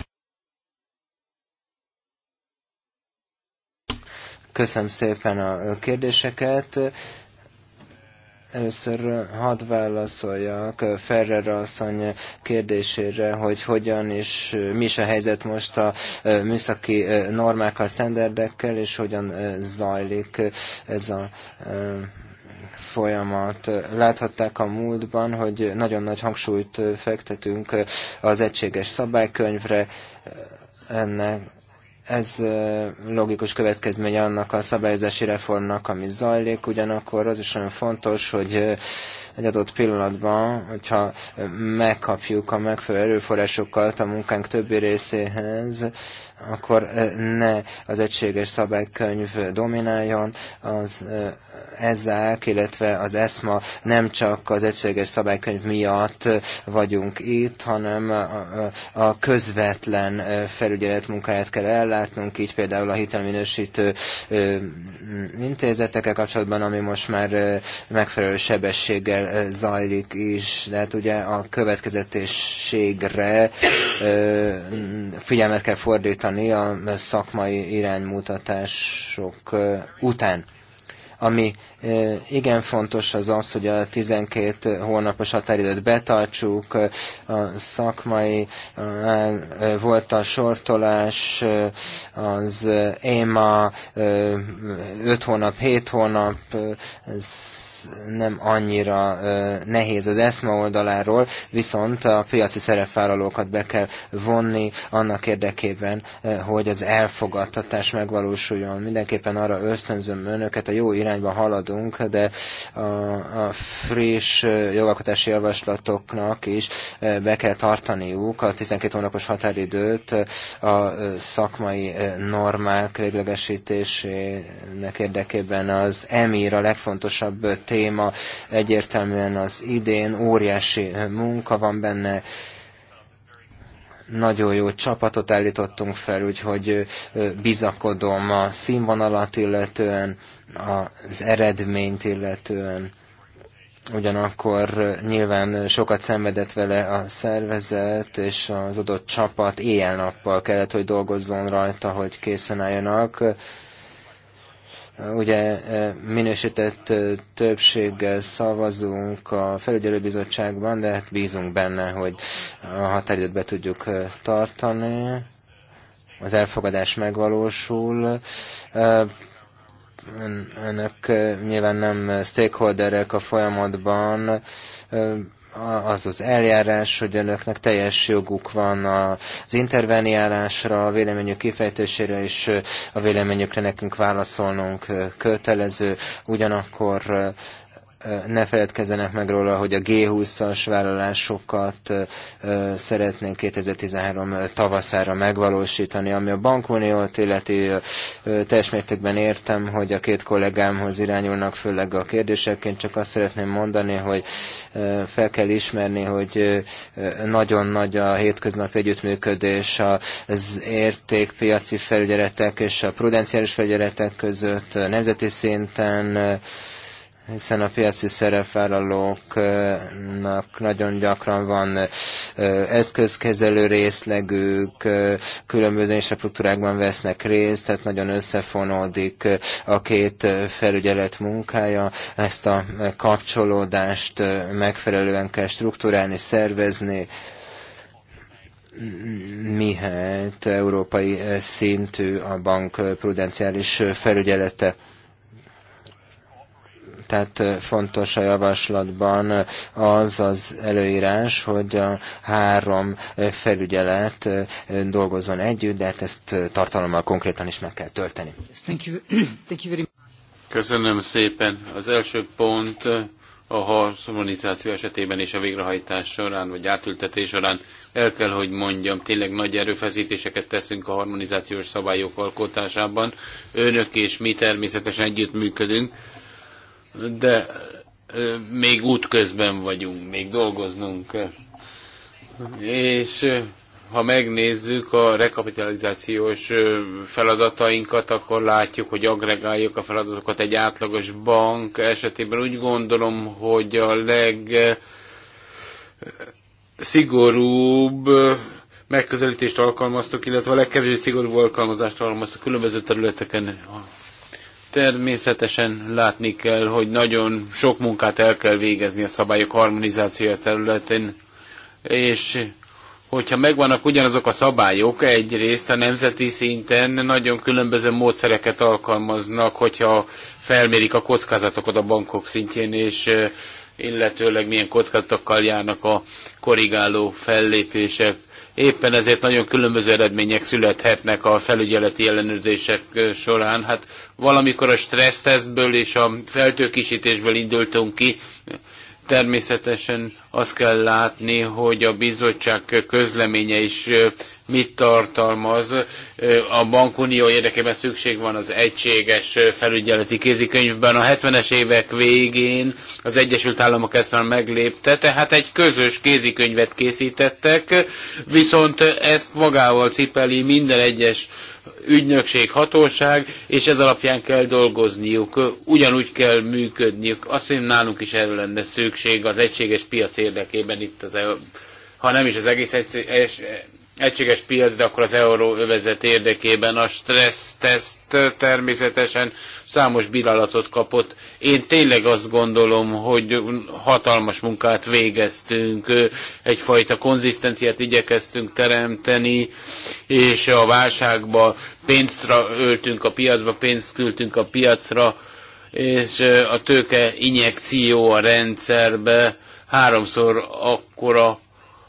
Köszönöm szépen a kérdéseket. Először hadd válaszoljak Ferrer asszony kérdésére, hogy hogyan és mi is a helyzet most a műszaki normákkal, sztenderdekkel, és hogyan zajlik ez a folyamat. Láthatták a múltban, hogy nagyon nagy hangsúlyt fektetünk az egységes szabálykönyvre, ennek ez logikus következménye annak a szabályozási reformnak, ami zajlik, ugyanakkor az is nagyon fontos, hogy egy adott pillanatban, hogyha megkapjuk a megfelelő erőforrásokat a munkánk többi részéhez, akkor eh, ne az egységes szabálykönyv domináljon, az eh, ezák, illetve az ESMA nem csak az egységes szabálykönyv miatt eh, vagyunk itt, hanem a közvetlen felügyelet munkáját kell ellátnunk, így például a hitelminősítő intézetekkel kapcsolatban, ami most már megfelelő sebességgel zajlik is, de hát ugye a következetességre figyelmet kell fordítani, javítani a szakmai iránymutatások után. Ami igen fontos az az, hogy a 12 hónapos határidőt betartsuk, a szakmai volt a sortolás, az EMA 5 hónap, 7 hónap, ez nem annyira nehéz az ESMA oldaláról, viszont a piaci szerepvállalókat be kell vonni annak érdekében, hogy az elfogadtatás megvalósuljon. Mindenképpen arra ösztönzöm önöket, a jó irányba haladó tartunk, de a, a friss jogalkotási javaslatoknak is be kell tartaniuk a 12 hónapos határidőt a szakmai normák véglegesítésének érdekében az EMIR a legfontosabb téma, egyértelműen az idén óriási munka van benne, nagyon jó csapatot állítottunk fel, úgyhogy bizakodom a színvonalat illetően, az eredményt illetően. Ugyanakkor nyilván sokat szenvedett vele a szervezet, és az adott csapat éjjel-nappal kellett, hogy dolgozzon rajta, hogy készen álljanak ugye e, minősített e, többséggel szavazunk a felügyelőbizottságban, de hát bízunk benne, hogy a határidőt be tudjuk e, tartani, az elfogadás megvalósul. Ön, önök nyilván nem stakeholderek a folyamatban, az az eljárás, hogy önöknek teljes joguk van az interveniálásra, a véleményük kifejtésére és a véleményükre nekünk válaszolnunk kötelező. Ugyanakkor ne feledkezzenek meg róla, hogy a G20-as vállalásokat szeretnénk 2013 tavaszára megvalósítani. Ami a bankuniót illeti, teljes mértékben értem, hogy a két kollégámhoz irányulnak főleg a kérdések. csak azt szeretném mondani, hogy fel kell ismerni, hogy nagyon nagy a hétköznapi együttműködés az értékpiaci felügyeletek és a prudenciális felügyeletek között, nemzeti szinten, hiszen a piaci szerepvállalóknak nagyon gyakran van eszközkezelő részlegük, különböző infrastruktúrákban vesznek részt, tehát nagyon összefonódik a két felügyelet munkája. Ezt a kapcsolódást megfelelően kell struktúrálni, szervezni, mihet európai szintű a bank prudenciális felügyelete. Tehát fontos a javaslatban az az előírás, hogy a három felügyelet dolgozzon együtt, de hát ezt tartalommal konkrétan is meg kell tölteni. Köszönöm szépen. Az első pont a harmonizáció esetében és a végrehajtás során, vagy átültetés során el kell, hogy mondjam, tényleg nagy erőfeszítéseket teszünk a harmonizációs szabályok alkotásában. Önök és mi természetesen együttműködünk, de még útközben vagyunk, még dolgoznunk kell. És ha megnézzük a rekapitalizációs feladatainkat, akkor látjuk, hogy agregáljuk a feladatokat egy átlagos bank esetében. Úgy gondolom, hogy a leg szigorúbb megközelítést alkalmaztuk, illetve a legkevésbé szigorúbb alkalmazást alkalmaztuk különböző területeken Természetesen látni kell, hogy nagyon sok munkát el kell végezni a szabályok harmonizációja területén, és hogyha megvannak ugyanazok a szabályok, egyrészt a nemzeti szinten nagyon különböző módszereket alkalmaznak, hogyha felmérik a kockázatokat a bankok szintjén, és illetőleg milyen kockázatokkal járnak a korrigáló fellépések. Éppen ezért nagyon különböző eredmények születhetnek a felügyeleti ellenőrzések során. Hát valamikor a stressztesztből és a feltőkisítésből indultunk ki, Természetesen azt kell látni, hogy a bizottság közleménye is mit tartalmaz. A bankunió érdekében szükség van az egységes felügyeleti kézikönyvben. A 70-es évek végén az Egyesült Államok ezt már meglépte, tehát egy közös kézikönyvet készítettek, viszont ezt magával cipeli minden egyes ügynökség, hatóság, és ez alapján kell dolgozniuk, ugyanúgy kell működniük. Azt hiszem nálunk is erről lenne szükség az egységes piac érdekében itt az, e ha nem is az egész egységes piac, de akkor az euróövezet érdekében a stresszteszt természetesen számos bírálatot kapott. Én tényleg azt gondolom, hogy hatalmas munkát végeztünk, egyfajta konzisztenciát igyekeztünk teremteni, és a válságba pénzt öltünk a piacba, pénzt küldtünk a piacra, és a tőke injekció a rendszerbe háromszor akkora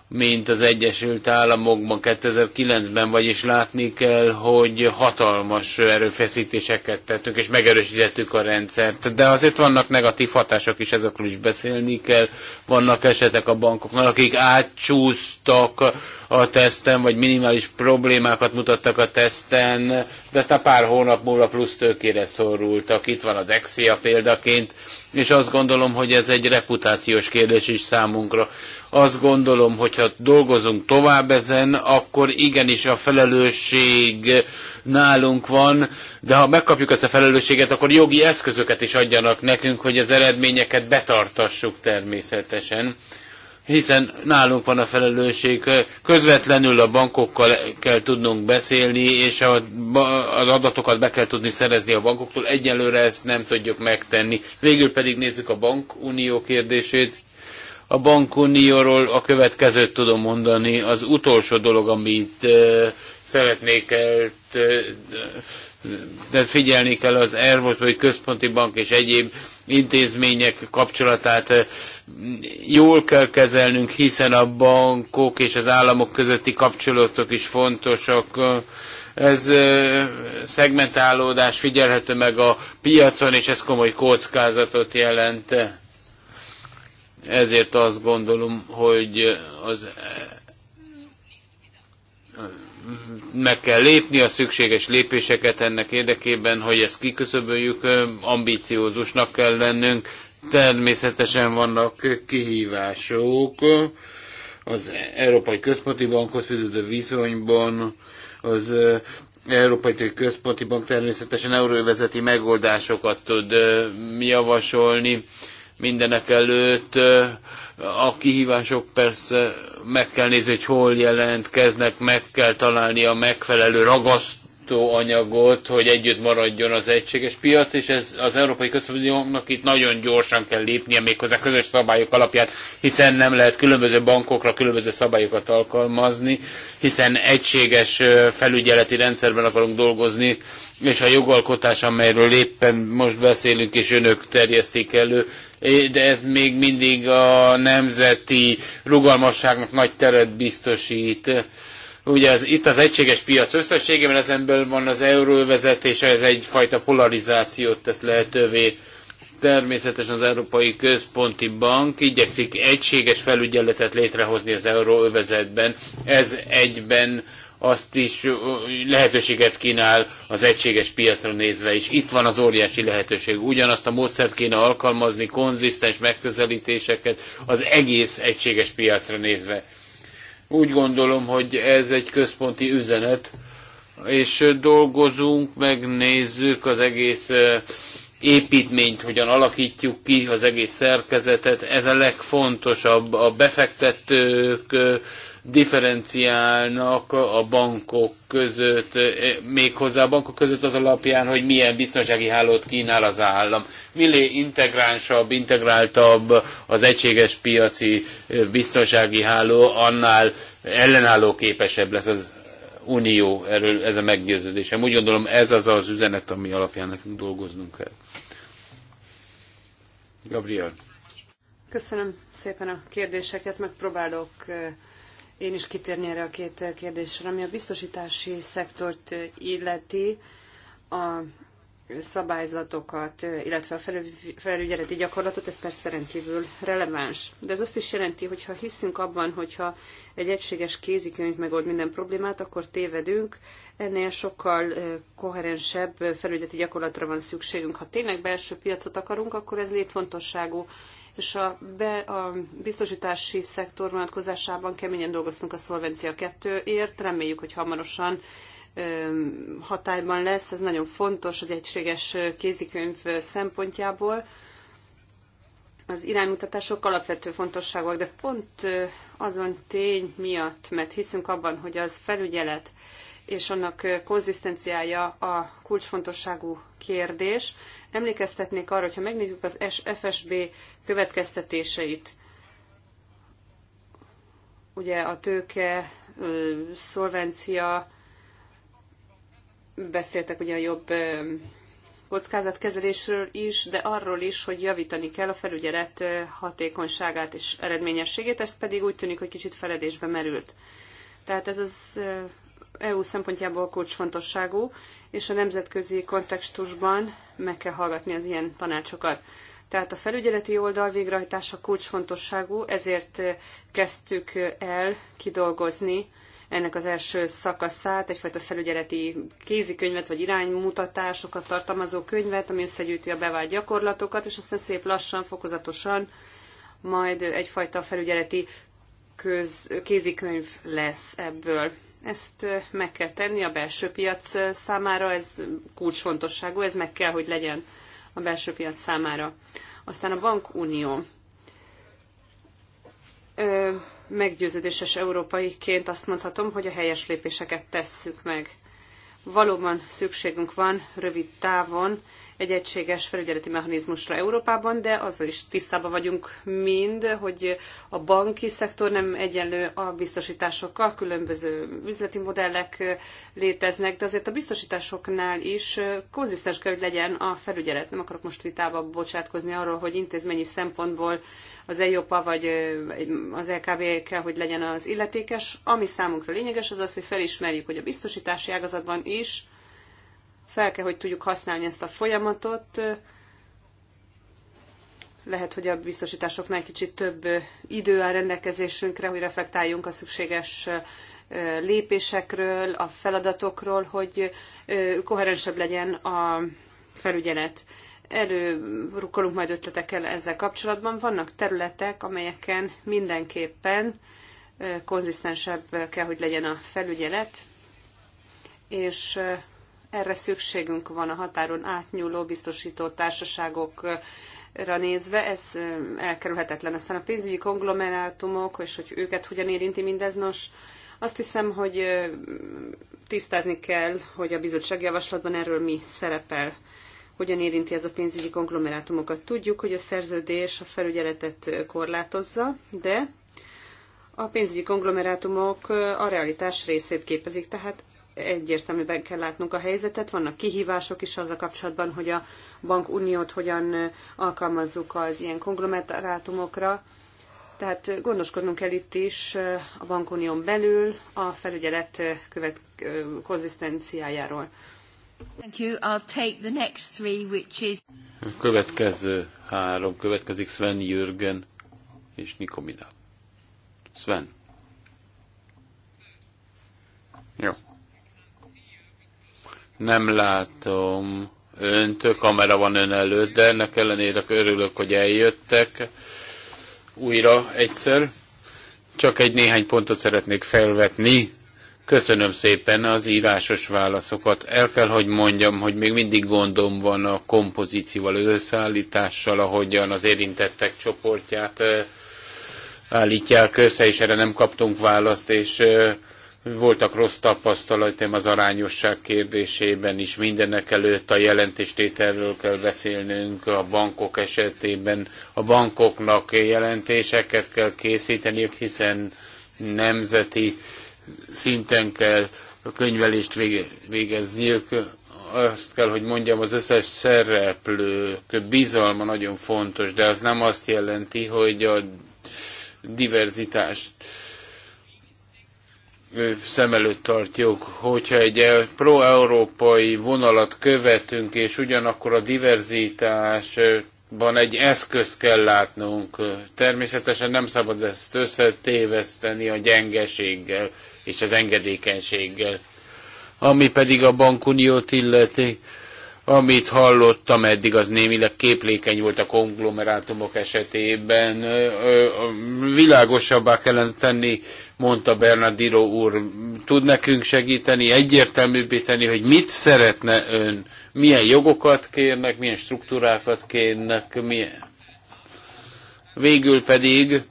mint az Egyesült Államokban 2009-ben, vagyis látni kell, hogy hatalmas erőfeszítéseket tettünk, és megerősítettük a rendszert. De azért vannak negatív hatások is, ezekről is beszélni kell. Vannak esetek a bankoknak, akik átcsúsztak a teszten, vagy minimális problémákat mutattak a teszten, de aztán pár hónap múlva plusz tőkére szorultak. Itt van a Dexia példaként, és azt gondolom, hogy ez egy reputációs kérdés is számunkra azt gondolom, hogyha dolgozunk tovább ezen, akkor igenis a felelősség nálunk van, de ha megkapjuk ezt a felelősséget, akkor jogi eszközöket is adjanak nekünk, hogy az eredményeket betartassuk természetesen hiszen nálunk van a felelősség, közvetlenül a bankokkal kell tudnunk beszélni, és a, az adatokat be kell tudni szerezni a bankoktól, egyelőre ezt nem tudjuk megtenni. Végül pedig nézzük a bankunió kérdését. A bankunióról a következőt tudom mondani. Az utolsó dolog, amit szeretnék el, de figyelni kell az ERVOT vagy központi bank és egyéb intézmények kapcsolatát jól kell kezelnünk, hiszen a bankok és az államok közötti kapcsolatok is fontosak. Ez szegmentálódás figyelhető meg a piacon, és ez komoly kockázatot jelent ezért azt gondolom, hogy az meg kell lépni a szükséges lépéseket ennek érdekében, hogy ezt kiköszöböljük. ambíciózusnak kell lennünk. Természetesen vannak kihívások az Európai Központi Bankhoz fűződő viszonyban, az Európai Központi Bank természetesen euróvezeti megoldásokat tud javasolni, mindenek előtt a kihívások persze meg kell nézni, hogy hol jelentkeznek, meg kell találni a megfelelő ragaszt, anyagot, hogy együtt maradjon az egységes piac, és ez az Európai Központinak itt nagyon gyorsan kell lépnie méghozzá közös szabályok alapját, hiszen nem lehet különböző bankokra különböző szabályokat alkalmazni, hiszen egységes felügyeleti rendszerben akarunk dolgozni, és a jogalkotás, amelyről éppen most beszélünk, és önök terjesztik elő, de ez még mindig a nemzeti rugalmasságnak nagy teret biztosít Ugye az, itt az egységes piac összességében ezenből van az euróvezet, és ez egyfajta polarizációt tesz lehetővé. Természetesen az Európai Központi Bank igyekszik egységes felügyeletet létrehozni az euróövezetben. Ez egyben azt is lehetőséget kínál az egységes piacra nézve is. Itt van az óriási lehetőség. Ugyanazt a módszert kéne alkalmazni, konzisztens megközelítéseket az egész egységes piacra nézve. Úgy gondolom, hogy ez egy központi üzenet, és dolgozunk, megnézzük az egész építményt, hogyan alakítjuk ki az egész szerkezetet, ez a legfontosabb. A befektetők differenciálnak a bankok között, eh, méghozzá a bankok között az alapján, hogy milyen biztonsági hálót kínál az állam. Millé integránsabb, integráltabb az egységes piaci eh, biztonsági háló, annál ellenálló képesebb lesz az unió, erről ez a meggyőződésem. Úgy gondolom ez az az üzenet, ami alapján nekünk dolgoznunk kell. Gabriel. Köszönöm szépen a kérdéseket, megpróbálok eh, én is kitérni erre a két kérdésre, ami a biztosítási szektort illeti. A szabályzatokat, illetve a felügyeleti gyakorlatot, ez persze rendkívül releváns. De ez azt is jelenti, hogy ha hiszünk abban, hogyha egy egységes kézikönyv megold minden problémát, akkor tévedünk. Ennél sokkal koherensebb felügyeleti gyakorlatra van szükségünk. Ha tényleg belső piacot akarunk, akkor ez létfontosságú és a, be, a biztosítási szektor vonatkozásában keményen dolgoztunk a Szolvencia 2-ért. Reméljük, hogy hamarosan hatályban lesz. Ez nagyon fontos az egységes kézikönyv szempontjából. Az iránymutatások alapvető fontosságok, de pont azon tény miatt, mert hiszünk abban, hogy az felügyelet és annak konzisztenciája a kulcsfontosságú kérdés. Emlékeztetnék arra, hogyha megnézzük az FSB következtetéseit, ugye a tőke, szolvencia, Beszéltek ugye a jobb kockázatkezelésről is, de arról is, hogy javítani kell a felügyelet hatékonyságát és eredményességét, ez pedig úgy tűnik, hogy kicsit feledésbe merült. Tehát ez az EU szempontjából kulcsfontosságú, és a nemzetközi kontextusban meg kell hallgatni az ilyen tanácsokat. Tehát a felügyeleti oldal végrehajtása kulcsfontosságú, ezért kezdtük el kidolgozni ennek az első szakaszát, egyfajta felügyeleti kézikönyvet vagy iránymutatásokat tartalmazó könyvet, ami összegyűjti a bevált gyakorlatokat, és aztán szép lassan, fokozatosan majd egyfajta felügyeleti köz, kézikönyv lesz ebből. Ezt meg kell tenni a belső piac számára, ez kulcsfontosságú, ez meg kell, hogy legyen a belső piac számára. Aztán a bankunió. Ö, meggyőződéses európaiként azt mondhatom, hogy a helyes lépéseket tesszük meg. Valóban szükségünk van rövid távon egy egységes felügyeleti mechanizmusra Európában, de azzal is tisztában vagyunk mind, hogy a banki szektor nem egyenlő a biztosításokkal, különböző üzleti modellek léteznek, de azért a biztosításoknál is konzisztens kell, hogy legyen a felügyelet. Nem akarok most vitába bocsátkozni arról, hogy intézményi szempontból az EIOPA vagy az LKB kell, hogy legyen az illetékes. Ami számunkra lényeges, az az, hogy felismerjük, hogy a biztosítási ágazatban is fel kell, hogy tudjuk használni ezt a folyamatot. Lehet, hogy a biztosításoknál kicsit több idő áll rendelkezésünkre, hogy reflektáljunk a szükséges lépésekről, a feladatokról, hogy koherensebb legyen a felügyelet. Előrukkolunk majd ötletekkel ezzel kapcsolatban. Vannak területek, amelyeken mindenképpen konzisztensebb kell, hogy legyen a felügyelet, és erre szükségünk van a határon átnyúló biztosító társaságok nézve, ez elkerülhetetlen. Aztán a pénzügyi konglomerátumok, és hogy őket hogyan érinti mindez, nos, azt hiszem, hogy tisztázni kell, hogy a bizottság javaslatban erről mi szerepel, hogyan érinti ez a pénzügyi konglomerátumokat. Tudjuk, hogy a szerződés a felügyeletet korlátozza, de a pénzügyi konglomerátumok a realitás részét képezik, tehát egyértelműben kell látnunk a helyzetet. Vannak kihívások is azzal kapcsolatban, hogy a bankuniót hogyan alkalmazzuk az ilyen konglomerátumokra. Tehát gondoskodnunk kell itt is a bankunión belül a felügyelet követ konzisztenciájáról. Thank you. I'll take the next three, which is... következő három következik Sven, Jürgen és Nikomina. Sven. Jó. Nem látom önt, kamera van ön előtt, de ennek ellenére örülök, hogy eljöttek újra egyszer. Csak egy néhány pontot szeretnék felvetni. Köszönöm szépen az írásos válaszokat. El kell, hogy mondjam, hogy még mindig gondom van a kompozícióval, az összeállítással, ahogyan az érintettek csoportját eh, állítják össze, és erre nem kaptunk választ, és eh, voltak rossz tapasztalatom az arányosság kérdésében is. Mindenek előtt a jelentéstételről kell beszélnünk a bankok esetében. A bankoknak jelentéseket kell készíteniük, hiszen nemzeti szinten kell a könyvelést végezniük. Azt kell, hogy mondjam, az összes szereplők bizalma nagyon fontos, de az nem azt jelenti, hogy a diverzitást szem előtt tartjuk, hogyha egy e, pro-európai vonalat követünk, és ugyanakkor a diverzitás van egy eszköz kell látnunk. Természetesen nem szabad ezt összetéveszteni a gyengeséggel és az engedékenységgel. Ami pedig a bankuniót illeti, amit hallottam eddig, az némileg képlékeny volt a konglomerátumok esetében. Világosabbá kellene tenni, mondta Bernardino úr. Tud nekünk segíteni, egyértelműbbé tenni, hogy mit szeretne ön? Milyen jogokat kérnek, milyen struktúrákat kérnek, milyen... Végül pedig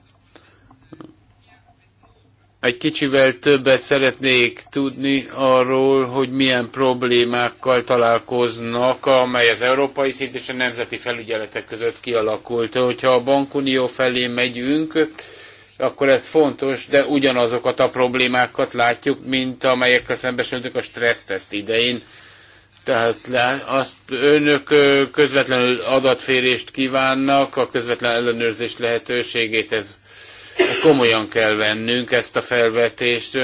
egy kicsivel többet szeretnék tudni arról, hogy milyen problémákkal találkoznak, amely az európai szint és a nemzeti felügyeletek között kialakult. Hogyha a bankunió felé megyünk, akkor ez fontos, de ugyanazokat a problémákat látjuk, mint amelyekkel szembesültünk a stresszteszt idején. Tehát le, azt önök közvetlenül adatférést kívánnak, a közvetlen ellenőrzés lehetőségét ez komolyan kell vennünk ezt a felvetést,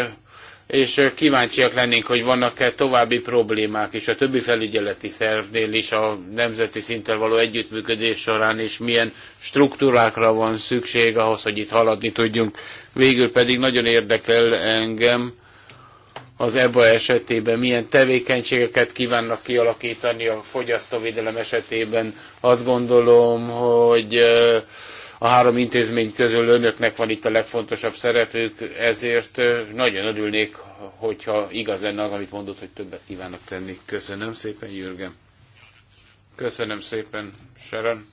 és kíváncsiak lennénk, hogy vannak-e további problémák is a többi felügyeleti szervnél is, a nemzeti szinten való együttműködés során, és milyen struktúrákra van szükség ahhoz, hogy itt haladni tudjunk. Végül pedig nagyon érdekel engem az EBA esetében milyen tevékenységeket kívánnak kialakítani a fogyasztóvédelem esetében. Azt gondolom, hogy a három intézmény közül önöknek van itt a legfontosabb szerepük, ezért nagyon örülnék, hogyha igaz lenne az, amit mondott, hogy többet kívánok tenni. Köszönöm szépen, Jürgen. Köszönöm szépen, Sharon.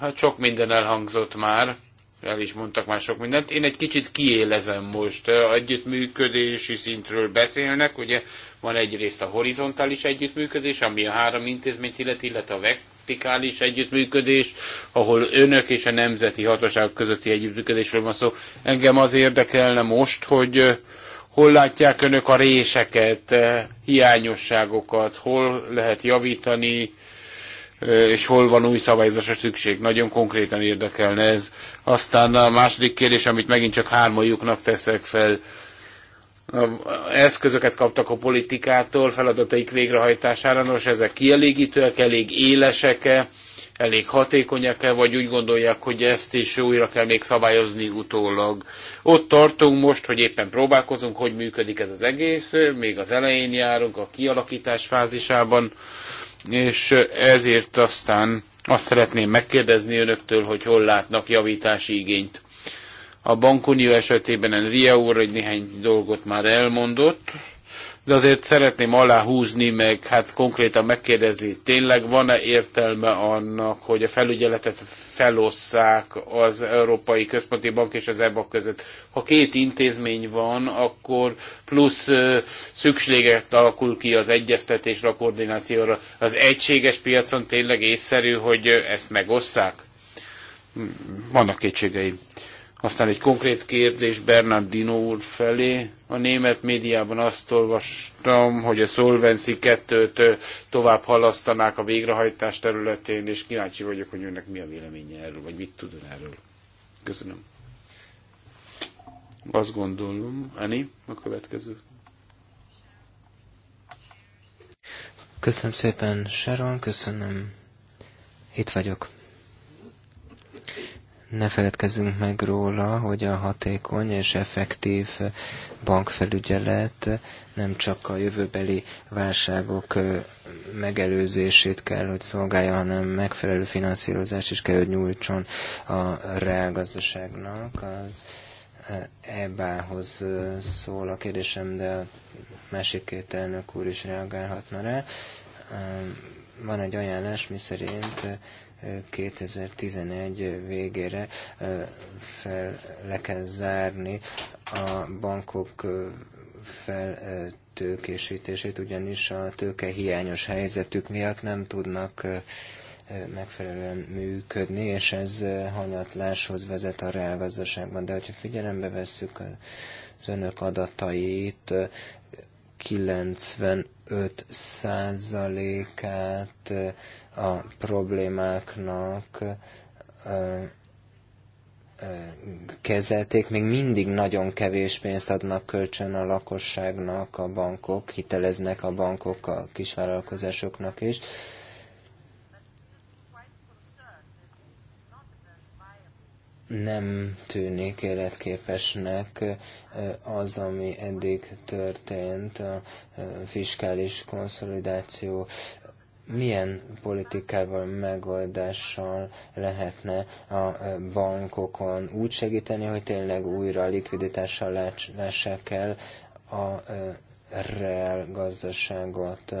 Hát sok minden elhangzott már, el is mondtak már sok mindent. Én egy kicsit kiélezem most. Együttműködési szintről beszélnek, ugye van egyrészt a horizontális együttműködés, ami a három intézményt illeti, illetve a vertikális együttműködés, ahol önök és a nemzeti hatóságok közötti együttműködésről van szó. Engem az érdekelne most, hogy eh, hol látják önök a réseket, eh, hiányosságokat, hol lehet javítani, eh, és hol van új szabályozásra szükség. Nagyon konkrétan érdekelne ez. Aztán a második kérdés, amit megint csak hármajuknak teszek fel, eszközöket kaptak a politikától feladataik végrehajtására. Nos, ezek kielégítőek, elég élesek-e, elég hatékonyak-e, vagy úgy gondolják, hogy ezt is újra kell még szabályozni utólag. Ott tartunk most, hogy éppen próbálkozunk, hogy működik ez az egész, még az elején járunk a kialakítás fázisában, és ezért aztán azt szeretném megkérdezni önöktől, hogy hol látnak javítási igényt a bankunió esetében a Ria úr egy néhány dolgot már elmondott, de azért szeretném aláhúzni, meg hát konkrétan megkérdezni, tényleg van-e értelme annak, hogy a felügyeletet felosszák az Európai Központi Bank és az EBA között. Ha két intézmény van, akkor plusz szükséget alakul ki az egyeztetésre, a koordinációra. Az egységes piacon tényleg észszerű, hogy ezt megosszák? Hm, vannak kétségeim. Aztán egy konkrét kérdés Bernardino úr felé. A német médiában azt olvastam, hogy a Solvency 2-t tovább halasztanák a végrehajtás területén, és kíváncsi vagyok, hogy önnek mi a véleménye erről, vagy mit tud ön erről. Köszönöm. Azt gondolom. Ani, a következő. Köszönöm szépen, Sharon, köszönöm. Itt vagyok ne feledkezzünk meg róla, hogy a hatékony és effektív bankfelügyelet nem csak a jövőbeli válságok megelőzését kell, hogy szolgálja, hanem megfelelő finanszírozást is kell, hogy nyújtson a reálgazdaságnak. Az EBA-hoz szól a kérdésem, de a másik két elnök úr is reagálhatna rá. Van egy ajánlás, miszerint szerint 2011 végére fel le kell zárni a bankok feltőkésítését, ugyanis a tőke hiányos helyzetük miatt nem tudnak megfelelően működni, és ez hanyatláshoz vezet a reálgazdaságban. De hogyha figyelembe vesszük az önök adatait, 95 százalékát a problémáknak kezelték, még mindig nagyon kevés pénzt adnak kölcsön a lakosságnak, a bankok, hiteleznek a bankok a kisvállalkozásoknak is. Nem tűnik életképesnek az, ami eddig történt a fiskális konszolidáció milyen politikával, megoldással lehetne a eh, bankokon úgy segíteni, hogy tényleg újra a likviditással lássák el a eh, reál gazdaságot.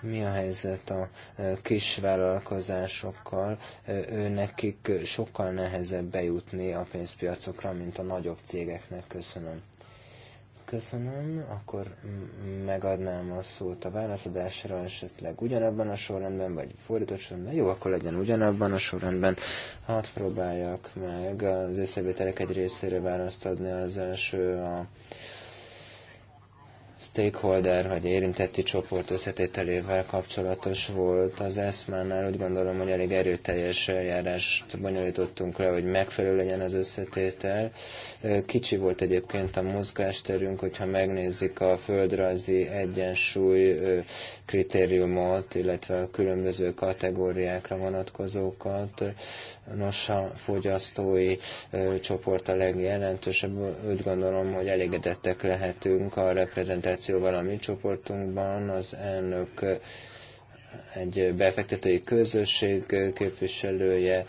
mi a helyzet a eh, kisvállalkozásokkal, nekik sokkal nehezebb bejutni a pénzpiacokra, mint a nagyobb cégeknek. Köszönöm. Köszönöm, akkor megadnám a szót a válaszadásra esetleg ugyanabban a sorrendben, vagy fordított sorrendben. Jó, akkor legyen ugyanabban a sorrendben. hát próbáljak meg az észrevételek egy részére választ adni az első a stakeholder vagy érintetti csoport összetételével kapcsolatos volt az ESMA-nál. Úgy gondolom, hogy elég erőteljes eljárást bonyolítottunk le, hogy megfelelő legyen az összetétel. Kicsi volt egyébként a mozgásterünk, hogyha megnézzük a földrajzi egyensúly kritériumot, illetve a különböző kategóriákra vonatkozókat. Nos, a fogyasztói ö, csoport a legjelentősebb. Úgy gondolom, hogy elégedettek lehetünk a reprezentációval a mi csoportunkban. Az elnök egy befektetői közösség képviselője,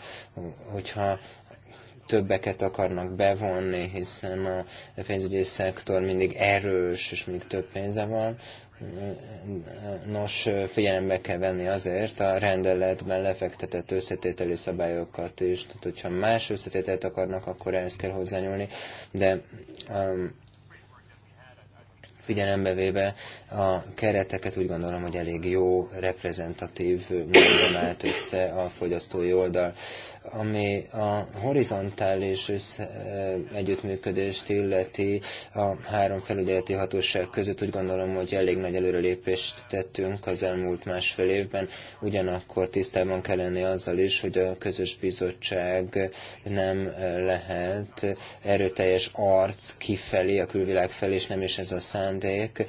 hogyha többeket akarnak bevonni, hiszen a pénzügyi szektor mindig erős, és mindig több pénze van, Nos, figyelembe kell venni azért a rendeletben lefektetett összetételi szabályokat is. Tehát, hogyha más összetételt akarnak, akkor ehhez kell hozzányúlni. De um, figyelembe véve a kereteket úgy gondolom, hogy elég jó, reprezentatív módon állt össze a fogyasztói oldal. Uh, ami a horizontális együttműködést illeti a három felügyeleti hatóság között, úgy gondolom, hogy elég nagy előrelépést tettünk az elmúlt másfél évben, ugyanakkor tisztában kell lenni azzal is, hogy a közös bizottság nem lehet erőteljes arc kifelé, a külvilág felé, és nem is ez a szándék,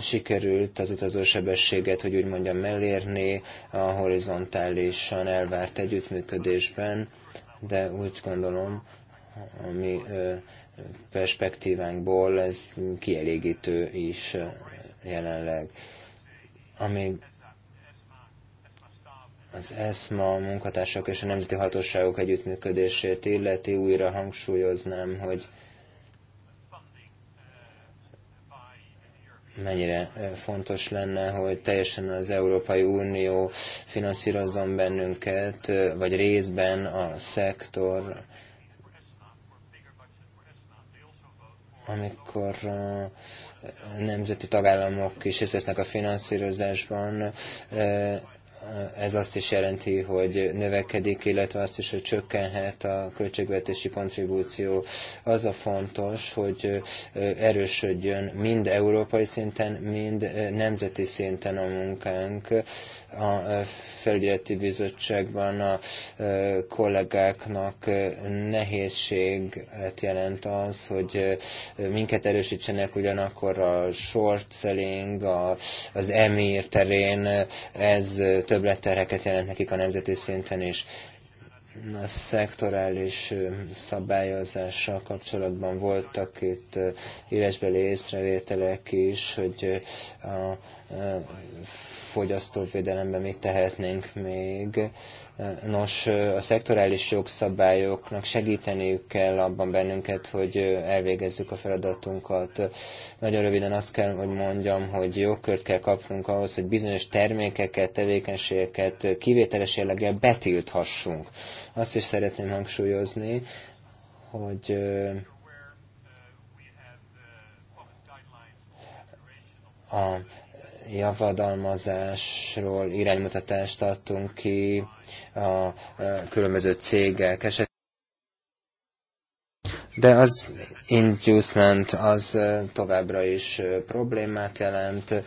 sikerült az sebességet, hogy úgy mondjam, mellérni a horizontálisan elvárt együttműködésben, de úgy gondolom, a mi perspektívánkból ez kielégítő is jelenleg. Ami az ESMA munkatársak és a nemzeti hatóságok együttműködését illeti, újra hangsúlyoznám, hogy mennyire fontos lenne, hogy teljesen az Európai Unió finanszírozzon bennünket, vagy részben a szektor, amikor a nemzeti tagállamok is részt vesznek a finanszírozásban, ez azt is jelenti, hogy növekedik, illetve azt is, hogy csökkenhet a költségvetési kontribúció. Az a fontos, hogy erősödjön mind európai szinten, mind nemzeti szinten a munkánk. A felügyeleti bizottságban a kollégáknak nehézséget jelent az, hogy minket erősítsenek ugyanakkor a short selling, az emír terén, ez több lettereket jelent nekik a nemzeti szinten is. A szektorális szabályozással kapcsolatban voltak itt írásbeli észrevételek is, hogy a fogyasztóvédelemben mit tehetnénk még. Nos, a szektorális jogszabályoknak segíteniük kell abban bennünket, hogy elvégezzük a feladatunkat. Nagyon röviden azt kell, hogy mondjam, hogy jogkört kell kapnunk ahhoz, hogy bizonyos termékeket, tevékenységeket kivételes jelleggel betilthassunk. Azt is szeretném hangsúlyozni, hogy a javadalmazásról iránymutatást adtunk ki a különböző cégek esetében. De az inducement az továbbra is problémát jelent.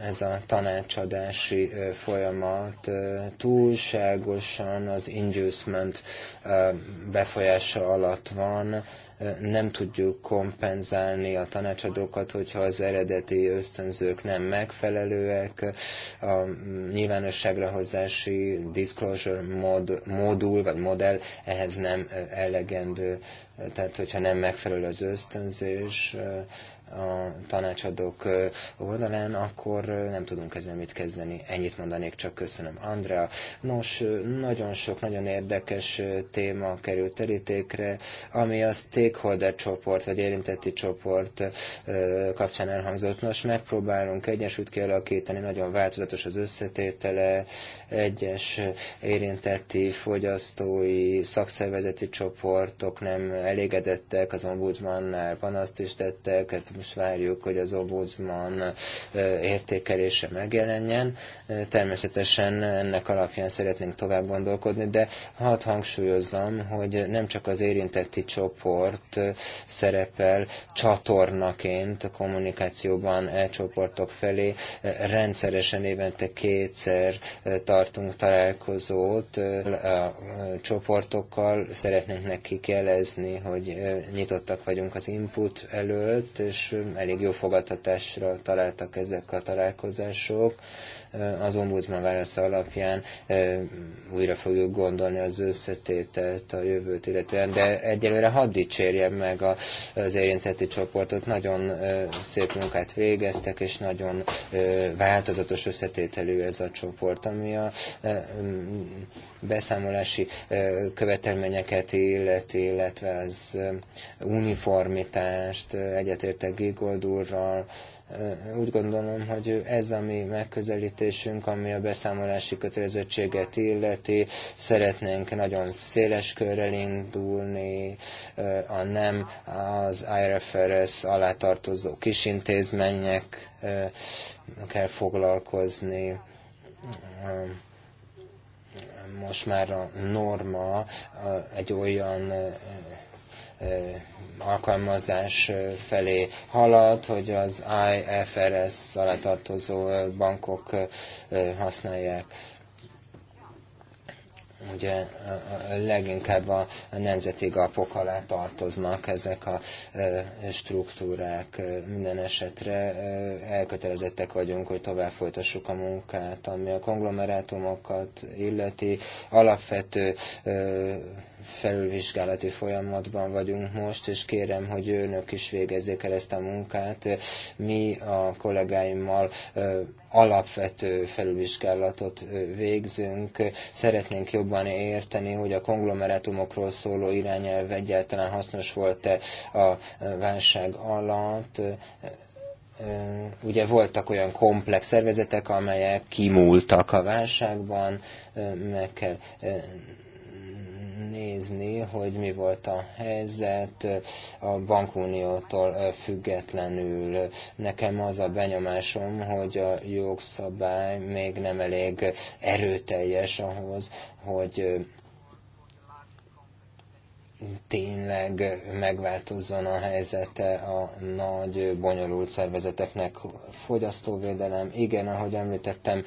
Ez a tanácsadási folyamat túlságosan az inducement befolyása alatt van, nem tudjuk kompenzálni a tanácsadókat, hogyha az eredeti ösztönzők nem megfelelőek, a nyilvánosságra hozási disclosure mod, modul vagy modell ehhez nem elegendő, tehát hogyha nem megfelelő az ösztönzés, a tanácsadók oldalán, akkor nem tudunk ezzel mit kezdeni. Ennyit mondanék, csak köszönöm. Andrea, nos, nagyon sok, nagyon érdekes téma került terítékre, ami a stakeholder csoport, vagy érintetti csoport kapcsán elhangzott. Nos, megpróbálunk egyesült kialakítani, nagyon változatos az összetétele, egyes érintetti fogyasztói, szakszervezeti csoportok nem elégedettek, az ombudsmannál panaszt is tettek, hát most várjuk, hogy az Obudsman értékelése megjelenjen. Természetesen ennek alapján szeretnénk tovább gondolkodni, de hadd hangsúlyozzam, hogy nem csak az érintetti csoport szerepel csatornaként a kommunikációban e csoportok felé. Rendszeresen évente kétszer tartunk találkozót a csoportokkal, szeretnénk nekik jelezni, hogy nyitottak vagyunk az input előtt, és elég jó fogadtatásra találtak ezek a találkozások az ombudsman válasza alapján újra fogjuk gondolni az összetételt a jövőt illetően, de egyelőre hadd dicsérjem meg az érinteti csoportot, nagyon szép munkát végeztek, és nagyon változatos összetételű ez a csoport, ami a beszámolási követelményeket illeti, illetve az uniformitást, egyetértek Gigold úrral, úgy gondolom, hogy ez a mi megközelítésünk, ami a beszámolási kötelezettséget illeti, szeretnénk nagyon széles körrel indulni, a nem az IRFRS alá tartozó kis intézmények kell foglalkozni most már a norma egy olyan alkalmazás felé halad, hogy az IFRS alá tartozó bankok használják ugye leginkább a nemzeti gapok alá tartoznak ezek a e, struktúrák. E, minden esetre e, elkötelezettek vagyunk, hogy tovább folytassuk a munkát, ami a konglomerátumokat illeti. Alapvető felülvizsgálati folyamatban vagyunk most, és kérem, hogy önök is végezzék el ezt a munkát. Mi a kollégáimmal alapvető felülvizsgálatot végzünk. Szeretnénk jobban érteni, hogy a konglomerátumokról szóló irányelv egyáltalán hasznos volt-e a válság alatt. Ugye voltak olyan komplex szervezetek, amelyek kimúltak a válságban, meg kell nézni, hogy mi volt a helyzet a bankuniótól függetlenül. Nekem az a benyomásom, hogy a jogszabály még nem elég erőteljes ahhoz, hogy tényleg megváltozzon a helyzete a nagy, bonyolult szervezeteknek. Fogyasztóvédelem, igen, ahogy említettem,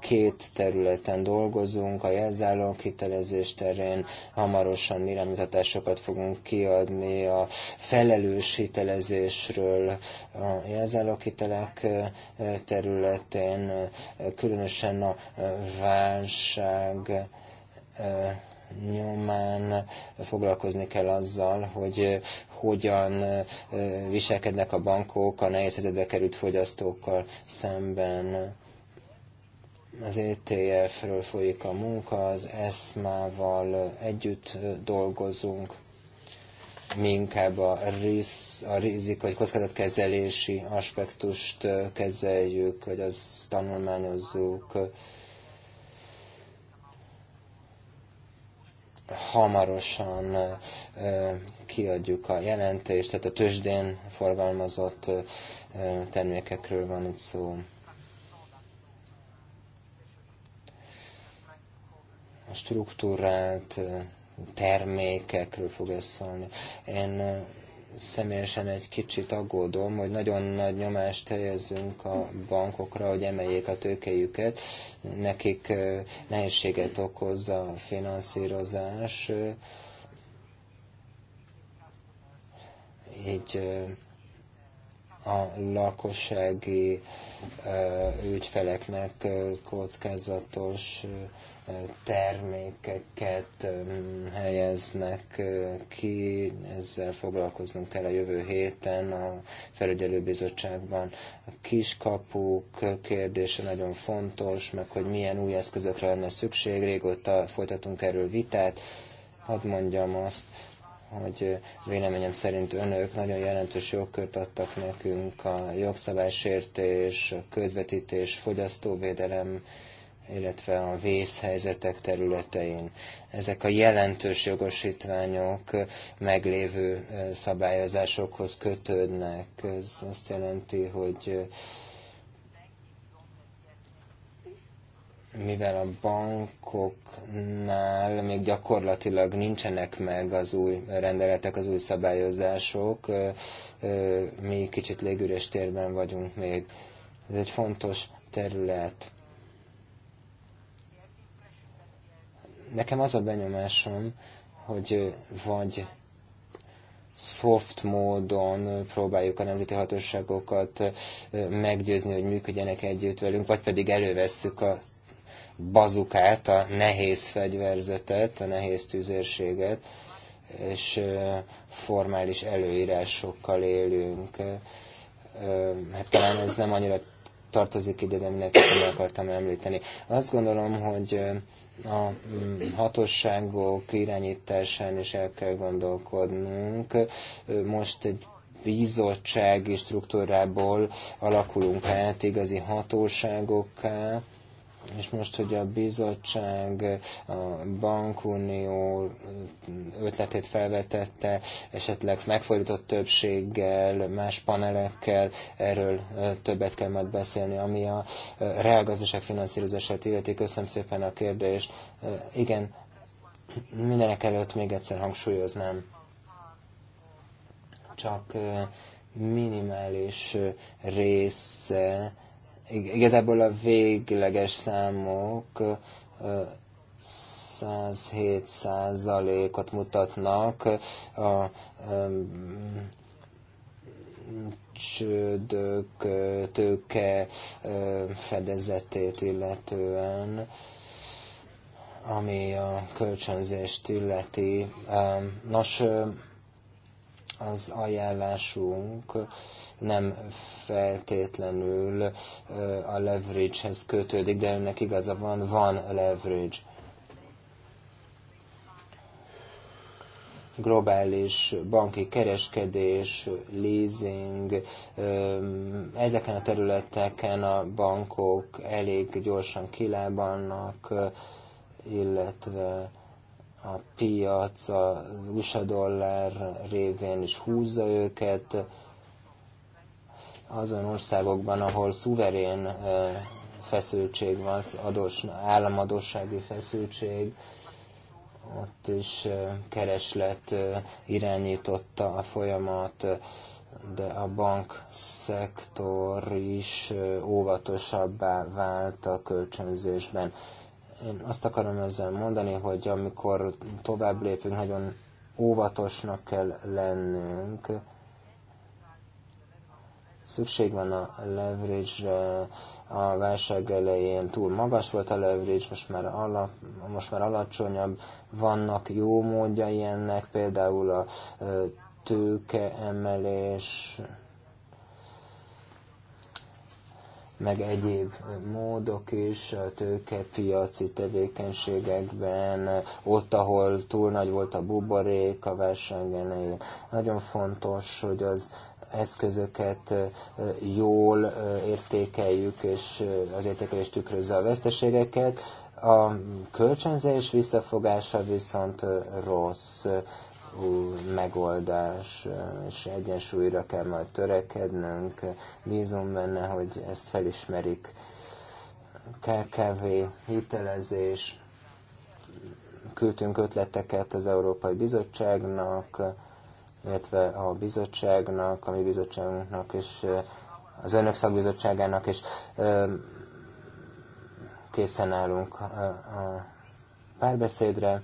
két területen dolgozunk, a jelzáló hitelezés terén hamarosan iránymutatásokat fogunk kiadni a felelős hitelezésről a jelzáló hitelek területén, különösen a válság nyomán foglalkozni kell azzal, hogy eh, hogyan eh, viselkednek a bankok a nehéz helyzetbe került fogyasztókkal szemben. Az ETF-ről folyik a munka, az ESMA-val együtt eh, dolgozunk, mi inkább a, risz, a rizik vagy kockázatkezelési aspektust kezeljük, vagy az tanulmányozzuk, hamarosan kiadjuk a jelentést, tehát a tőzsdén forgalmazott termékekről van itt szó. A struktúrált termékekről fog szólni. Én személyesen egy kicsit aggódom, hogy nagyon nagy nyomást helyezünk a bankokra, hogy emeljék a tőkejüket. Nekik nehézséget okoz a finanszírozás. Így a lakossági ügyfeleknek kockázatos termékeket helyeznek ki, ezzel foglalkoznunk kell a jövő héten a felügyelőbizottságban. A kiskapuk kérdése nagyon fontos, meg hogy milyen új eszközökre lenne szükség, régóta folytatunk erről vitát, hadd mondjam azt, hogy véleményem szerint önök nagyon jelentős jogkört adtak nekünk a jogszabálysértés, a közvetítés, fogyasztóvédelem, illetve a vészhelyzetek területein. Ezek a jelentős jogosítványok meglévő szabályozásokhoz kötődnek. Ez azt jelenti, hogy mivel a bankoknál még gyakorlatilag nincsenek meg az új rendeletek, az új szabályozások, mi kicsit légüres térben vagyunk még. Ez egy fontos terület Nekem az a benyomásom, hogy vagy soft módon próbáljuk a nemzeti hatóságokat meggyőzni, hogy működjenek együtt velünk, vagy pedig elővesszük a bazukát, a nehéz fegyverzetet, a nehéz tüzérséget, és formális előírásokkal élünk. Hát talán ez nem annyira tartozik ide, de mindenképpen akartam említeni. Azt gondolom, hogy a mm, hatosságok irányításán is el kell gondolkodnunk. Most egy bizottsági struktúrából alakulunk át igazi hatóságokká, és most, hogy a bizottság a bankunió ötletét felvetette, esetleg megfordított többséggel, más panelekkel, erről többet kell majd beszélni, ami a reálgazdaság finanszírozását illeti. Köszönöm szépen a kérdést. Igen, mindenek előtt még egyszer hangsúlyoznám. Csak minimális része igazából a végleges számok 107 százalékot mutatnak a csődök tőke fedezetét illetően ami a kölcsönzést illeti. Nos, az ajánlásunk nem feltétlenül a leverage-hez kötődik, de önnek igaza van, van leverage. globális banki kereskedés, leasing, ezeken a területeken a bankok elég gyorsan kilábannak, illetve a piac a USA dollár révén is húzza őket, azon országokban, ahol szuverén feszültség van, adós, államadósági feszültség, ott is kereslet irányította a folyamat, de a bankszektor is óvatosabbá vált a kölcsönzésben. Én azt akarom ezzel mondani, hogy amikor tovább lépünk, nagyon óvatosnak kell lennünk, szükség van a leverage-re, a válság elején túl magas volt a leverage, most már, alap, most már alacsonyabb, vannak jó módjai ennek, például a emelés, meg egyéb módok is a tőkepiaci tevékenységekben, ott, ahol túl nagy volt a buborék a versengenei. Nagyon fontos, hogy az eszközöket jól értékeljük, és az értékelés tükrözze a veszteségeket. A kölcsönzés visszafogása viszont rossz megoldás és egyensúlyra kell majd törekednünk. Bízom benne, hogy ezt felismerik. KKV, hitelezés, küldtünk ötleteket az Európai Bizottságnak, illetve a bizottságnak, a mi bizottságunknak és az önök szakbizottságának, és készen állunk a párbeszédre.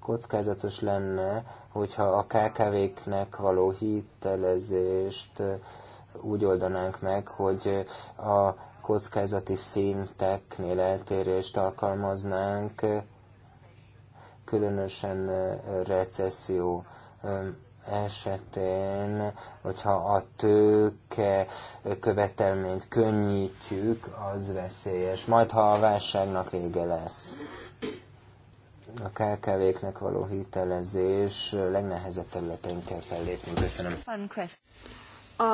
Kockázatos lenne, hogyha a KKV-knek való hitelezést úgy oldanánk meg, hogy a kockázati szinteknél eltérést alkalmaznánk, különösen recesszió esetén, hogyha a tőke követelményt könnyítjük, az veszélyes. Majd, ha a válságnak vége lesz. A KKV-knek való hitelezés legnehezebb területén kell fellépni. Köszönöm. A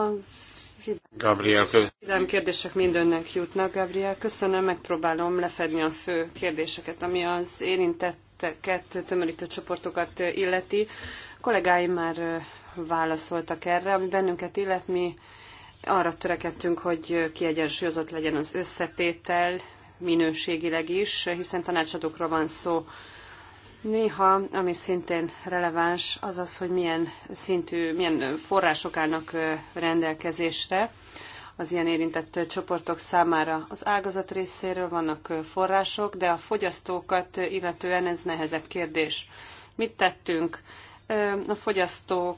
Gabriel, köszönöm. kérdések önnek jutnak, Gabriel. Köszönöm, megpróbálom lefedni a fő kérdéseket, ami az érintett területeket, tömörítő csoportokat illeti. A kollégáim már válaszoltak erre, ami bennünket illet, mi arra törekedtünk, hogy kiegyensúlyozott legyen az összetétel, minőségileg is, hiszen tanácsadókról van szó. Néha, ami szintén releváns, az az, hogy milyen szintű, milyen források állnak rendelkezésre az ilyen érintett csoportok számára. Az ágazat részéről vannak források, de a fogyasztókat illetően ez nehezebb kérdés. Mit tettünk? A fogyasztói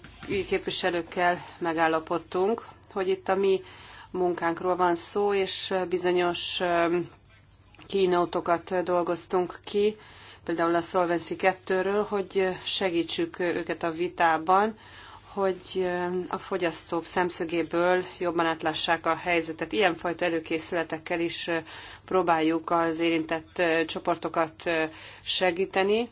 képviselőkkel megállapodtunk, hogy itt a mi munkánkról van szó, és bizonyos kínótokat dolgoztunk ki, például a Solvency 2-ről, hogy segítsük őket a vitában, hogy a fogyasztók szemszögéből jobban átlássák a helyzetet. Ilyenfajta előkészületekkel is próbáljuk az érintett csoportokat segíteni,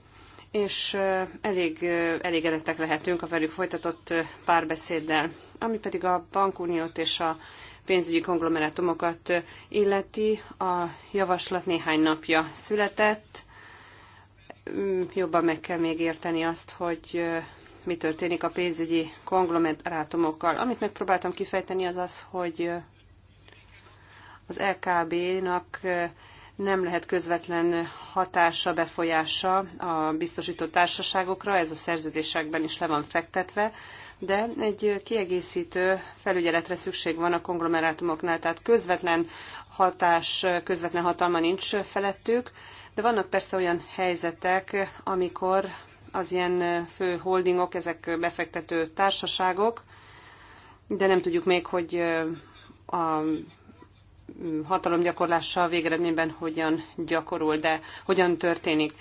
és elég elégedettek lehetünk a velük folytatott párbeszéddel. Ami pedig a bankuniót és a pénzügyi konglomerátumokat illeti, a javaslat néhány napja született, jobban meg kell még érteni azt, hogy mi történik a pénzügyi konglomerátumokkal. Amit megpróbáltam kifejteni az az, hogy az LKB-nak nem lehet közvetlen hatása, befolyása a biztosított társaságokra, ez a szerződésekben is le van fektetve, de egy kiegészítő felügyeletre szükség van a konglomerátumoknál, tehát közvetlen hatás, közvetlen hatalma nincs felettük, de vannak persze olyan helyzetek, amikor az ilyen fő holdingok, ezek befektető társaságok, de nem tudjuk még, hogy a hatalomgyakorlással végeredményben hogyan gyakorul, de hogyan történik.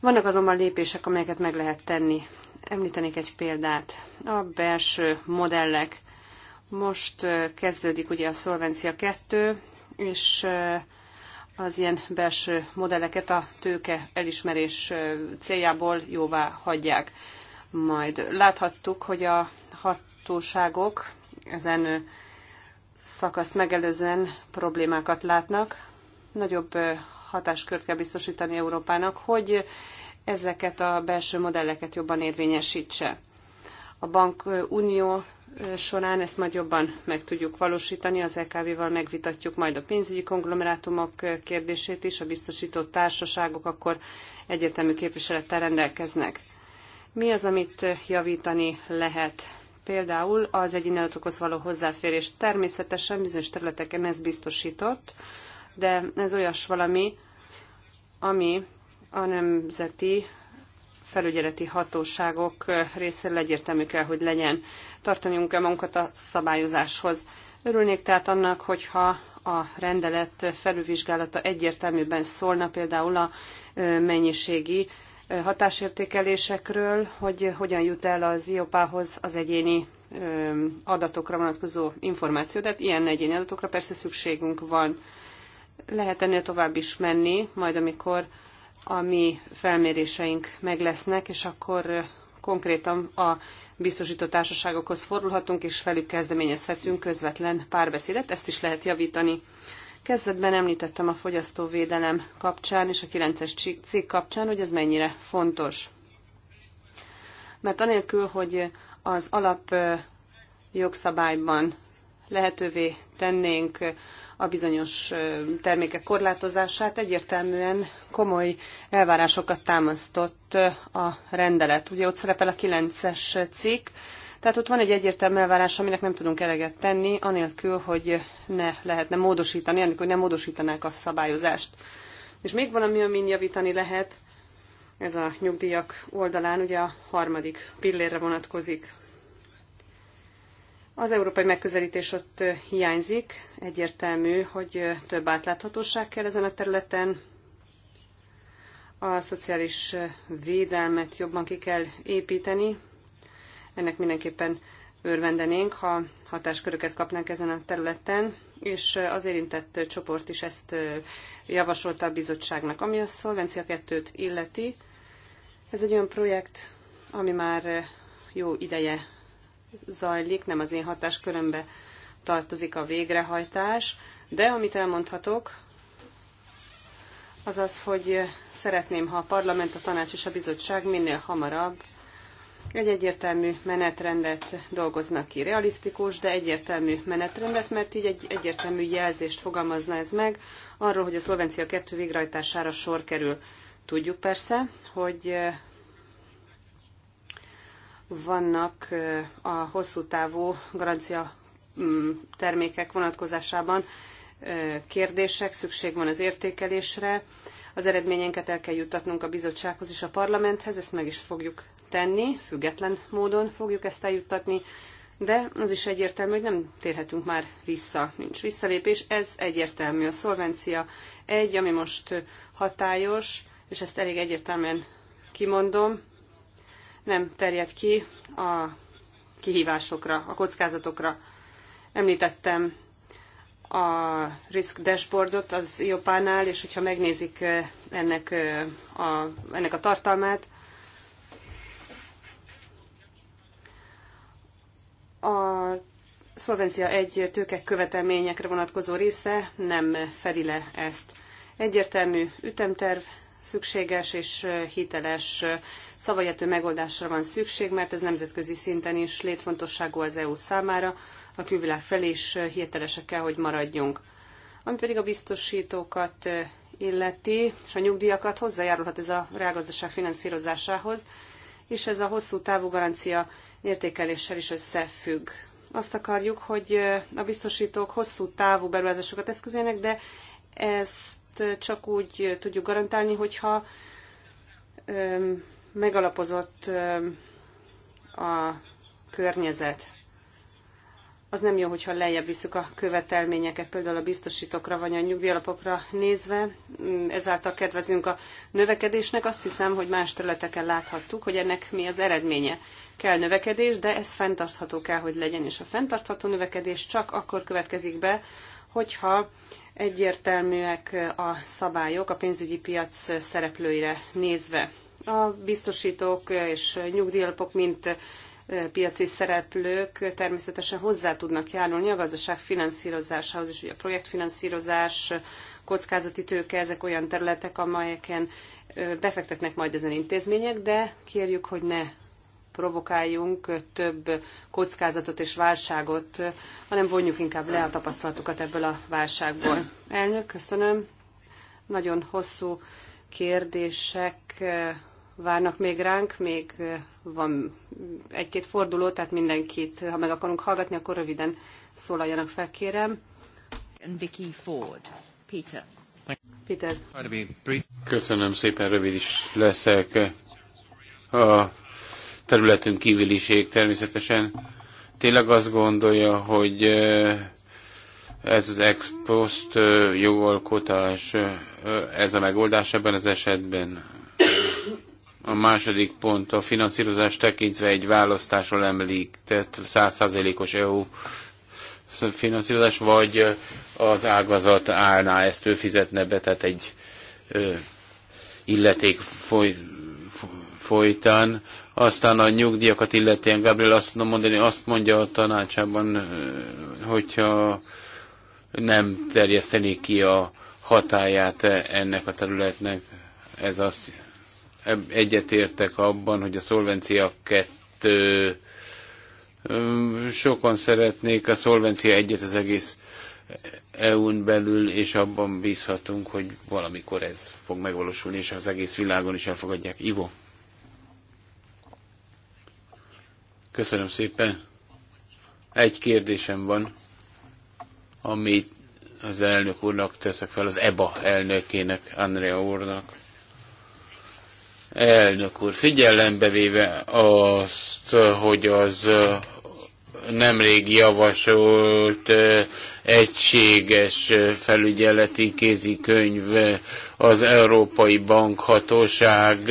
Vannak azonban lépések, amelyeket meg lehet tenni. Említenék egy példát. A belső modellek. Most kezdődik ugye a Szolvencia 2, és az ilyen belső modelleket a tőke elismerés céljából jóvá hagyják. Majd láthattuk, hogy a hatóságok ezen szakaszt megelőzően problémákat látnak. Nagyobb hatáskört kell biztosítani Európának, hogy ezeket a belső modelleket jobban érvényesítse. A bankunió során ezt majd jobban meg tudjuk valósítani. Az LKV-val megvitatjuk majd a pénzügyi konglomerátumok kérdését is, a biztosított társaságok akkor egyértelmű képviselettel rendelkeznek. Mi az, amit javítani lehet? Például az egyéni adatokhoz való hozzáférés. Természetesen bizonyos területeken ez biztosított, de ez olyas valami, ami a nemzeti felügyeleti hatóságok részéről egyértelmű kell, hogy legyen. Tartaniunk kell magunkat a szabályozáshoz. Örülnék tehát annak, hogyha a rendelet felülvizsgálata egyértelműben szólna például a mennyiségi hatásértékelésekről, hogy hogyan jut el az IOPA-hoz az egyéni adatokra vonatkozó információ. Tehát ilyen egyéni adatokra persze szükségünk van. Lehet ennél tovább is menni, majd amikor a mi felméréseink meg lesznek, és akkor konkrétan a biztosító társaságokhoz fordulhatunk, és velük kezdeményezhetünk közvetlen párbeszédet, ezt is lehet javítani. Kezdetben említettem a fogyasztóvédelem kapcsán és a 9-es cikk kapcsán, hogy ez mennyire fontos. Mert anélkül, hogy az alap jogszabályban lehetővé tennénk a bizonyos termékek korlátozását egyértelműen komoly elvárásokat támasztott a rendelet. Ugye ott szerepel a 9-es cikk, tehát ott van egy egyértelmű elvárás, aminek nem tudunk eleget tenni, anélkül, hogy ne lehetne módosítani, anélkül, hogy nem módosítanák a szabályozást. És még valami, amin javítani lehet, ez a nyugdíjak oldalán ugye a harmadik pillérre vonatkozik. Az európai megközelítés ott hiányzik, egyértelmű, hogy több átláthatóság kell ezen a területen, a szociális védelmet jobban ki kell építeni. Ennek mindenképpen örvendenénk, ha hatásköröket kapnánk ezen a területen, és az érintett csoport is ezt javasolta a bizottságnak. Ami a Szolvencia 2-t illeti, ez egy olyan projekt, ami már jó ideje zajlik, nem az én hatáskörömbe tartozik a végrehajtás, de amit elmondhatok, az az, hogy szeretném, ha a parlament, a tanács és a bizottság minél hamarabb egy egyértelmű menetrendet dolgoznak ki, realisztikus, de egyértelmű menetrendet, mert így egy egyértelmű jelzést fogalmazna ez meg arról, hogy a szolvencia 2 végrehajtására sor kerül. Tudjuk persze, hogy vannak a hosszú távú garancia mm, termékek vonatkozásában kérdések, szükség van az értékelésre, az eredményeinket el kell juttatnunk a bizottsághoz és a parlamenthez, ezt meg is fogjuk tenni, független módon fogjuk ezt eljuttatni, de az is egyértelmű, hogy nem térhetünk már vissza, nincs visszalépés, ez egyértelmű. A szolvencia egy, ami most hatályos, és ezt elég egyértelműen kimondom, nem terjed ki a kihívásokra, a kockázatokra. Említettem a risk dashboardot az IOPA-nál, és hogyha megnézik eh, ennek eh, a, ennek a tartalmát, a szolvencia egy tőke követelményekre vonatkozó része nem fedi le ezt. Egyértelmű ütemterv szükséges és hiteles szavajető megoldásra van szükség, mert ez nemzetközi szinten is létfontosságú az EU számára, a külvilág felé is hitelesek kell, hogy maradjunk. Ami pedig a biztosítókat illeti, és a nyugdíjakat hozzájárulhat ez a reálgazdaság finanszírozásához, és ez a hosszú távú garancia értékeléssel is összefügg. Azt akarjuk, hogy a biztosítók hosszú távú beruházásokat eszközöljenek, de ezt csak úgy tudjuk garantálni, hogyha megalapozott a környezet. Az nem jó, hogyha lejjebb visszük a követelményeket, például a biztosítókra vagy a nyugdíjalapokra nézve. Mm, ezáltal kedvezünk a növekedésnek. Azt hiszem, hogy más területeken láthattuk, hogy ennek mi az eredménye. Kell növekedés, de ez fenntartható kell, hogy legyen, és a fenntartható növekedés csak akkor következik be, hogyha egyértelműek a szabályok a pénzügyi piac szereplőire nézve. A biztosítók és nyugdíjalapok, mint piaci szereplők természetesen hozzá tudnak járulni a gazdaság finanszírozásához, és ugye a projektfinanszírozás, kockázati tőke, ezek olyan területek, amelyeken befektetnek majd ezen intézmények, de kérjük, hogy ne provokáljunk több kockázatot és válságot, hanem vonjuk inkább le a tapasztalatokat ebből a válságból. Elnök, köszönöm. Nagyon hosszú kérdések eh, várnak még ránk, még eh, van egy-két forduló, tehát mindenkit, ha meg akarunk hallgatni, akkor röviden szólaljanak fel, kérem. Vicky Ford. Peter. Peter. Köszönöm szépen, rövid is leszek. A területünk kívüliség természetesen. Tényleg azt gondolja, hogy ez az ex post jogalkotás, ez a megoldás ebben az esetben. A második pont a finanszírozás tekintve egy választásról emlik, tehát százszázalékos EU finanszírozás, vagy az ágazat állná, ezt ő fizetne be, tehát egy illeték foly, folytán aztán a nyugdíjakat illetően Gabriel azt tudom mondani, azt mondja a tanácsában, hogyha nem terjeszteni ki a hatáját ennek a területnek. Ez az, egyetértek abban, hogy a szolvencia kettő sokan szeretnék a szolvencia egyet az egész EU-n belül, és abban bízhatunk, hogy valamikor ez fog megvalósulni, és az egész világon is elfogadják. Ivo. Köszönöm szépen. Egy kérdésem van, amit az elnök úrnak teszek fel, az EBA elnökének, Andrea úrnak. Elnök úr, figyelembe véve azt, hogy az nemrég javasolt egységes felügyeleti kézikönyv az Európai Bankhatóság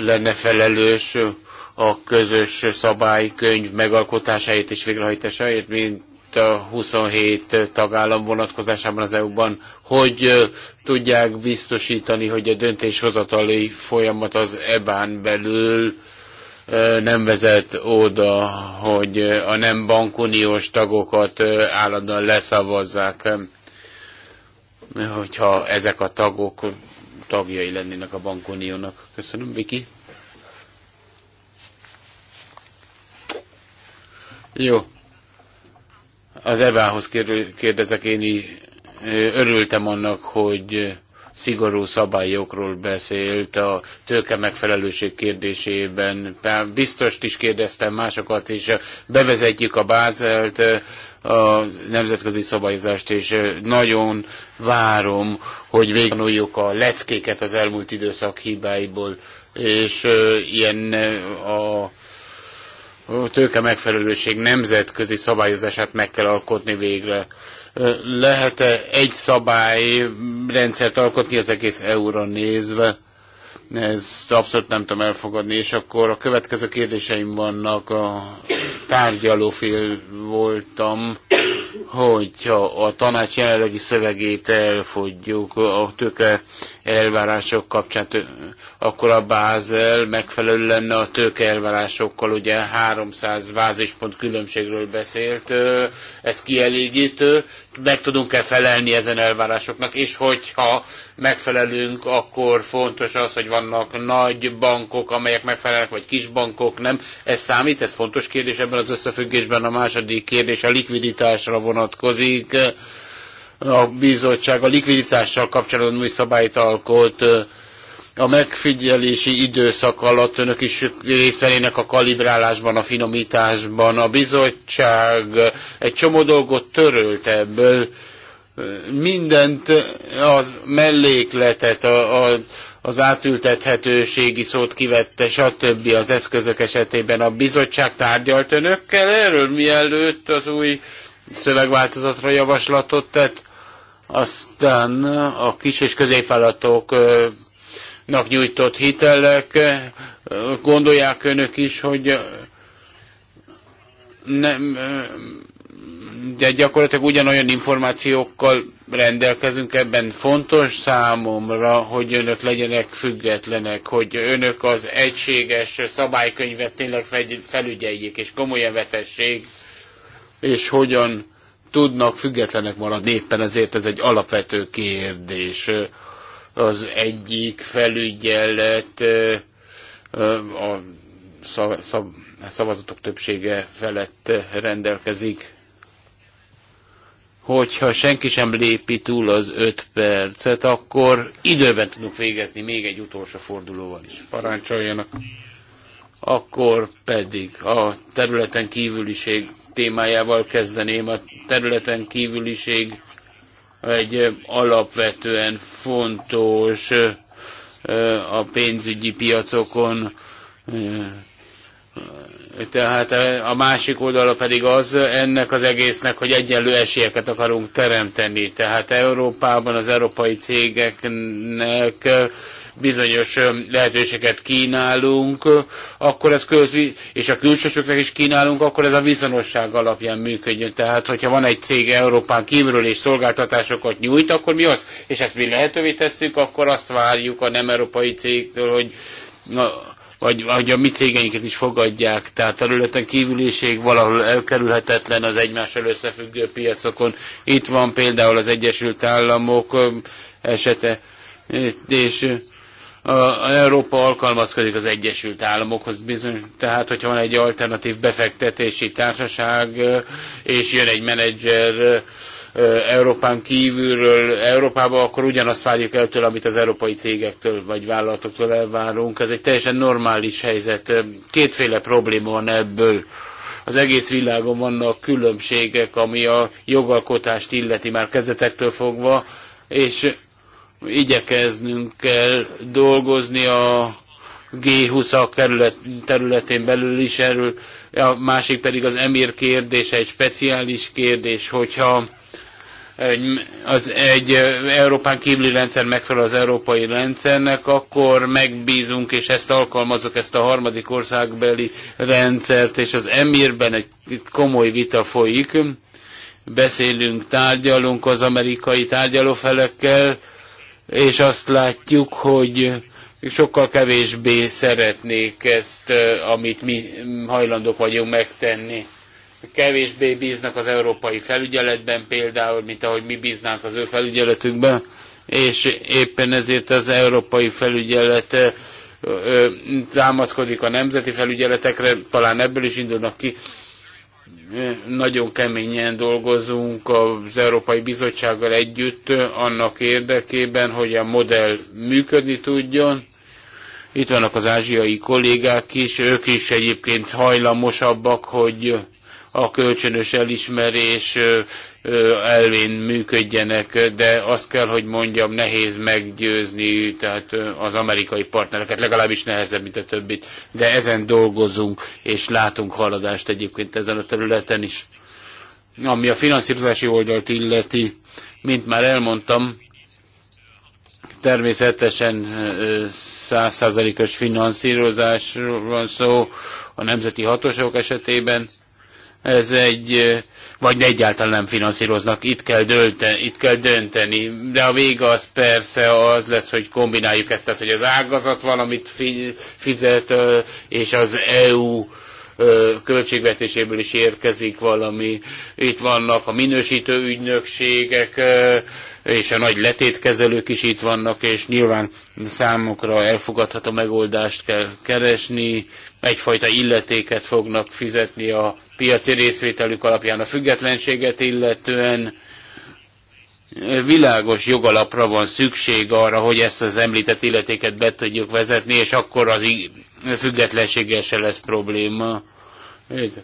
lenne felelős a közös szabálykönyv megalkotásáért és végrehajtásáért, mint a 27 tagállam vonatkozásában az EU-ban, hogy tudják biztosítani, hogy a döntéshozatali folyamat az EBÁN belül nem vezet oda, hogy a nem bankuniós tagokat állandóan leszavazzák, hogyha ezek a tagok tagjai lennének a bankuniónak. Köszönöm, Viki. Jó. Az Evához hoz kérdezek, én is örültem annak, hogy szigorú szabályokról beszélt a tőke megfelelőség kérdésében. Biztos is kérdeztem másokat, és bevezetjük a bázelt, a nemzetközi szabályozást, és nagyon várom, hogy végigtanuljuk a leckéket az elmúlt időszak hibáiból, és ilyen a tőke megfelelőség nemzetközi szabályozását meg kell alkotni végre. Lehet-e egy rendszert alkotni az egész EU-ra nézve? Ezt abszolút nem tudom elfogadni, és akkor a következő kérdéseim vannak. A tárgyalófél voltam, hogyha a tanács jelenlegi szövegét elfogyjuk, a tőke elvárások kapcsán, akkor a Bázel megfelelő lenne a tőke elvárásokkal, ugye 300 vázispont különbségről beszélt, ez kielégítő, meg tudunk-e felelni ezen elvárásoknak, és hogyha megfelelünk, akkor fontos az, hogy vannak nagy bankok, amelyek megfelelnek, vagy kis bankok, nem? Ez számít, ez fontos kérdés ebben az összefüggésben. A második kérdés a likviditásra vonatkozik a bizottság a likviditással kapcsolatban új szabályt alkot, a megfigyelési időszak alatt önök is részt vennének a kalibrálásban, a finomításban. A bizottság egy csomó dolgot törölt ebből, mindent, az mellékletet, a, a, az átültethetőségi szót kivette, stb. az eszközök esetében a bizottság tárgyalt önökkel erről, mielőtt az új szövegváltozatra javaslatot tett? Aztán a kis és középvállalatoknak nyújtott hitelek, gondolják önök is, hogy nem, de gyakorlatilag ugyanolyan információkkal rendelkezünk ebben. Fontos számomra, hogy önök legyenek függetlenek, hogy önök az egységes szabálykönyvet tényleg felügyeljék, és komolyan vetessék, és hogyan tudnak függetlenek maradni, éppen ezért ez egy alapvető kérdés. Az egyik felügyelet a szavazatok többsége felett rendelkezik. Hogyha senki sem lépi túl az öt percet, akkor időben tudunk végezni még egy utolsó fordulóval is. Parancsoljanak! Akkor pedig a területen kívüliség témájával kezdeném, a területen kívüliség egy alapvetően fontos a pénzügyi piacokon tehát eh, a másik oldala pedig az ennek az egésznek, hogy egyenlő esélyeket akarunk teremteni. Tehát Európában az európai cégeknek eh, bizonyos eh, lehetőséget kínálunk, akkor ez közvi, és a külsősöknek is kínálunk, akkor ez a viszonosság alapján működjön. Tehát, hogyha van egy cég Európán kívülről és szolgáltatásokat nyújt, akkor mi az? És ezt mi lehetővé tesszük, akkor azt várjuk a nem európai cégtől, hogy na, vagy ahogy a mi cégeinket is fogadják, tehát területen kívüliség valahol elkerülhetetlen az egymással összefüggő piacokon. Itt van például az Egyesült Államok esete, és a Európa alkalmazkodik az Egyesült Államokhoz bizony, tehát hogyha van egy alternatív befektetési társaság, és jön egy menedzser Európán kívülről Európába, akkor ugyanazt várjuk el tőle, amit az európai cégektől vagy vállalatoktól elvárunk. Ez egy teljesen normális helyzet. Kétféle probléma van ebből az egész világon vannak különbségek, ami a jogalkotást illeti már kezdetektől fogva, és igyekeznünk kell dolgozni a g 20 terület, területén belül is erről, a másik pedig az emír kérdése, egy speciális kérdés, hogyha az egy Európán kívüli rendszer megfelel az európai rendszernek, akkor megbízunk, és ezt alkalmazok, ezt a harmadik országbeli rendszert, és az emírben egy komoly vita folyik. Beszélünk, tárgyalunk az amerikai tárgyalófelekkel, és azt látjuk, hogy sokkal kevésbé szeretnék ezt, amit mi hajlandók vagyunk megtenni kevésbé bíznak az európai felügyeletben például, mint ahogy mi bíznánk az ő felügyeletükben, és éppen ezért az európai felügyelet támaszkodik a nemzeti felügyeletekre, talán ebből is indulnak ki. Nagyon keményen dolgozunk az Európai Bizottsággal együtt annak érdekében, hogy a modell működni tudjon. Itt vannak az ázsiai kollégák is, ők is egyébként hajlamosabbak, hogy a kölcsönös elismerés elvén működjenek, de azt kell, hogy mondjam, nehéz meggyőzni tehát az amerikai partnereket, legalábbis nehezebb, mint a többit, de ezen dolgozunk, és látunk haladást egyébként ezen a területen is. Ami a finanszírozási oldalt illeti, mint már elmondtam, természetesen százszázalékos finanszírozásról van szó a nemzeti hatóságok esetében, ez egy, vagy egyáltalán nem finanszíroznak, itt kell, dönteni, itt kell dönteni. De a vége az persze az lesz, hogy kombináljuk ezt, tehát hogy az ágazat valamit fizet, és az EU költségvetéséből is érkezik valami. Itt vannak a minősítő ügynökségek, és a nagy letétkezelők is itt vannak, és nyilván számokra elfogadható megoldást kell keresni, egyfajta illetéket fognak fizetni a piaci részvételük alapján a függetlenséget illetően. Világos jogalapra van szükség arra, hogy ezt az említett illetéket be tudjuk vezetni, és akkor az függetlenséggel se lesz probléma. Itt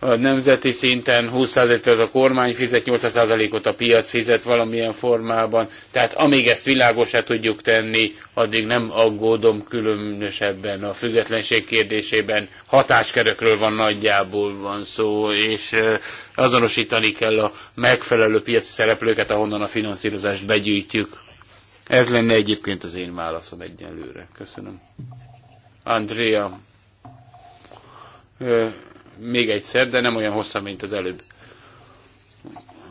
nemzeti szinten 20%-ot a kormány fizet, 80%-ot a piac fizet valamilyen formában. Tehát amíg ezt világosá tudjuk tenni, addig nem aggódom különösebben a függetlenség kérdésében. Hatáskerekről van nagyjából van szó, és azonosítani kell a megfelelő piaci szereplőket, ahonnan a finanszírozást begyűjtjük. Ez lenne egyébként az én válaszom egyenlőre. Köszönöm. Andrea még egyszer, de nem olyan hosszan, mint az előbb.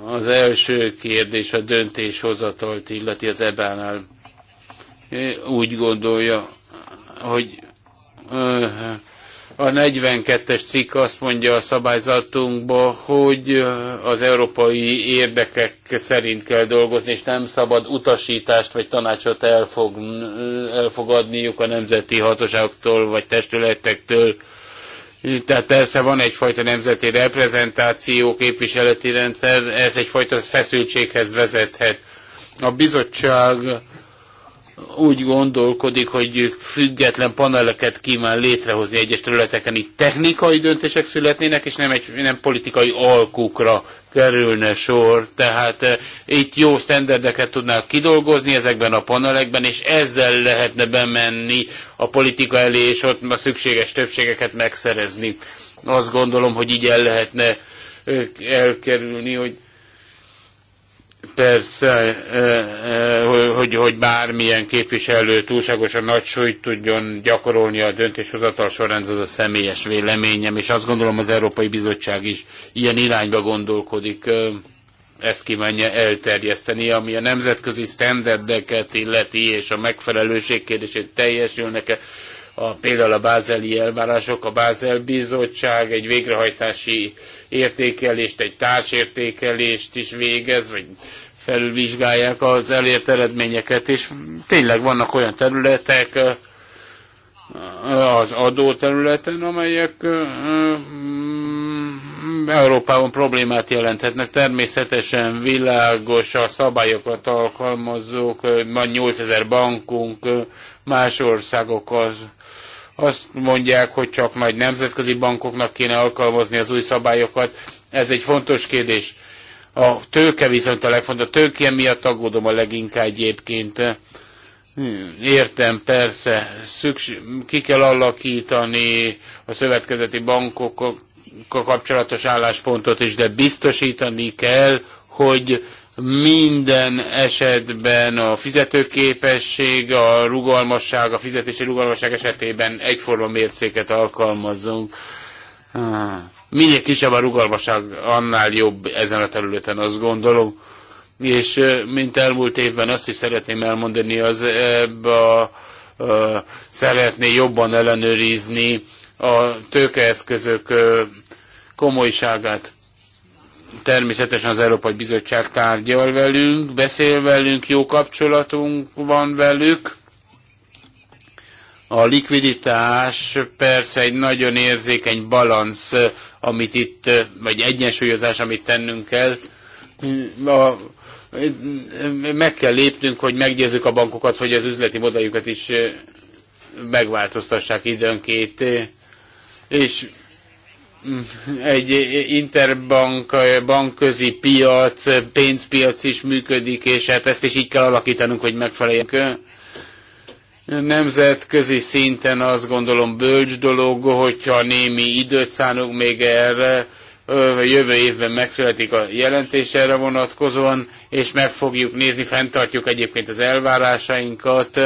Az első kérdés a döntéshozatalt illeti az ebánál. Úgy gondolja, hogy a 42-es cikk azt mondja a szabályzatunkba, hogy az európai érdekek szerint kell dolgozni, és nem szabad utasítást vagy tanácsot elfog, elfogadniuk a nemzeti hatóságoktól vagy testületektől tehát persze van egyfajta nemzeti reprezentáció, képviseleti rendszer, ez egyfajta feszültséghez vezethet. A bizottság úgy gondolkodik, hogy független paneleket kíván létrehozni egyes területeken, itt technikai döntések születnének, és nem, egy, nem politikai alkukra kerülne sor. Tehát e, itt jó sztenderdeket tudnák kidolgozni ezekben a panelekben, és ezzel lehetne bemenni a politika elé, és ott a szükséges többségeket megszerezni. Azt gondolom, hogy így el lehetne eh, elkerülni, hogy Persze, eh, eh, hogy, hogy bármilyen képviselő túlságosan nagy súlyt tudjon gyakorolni a döntéshozatal során, ez az a személyes véleményem, és azt gondolom az Európai Bizottság is ilyen irányba gondolkodik, eh, ezt kívánja elterjeszteni, ami a nemzetközi sztenderdeket illeti, és a megfelelőség kérdését teljesülnek-e a, például a bázeli elvárások, a Bázel bizottság egy végrehajtási értékelést, egy társértékelést is végez, vagy felülvizsgálják az elért eredményeket, és tényleg vannak olyan területek az adóterületen, amelyek mm, Európában problémát jelenthetnek. Természetesen világos a szabályokat alkalmazók, van 8000 bankunk, más országok az azt mondják, hogy csak nagy nemzetközi bankoknak kéne alkalmazni az új szabályokat. Ez egy fontos kérdés. A tőke viszont a legfontosabb. A tőke miatt aggódom a leginkább egyébként. Értem, persze. Szükség, ki kell alakítani a szövetkezeti bankokkal kapcsolatos álláspontot is, de biztosítani kell, hogy minden esetben a fizetőképesség, a rugalmasság, a fizetési rugalmasság esetében egyforma mércéket alkalmazzunk. Minél kisebb a rugalmasság, annál jobb ezen a területen, azt gondolom. És mint elmúlt évben azt is szeretném elmondani, az ebbe a, a, szeretné jobban ellenőrizni a tőkeeszközök komolyságát Természetesen az Európai Bizottság tárgyal velünk, beszél velünk, jó kapcsolatunk van velük. A likviditás persze egy nagyon érzékeny balansz, amit itt, vagy egyensúlyozás, amit tennünk kell. A, meg kell lépnünk, hogy meggyőzzük a bankokat, hogy az üzleti modelljukat is megváltoztassák időnként. És egy interbank, bankközi piac, pénzpiac is működik, és hát ezt is így kell alakítanunk, hogy megfeleljünk. Nemzetközi szinten azt gondolom bölcs dolog, hogyha némi időt szánunk még erre, jövő évben megszületik a jelentés erre vonatkozóan, és meg fogjuk nézni, fenntartjuk egyébként az elvárásainkat,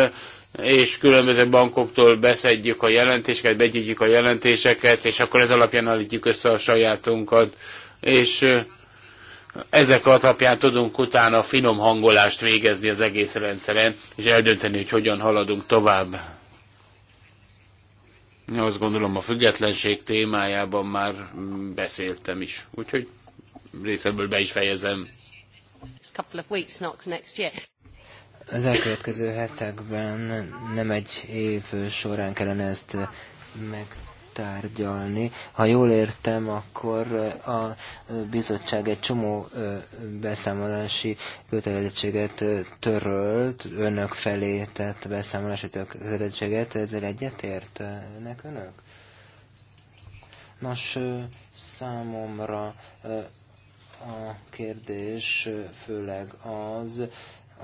és különböző bankoktól beszedjük a jelentéseket, begyűjtjük a jelentéseket, és akkor ez alapján állítjuk össze a sajátunkat, és ezek alapján tudunk utána finom hangolást végezni az egész rendszeren, és eldönteni, hogy hogyan haladunk tovább. Azt gondolom a függetlenség témájában már beszéltem is, úgyhogy részemből be is fejezem. Az elkövetkező hetekben nem egy év során kellene ezt megtárgyalni. Ha jól értem, akkor a bizottság egy csomó beszámolási kötelezettséget törölt, önök felé tett beszámolási kötelezettséget, ezzel egyetértenek önök? Nos, számomra a kérdés főleg az,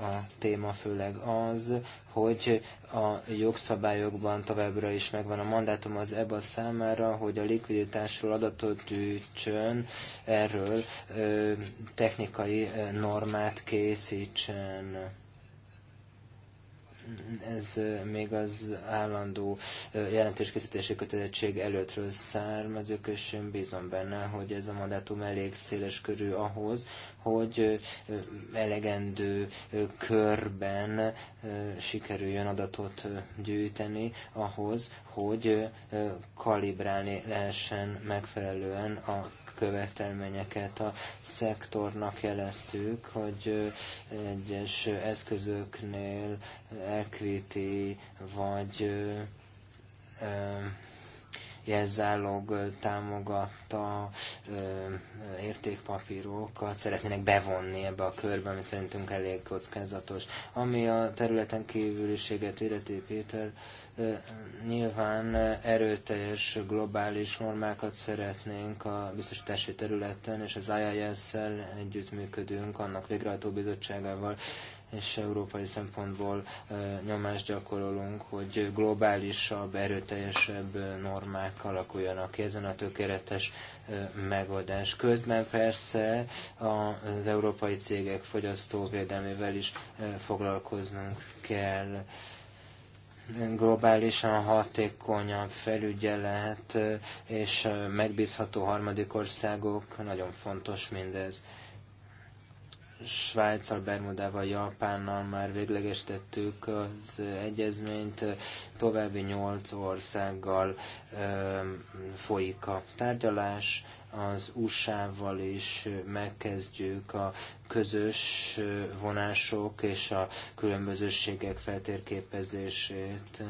a téma főleg az, hogy a jogszabályokban továbbra is megvan a mandátum az EBA számára, hogy a likviditásról adatot gyűjtsön, erről ö, technikai normát készítsen ez még az állandó jelentéskészítési kötelezettség előttről származik, és én bízom benne, hogy ez a mandátum elég széles körű ahhoz, hogy elegendő körben sikerüljön adatot gyűjteni ahhoz, hogy kalibrálni lehessen megfelelően a követelményeket a szektornak jeleztük, hogy egyes eszközöknél equity vagy jelzálog támogatta értékpapírokat szeretnének bevonni ebbe a körbe, ami szerintünk elég kockázatos. Ami a területen kívüliséget illeti, Péter, ö, Nyilván erőteljes globális normákat szeretnénk a biztosítási területen, és az IIS-szel együttműködünk, annak végrehajtó bizottságával, és európai szempontból nyomást gyakorolunk, hogy globálisabb, erőteljesebb normák alakuljanak ki ezen a tökéletes megoldás. Közben persze az európai cégek fogyasztóvédelmével is foglalkoznunk kell globálisan hatékonyan felügyelet és megbízható harmadik országok, nagyon fontos mindez. Svájccal, Bermudával, Japánnal már véglegesítettük az egyezményt, további nyolc országgal folyik a tárgyalás az USA-val is megkezdjük a közös vonások és a különbözőségek feltérképezését.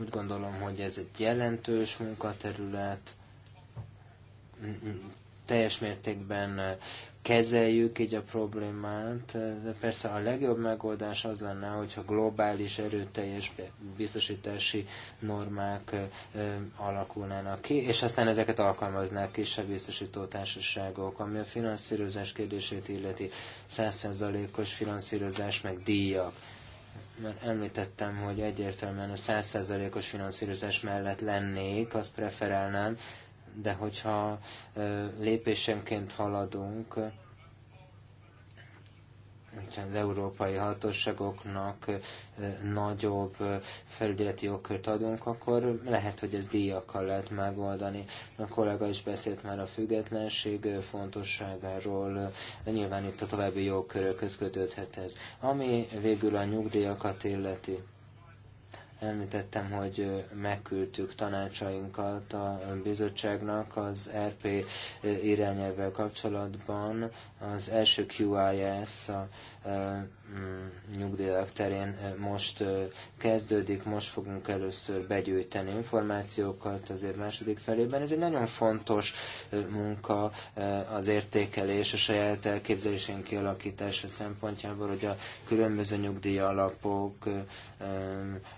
Úgy gondolom, hogy ez egy jelentős munkaterület, teljes mértékben kezeljük így a problémát, de persze a legjobb megoldás az lenne, hogyha globális erőteljes biztosítási normák alakulnának ki, és aztán ezeket alkalmaznák kisebb biztosító társaságok, ami a finanszírozás kérdését illeti 100%-os finanszírozás meg díjak mert említettem, hogy egyértelműen a 100%-os finanszírozás mellett lennék, azt preferálnám, de hogyha lépésenként haladunk, az európai hatóságoknak nagyobb felügyeleti jogkört adunk, akkor lehet, hogy ez díjakkal lehet megoldani. A kollega is beszélt már a függetlenség fontosságáról, nyilván itt a további jogkörök kötődhet ez. Ami végül a nyugdíjakat illeti Említettem, hogy megküldtük tanácsainkat a bizottságnak az RP irányelvvel kapcsolatban az első QIS a mm, nyugdíjak terén most kezdődik, most fogunk először begyűjteni információkat az év második felében. Ez egy nagyon fontos munka az értékelés, a saját elképzelésén kialakítása szempontjából, hogy a különböző nyugdíj alapok,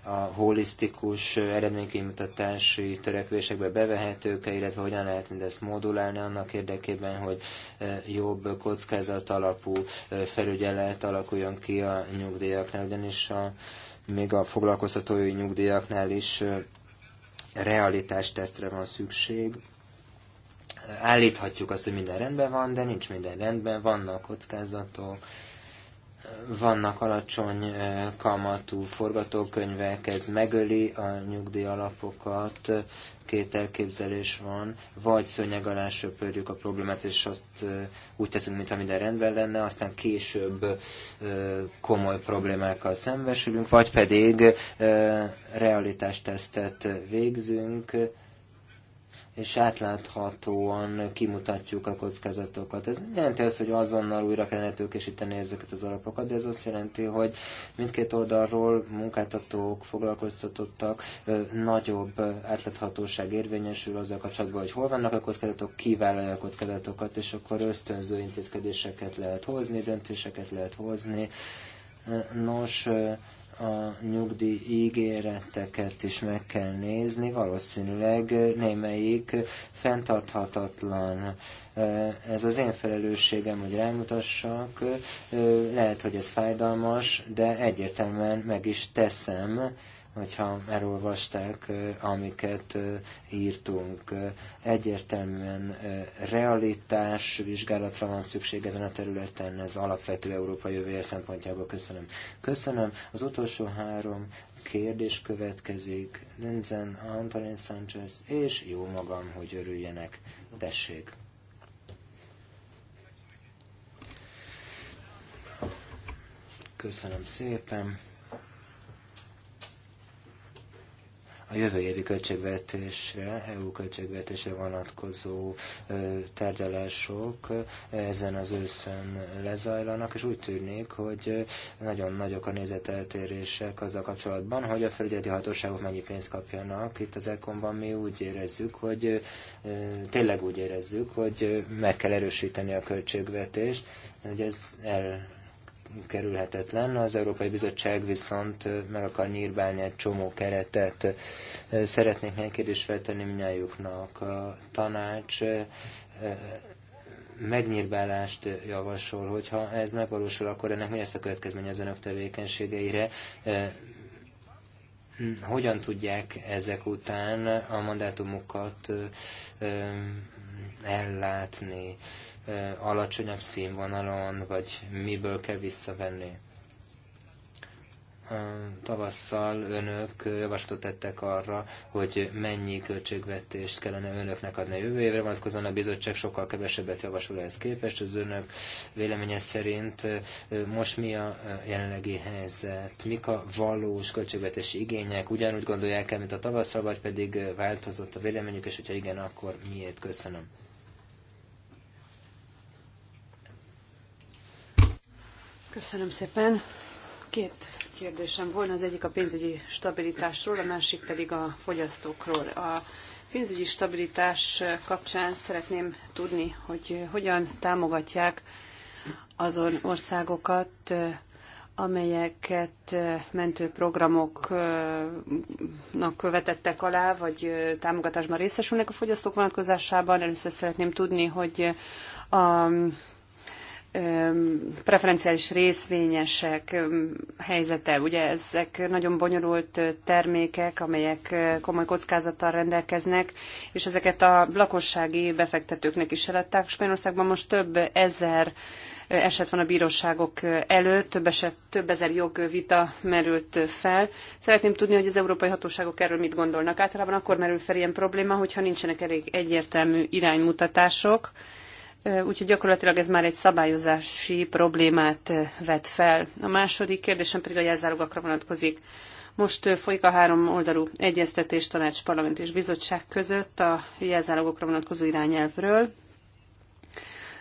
a holisztikus eredménykimutatási törekvésekbe bevehetők illetve hogyan lehet mindezt modulálni annak érdekében, hogy jobb kockázat kockázat alapú felügyelet alakuljon ki a nyugdíjaknál, ugyanis a, még a foglalkoztatói nyugdíjaknál is realitástesztre van szükség. Állíthatjuk azt, hogy minden rendben van, de nincs minden rendben, vannak kockázatok, vannak alacsony kamatú forgatókönyvek, ez megöli a nyugdíjalapokat, két elképzelés van, vagy szőnyeg alá söpörjük a problémát, és azt úgy teszünk, mintha minden rendben lenne, aztán később komoly problémákkal szembesülünk, vagy pedig realitástesztet végzünk, és átláthatóan kimutatjuk a kockázatokat. Ez nem jelenti azt, hogy azonnal újra kellene tőkésíteni ezeket az alapokat, de ez azt jelenti, hogy mindkét oldalról munkáltatók, foglalkoztatottak nagyobb átláthatóság érvényesül azzal kapcsolatban, hogy hol vannak a kockázatok, kivállalja a kockázatokat, és akkor ösztönző intézkedéseket lehet hozni, döntéseket lehet hozni. Nos, a nyugdíj ígéreteket is meg kell nézni, valószínűleg némelyik fenntarthatatlan. Ez az én felelősségem, hogy rámutassak, lehet, hogy ez fájdalmas, de egyértelműen meg is teszem, hogyha elolvasták, amiket írtunk. Egyértelműen realitás vizsgálatra van szükség ezen a területen, ez alapvető Európai jövője szempontjából. Köszönöm. Köszönöm. Az utolsó három kérdés következik. Nincsen, Antonin Sánchez és jó magam, hogy örüljenek. Tessék. Köszönöm szépen. a jövő évi költségvetésre, EU költségvetésre vonatkozó tárgyalások ezen az őszön lezajlanak, és úgy tűnik, hogy nagyon nagyok a nézeteltérések azzal kapcsolatban, hogy a felügyeleti hatóságok mennyi pénzt kapjanak. Itt az ECOM-ban mi úgy érezzük, hogy tényleg úgy érezzük, hogy meg kell erősíteni a költségvetést, hogy ez el kerülhetetlen. Az Európai Bizottság viszont meg akar nyírbálni egy csomó keretet. Szeretnék egy kérdést feltenni minnyájuknak. A tanács megnyírbálást javasol, hogyha ez megvalósul, akkor ennek mi lesz a következménye az önök tevékenységeire? Hogyan tudják ezek után a mandátumokat ellátni? alacsonyabb színvonalon, vagy miből kell visszavenni. Tavasszal önök javaslatot tettek arra, hogy mennyi költségvetést kellene önöknek adni a jövő évre vonatkozóan. A bizottság sokkal kevesebbet javasol ehhez képest. Az önök véleménye szerint most mi a jelenlegi helyzet? Mik a valós költségvetési igények? Ugyanúgy gondolják el, mint a tavasszal, vagy pedig változott a véleményük, és hogyha igen, akkor miért? Köszönöm. Köszönöm szépen. Két kérdésem volna, az egyik a pénzügyi stabilitásról, a másik pedig a fogyasztókról. A pénzügyi stabilitás kapcsán szeretném tudni, hogy hogyan támogatják azon országokat, amelyeket mentőprogramoknak követettek alá, vagy támogatásban részesülnek a fogyasztók vonatkozásában. Először szeretném tudni, hogy a preferenciális részvényesek helyzete. Ugye ezek nagyon bonyolult termékek, amelyek komoly kockázattal rendelkeznek, és ezeket a lakossági befektetőknek is eladták. Spanyolországban most több ezer eset van a bíróságok előtt, több, eset, több ezer jogvita merült fel. Szeretném tudni, hogy az európai hatóságok erről mit gondolnak. Általában akkor merül fel ilyen probléma, hogyha nincsenek elég egyértelmű iránymutatások, Úgyhogy gyakorlatilag ez már egy szabályozási problémát vet fel. A második kérdésem pedig a jelzálogakra vonatkozik. Most folyik a három oldalú egyeztetés tanács, parlament és bizottság között a jelzálogokra vonatkozó irányelvről.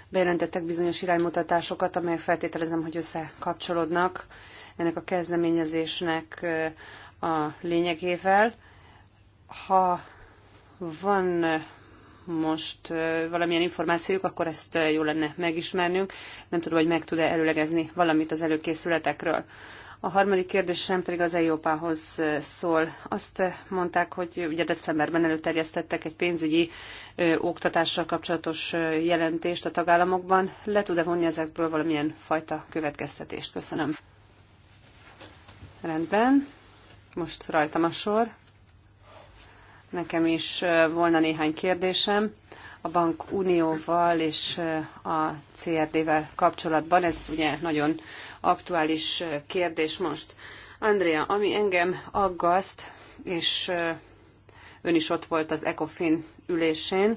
Bejelentettek bizonyos iránymutatásokat, amelyek feltételezem, hogy összekapcsolódnak ennek a kezdeményezésnek a lényegével. Ha van most valamilyen információjuk, akkor ezt jó lenne megismernünk. Nem tudom, hogy meg tud-e előlegezni valamit az előkészületekről. A harmadik kérdésem pedig az EIOPA-hoz szól. Azt mondták, hogy ugye decemberben előterjesztettek egy pénzügyi ö, oktatással kapcsolatos jelentést a tagállamokban. Le tud-e vonni ezekből valamilyen fajta következtetést? Köszönöm. Rendben. Most rajtam a sor. Nekem is volna néhány kérdésem a Bank Unióval és a CRD-vel kapcsolatban. Ez ugye nagyon aktuális kérdés most. Andrea, ami engem aggaszt, és ön is ott volt az ECOFIN ülésén,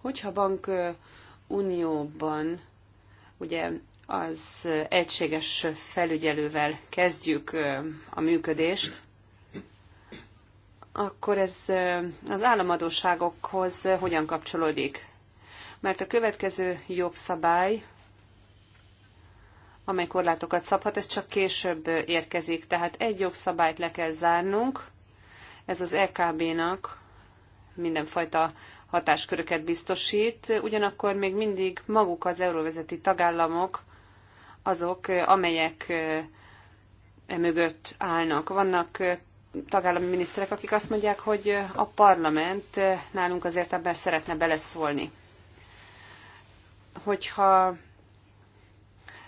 hogyha Bank Unióban ugye az egységes felügyelővel kezdjük a működést, akkor ez az államadóságokhoz hogyan kapcsolódik? Mert a következő jogszabály, amely korlátokat szabhat, ez csak később érkezik. Tehát egy jogszabályt le kell zárnunk, ez az EKB-nak mindenfajta hatásköröket biztosít, ugyanakkor még mindig maguk az euróvezeti tagállamok azok, amelyek e mögött állnak. Vannak tagállami miniszterek, akik azt mondják, hogy a parlament nálunk azért ebben szeretne beleszólni. Hogyha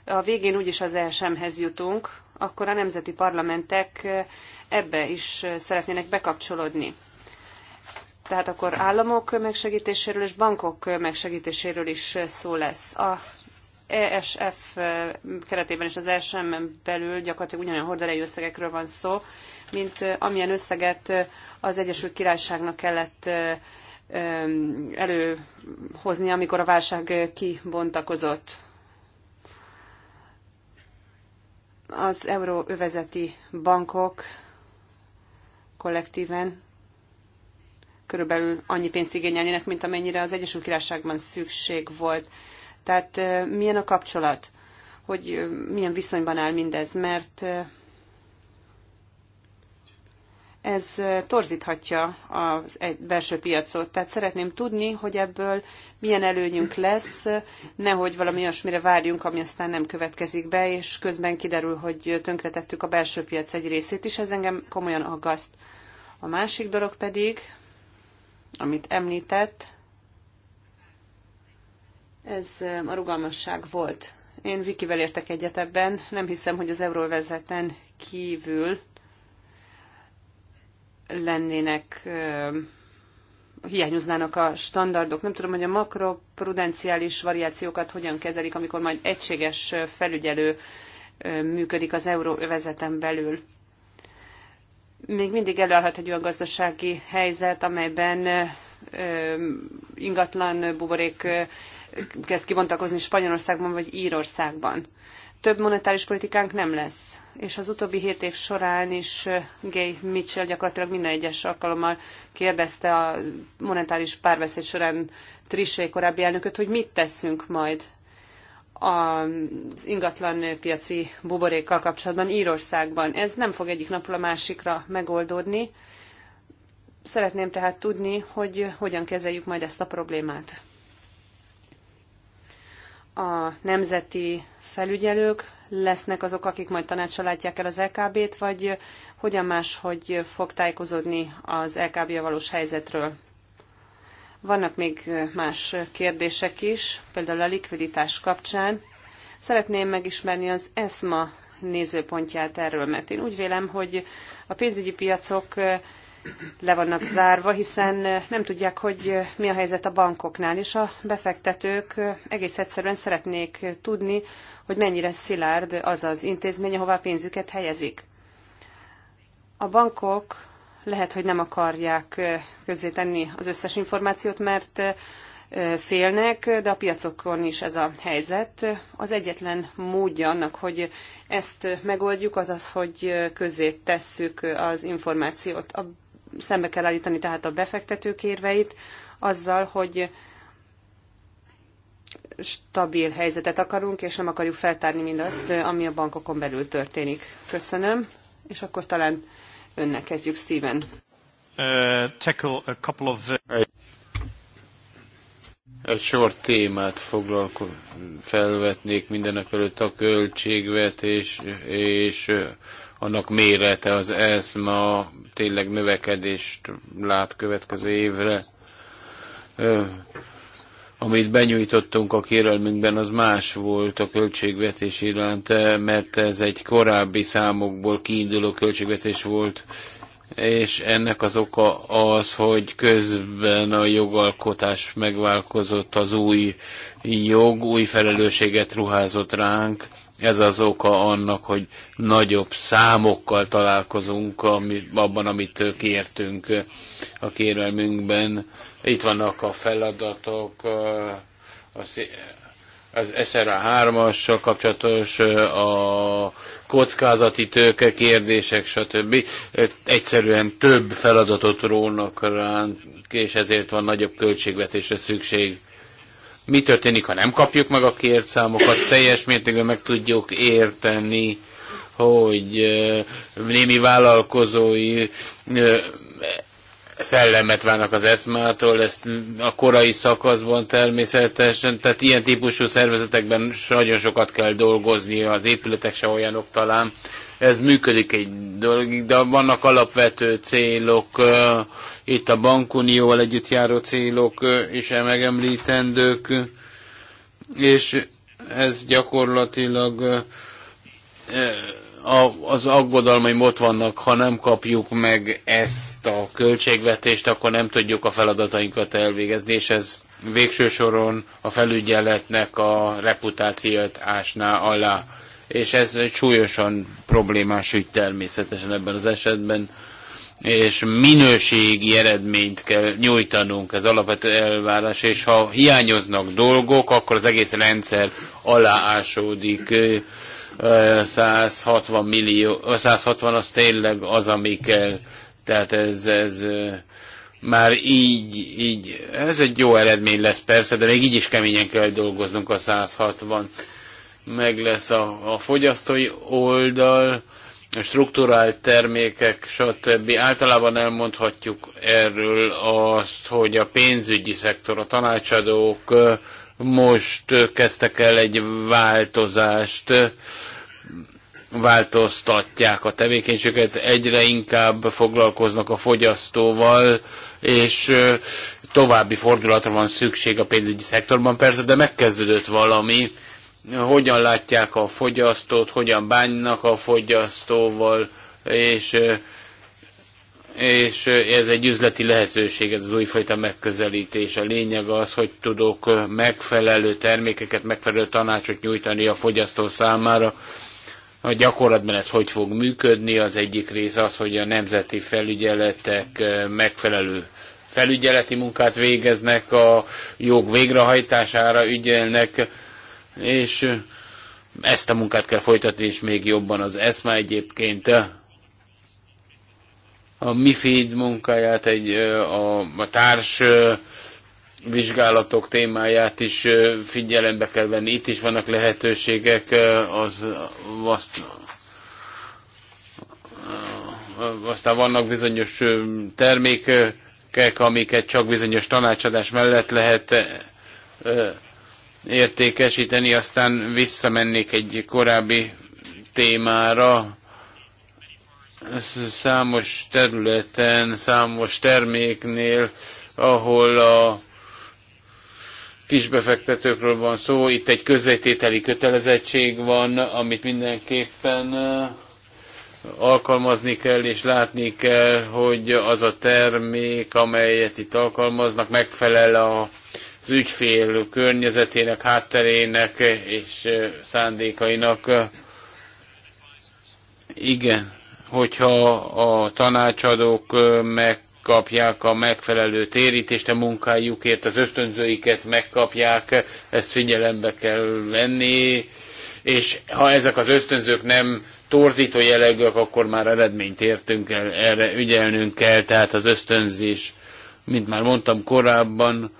a végén úgyis az ESM-hez jutunk, akkor a nemzeti parlamentek ebbe is szeretnének bekapcsolódni. Tehát akkor államok megsegítéséről és bankok megsegítéséről is szó lesz. A ESF eh, keretében és az esm belül gyakorlatilag ugyanolyan horderei összegekről van szó, mint eh, amilyen összeget eh, az Egyesült Királyságnak kellett előhozni, amikor a válság kibontakozott. Az euróövezeti bankok kollektíven körülbelül annyi pénzt igényelnének, mint amennyire az Egyesült Királyságban szükség volt. Tehát milyen a kapcsolat? Hogy milyen viszonyban áll mindez? Mert ez torzíthatja a belső piacot. Tehát szeretném tudni, hogy ebből milyen előnyünk lesz, nehogy valami olyasmire várjunk, ami aztán nem következik be, és közben kiderül, hogy tönkretettük a belső piac egy részét is. Ez engem komolyan aggaszt. A másik dolog pedig, amit említett, ez a rugalmasság volt. Én Vikivel értek egyet ebben. Nem hiszem, hogy az euróvezeten kívül lennének, hiányoznának a standardok. Nem tudom, hogy a makroprudenciális variációkat hogyan kezelik, amikor majd egységes felügyelő működik az euróvezeten belül. Még mindig előállhat egy olyan gazdasági helyzet, amelyben ingatlan buborék kezd kibontakozni Spanyolországban vagy Írországban. Több monetáris politikánk nem lesz. És az utóbbi hét év során is Gay Mitchell gyakorlatilag minden egyes alkalommal kérdezte a monetáris párbeszéd során Trissé korábbi elnököt, hogy mit teszünk majd az ingatlan piaci buborékkal kapcsolatban Írországban. Ez nem fog egyik napról a másikra megoldódni. Szeretném tehát tudni, hogy hogyan kezeljük majd ezt a problémát a nemzeti felügyelők lesznek azok, akik majd tanácsal látják el az LKB-t, e vagy hogyan máshogy fog tájékozódni az LKB e a valós helyzetről? Vannak még más kérdések is, például a likviditás kapcsán. Szeretném megismerni az ESMA nézőpontját erről, mert én úgy vélem, hogy a pénzügyi piacok le vannak zárva, hiszen nem tudják, hogy mi a helyzet a bankoknál, és a befektetők egész egyszerűen szeretnék tudni, hogy mennyire szilárd az az intézmény, ahová pénzüket helyezik. A bankok lehet, hogy nem akarják közzétenni az összes információt, mert félnek, de a piacokon is ez a helyzet. Az egyetlen módja annak, hogy ezt megoldjuk, az az, hogy közzé tesszük az információt. A szembe kell állítani tehát a befektetők érveit azzal, hogy stabil helyzetet akarunk, és nem akarjuk feltárni mindazt, ami a bankokon belül történik. Köszönöm, és akkor talán önnek kezdjük, Steven. Uh, tackle a couple of... Uh, egy sor témát foglalko- felvetnék mindenek előtt a költségvetés és uh, annak mérete az ez ma tényleg növekedést lát következő évre. Amit benyújtottunk a kérelmünkben, az más volt a költségvetés iránt, mert ez egy korábbi számokból kiinduló költségvetés volt, és ennek az oka az, hogy közben a jogalkotás megválkozott, az új jog új felelősséget ruházott ránk, ez az oka annak, hogy nagyobb számokkal találkozunk ami, abban, amit kértünk a kérelmünkben. Itt vannak a feladatok, az, az SRA 3-assal kapcsolatos, a kockázati tőke kérdések, stb. Egyszerűen több feladatot rónak ránk, és ezért van nagyobb költségvetésre szükség mi történik, ha nem kapjuk meg a kért számokat, teljes mértékben meg tudjuk érteni, hogy némi vállalkozói szellemet várnak az eszmától, ezt a korai szakaszban természetesen, tehát ilyen típusú szervezetekben nagyon sokat kell dolgozni, az épületek se olyanok talán, ez működik egy dologig, de vannak alapvető célok, itt a bankunióval együtt járó célok és megemlítendők, és ez gyakorlatilag az aggodalmaim ott vannak, ha nem kapjuk meg ezt a költségvetést, akkor nem tudjuk a feladatainkat elvégezni, és ez végső soron a felügyeletnek a reputációt ásná alá és ez súlyosan problémás ügy természetesen ebben az esetben, és minőségi eredményt kell nyújtanunk, ez alapvető elvárás, és ha hiányoznak dolgok, akkor az egész rendszer aláásódik. 160 millió, 160 az tényleg az, ami kell. Tehát ez, ez már így, így, ez egy jó eredmény lesz persze, de még így is keményen kell dolgoznunk a 160 meg lesz a, a fogyasztói oldal, a strukturált termékek, stb. Általában elmondhatjuk erről azt, hogy a pénzügyi szektor, a tanácsadók most kezdtek el egy változást, változtatják a tevékenységet, egyre inkább foglalkoznak a fogyasztóval, és további fordulatra van szükség a pénzügyi szektorban persze, de megkezdődött valami, hogyan látják a fogyasztót, hogyan bánnak a fogyasztóval, és, és ez egy üzleti lehetőség, ez az újfajta megközelítés. A lényeg az, hogy tudok megfelelő termékeket, megfelelő tanácsot nyújtani a fogyasztó számára. A gyakorlatban ez hogy fog működni? Az egyik rész az, hogy a nemzeti felügyeletek megfelelő felügyeleti munkát végeznek, a jog végrehajtására ügyelnek, és ezt a munkát kell folytatni, és még jobban az ESMA egyébként a MIFID munkáját, egy, a, a társ vizsgálatok témáját is figyelembe kell venni. Itt is vannak lehetőségek az, azt, aztán vannak bizonyos termékek, amiket csak bizonyos tanácsadás mellett lehet értékesíteni, aztán visszamennék egy korábbi témára. Számos területen, számos terméknél, ahol a kisbefektetőkről van szó, itt egy közvetételi kötelezettség van, amit mindenképpen alkalmazni kell és látni kell, hogy az a termék, amelyet itt alkalmaznak, megfelel a az ügyfél környezetének, hátterének és szándékainak. Igen, hogyha a tanácsadók megkapják a megfelelő térítést a munkájukért, az ösztönzőiket megkapják, ezt figyelembe kell venni, és ha ezek az ösztönzők nem torzító jellegűek, akkor már eredményt értünk el, erre ügyelnünk kell, tehát az ösztönzés, mint már mondtam korábban,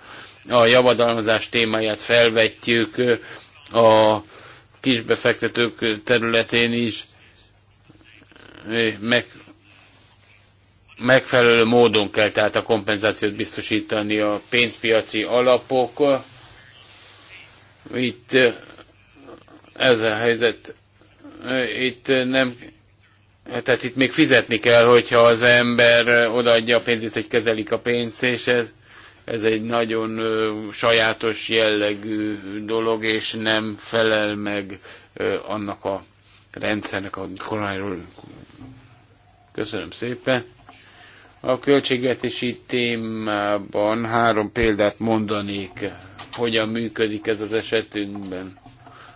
a javadalmazás témáját felvetjük a kisbefektetők területén is, meg, megfelelő módon kell tehát a kompenzációt biztosítani a pénzpiaci alapok. Itt ez a helyzet, itt nem, tehát itt még fizetni kell, hogyha az ember odaadja a pénzét, hogy kezelik a pénzt, és ez, ez egy nagyon sajátos jellegű dolog, és nem felel meg annak a rendszernek a kormányról. Köszönöm szépen. A költségvetési témában három példát mondanék, hogyan működik ez az esetünkben.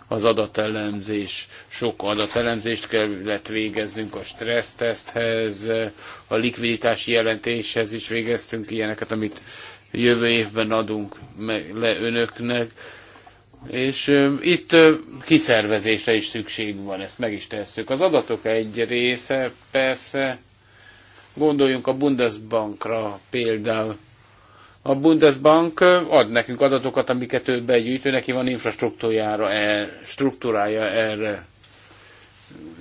Az adatelemzés, sok adatelemzést kellett végeznünk a stresszteszthez, a likviditási jelentéshez is végeztünk ilyeneket, amit jövő évben adunk meg le önöknek, és itt kiszervezésre is szükség van, ezt meg is tesszük. Az adatok egy része, persze, gondoljunk a Bundesbankra például. A Bundesbank ad nekünk adatokat, amiket ő begyűjt, neki van infrastruktúrája e-, erre.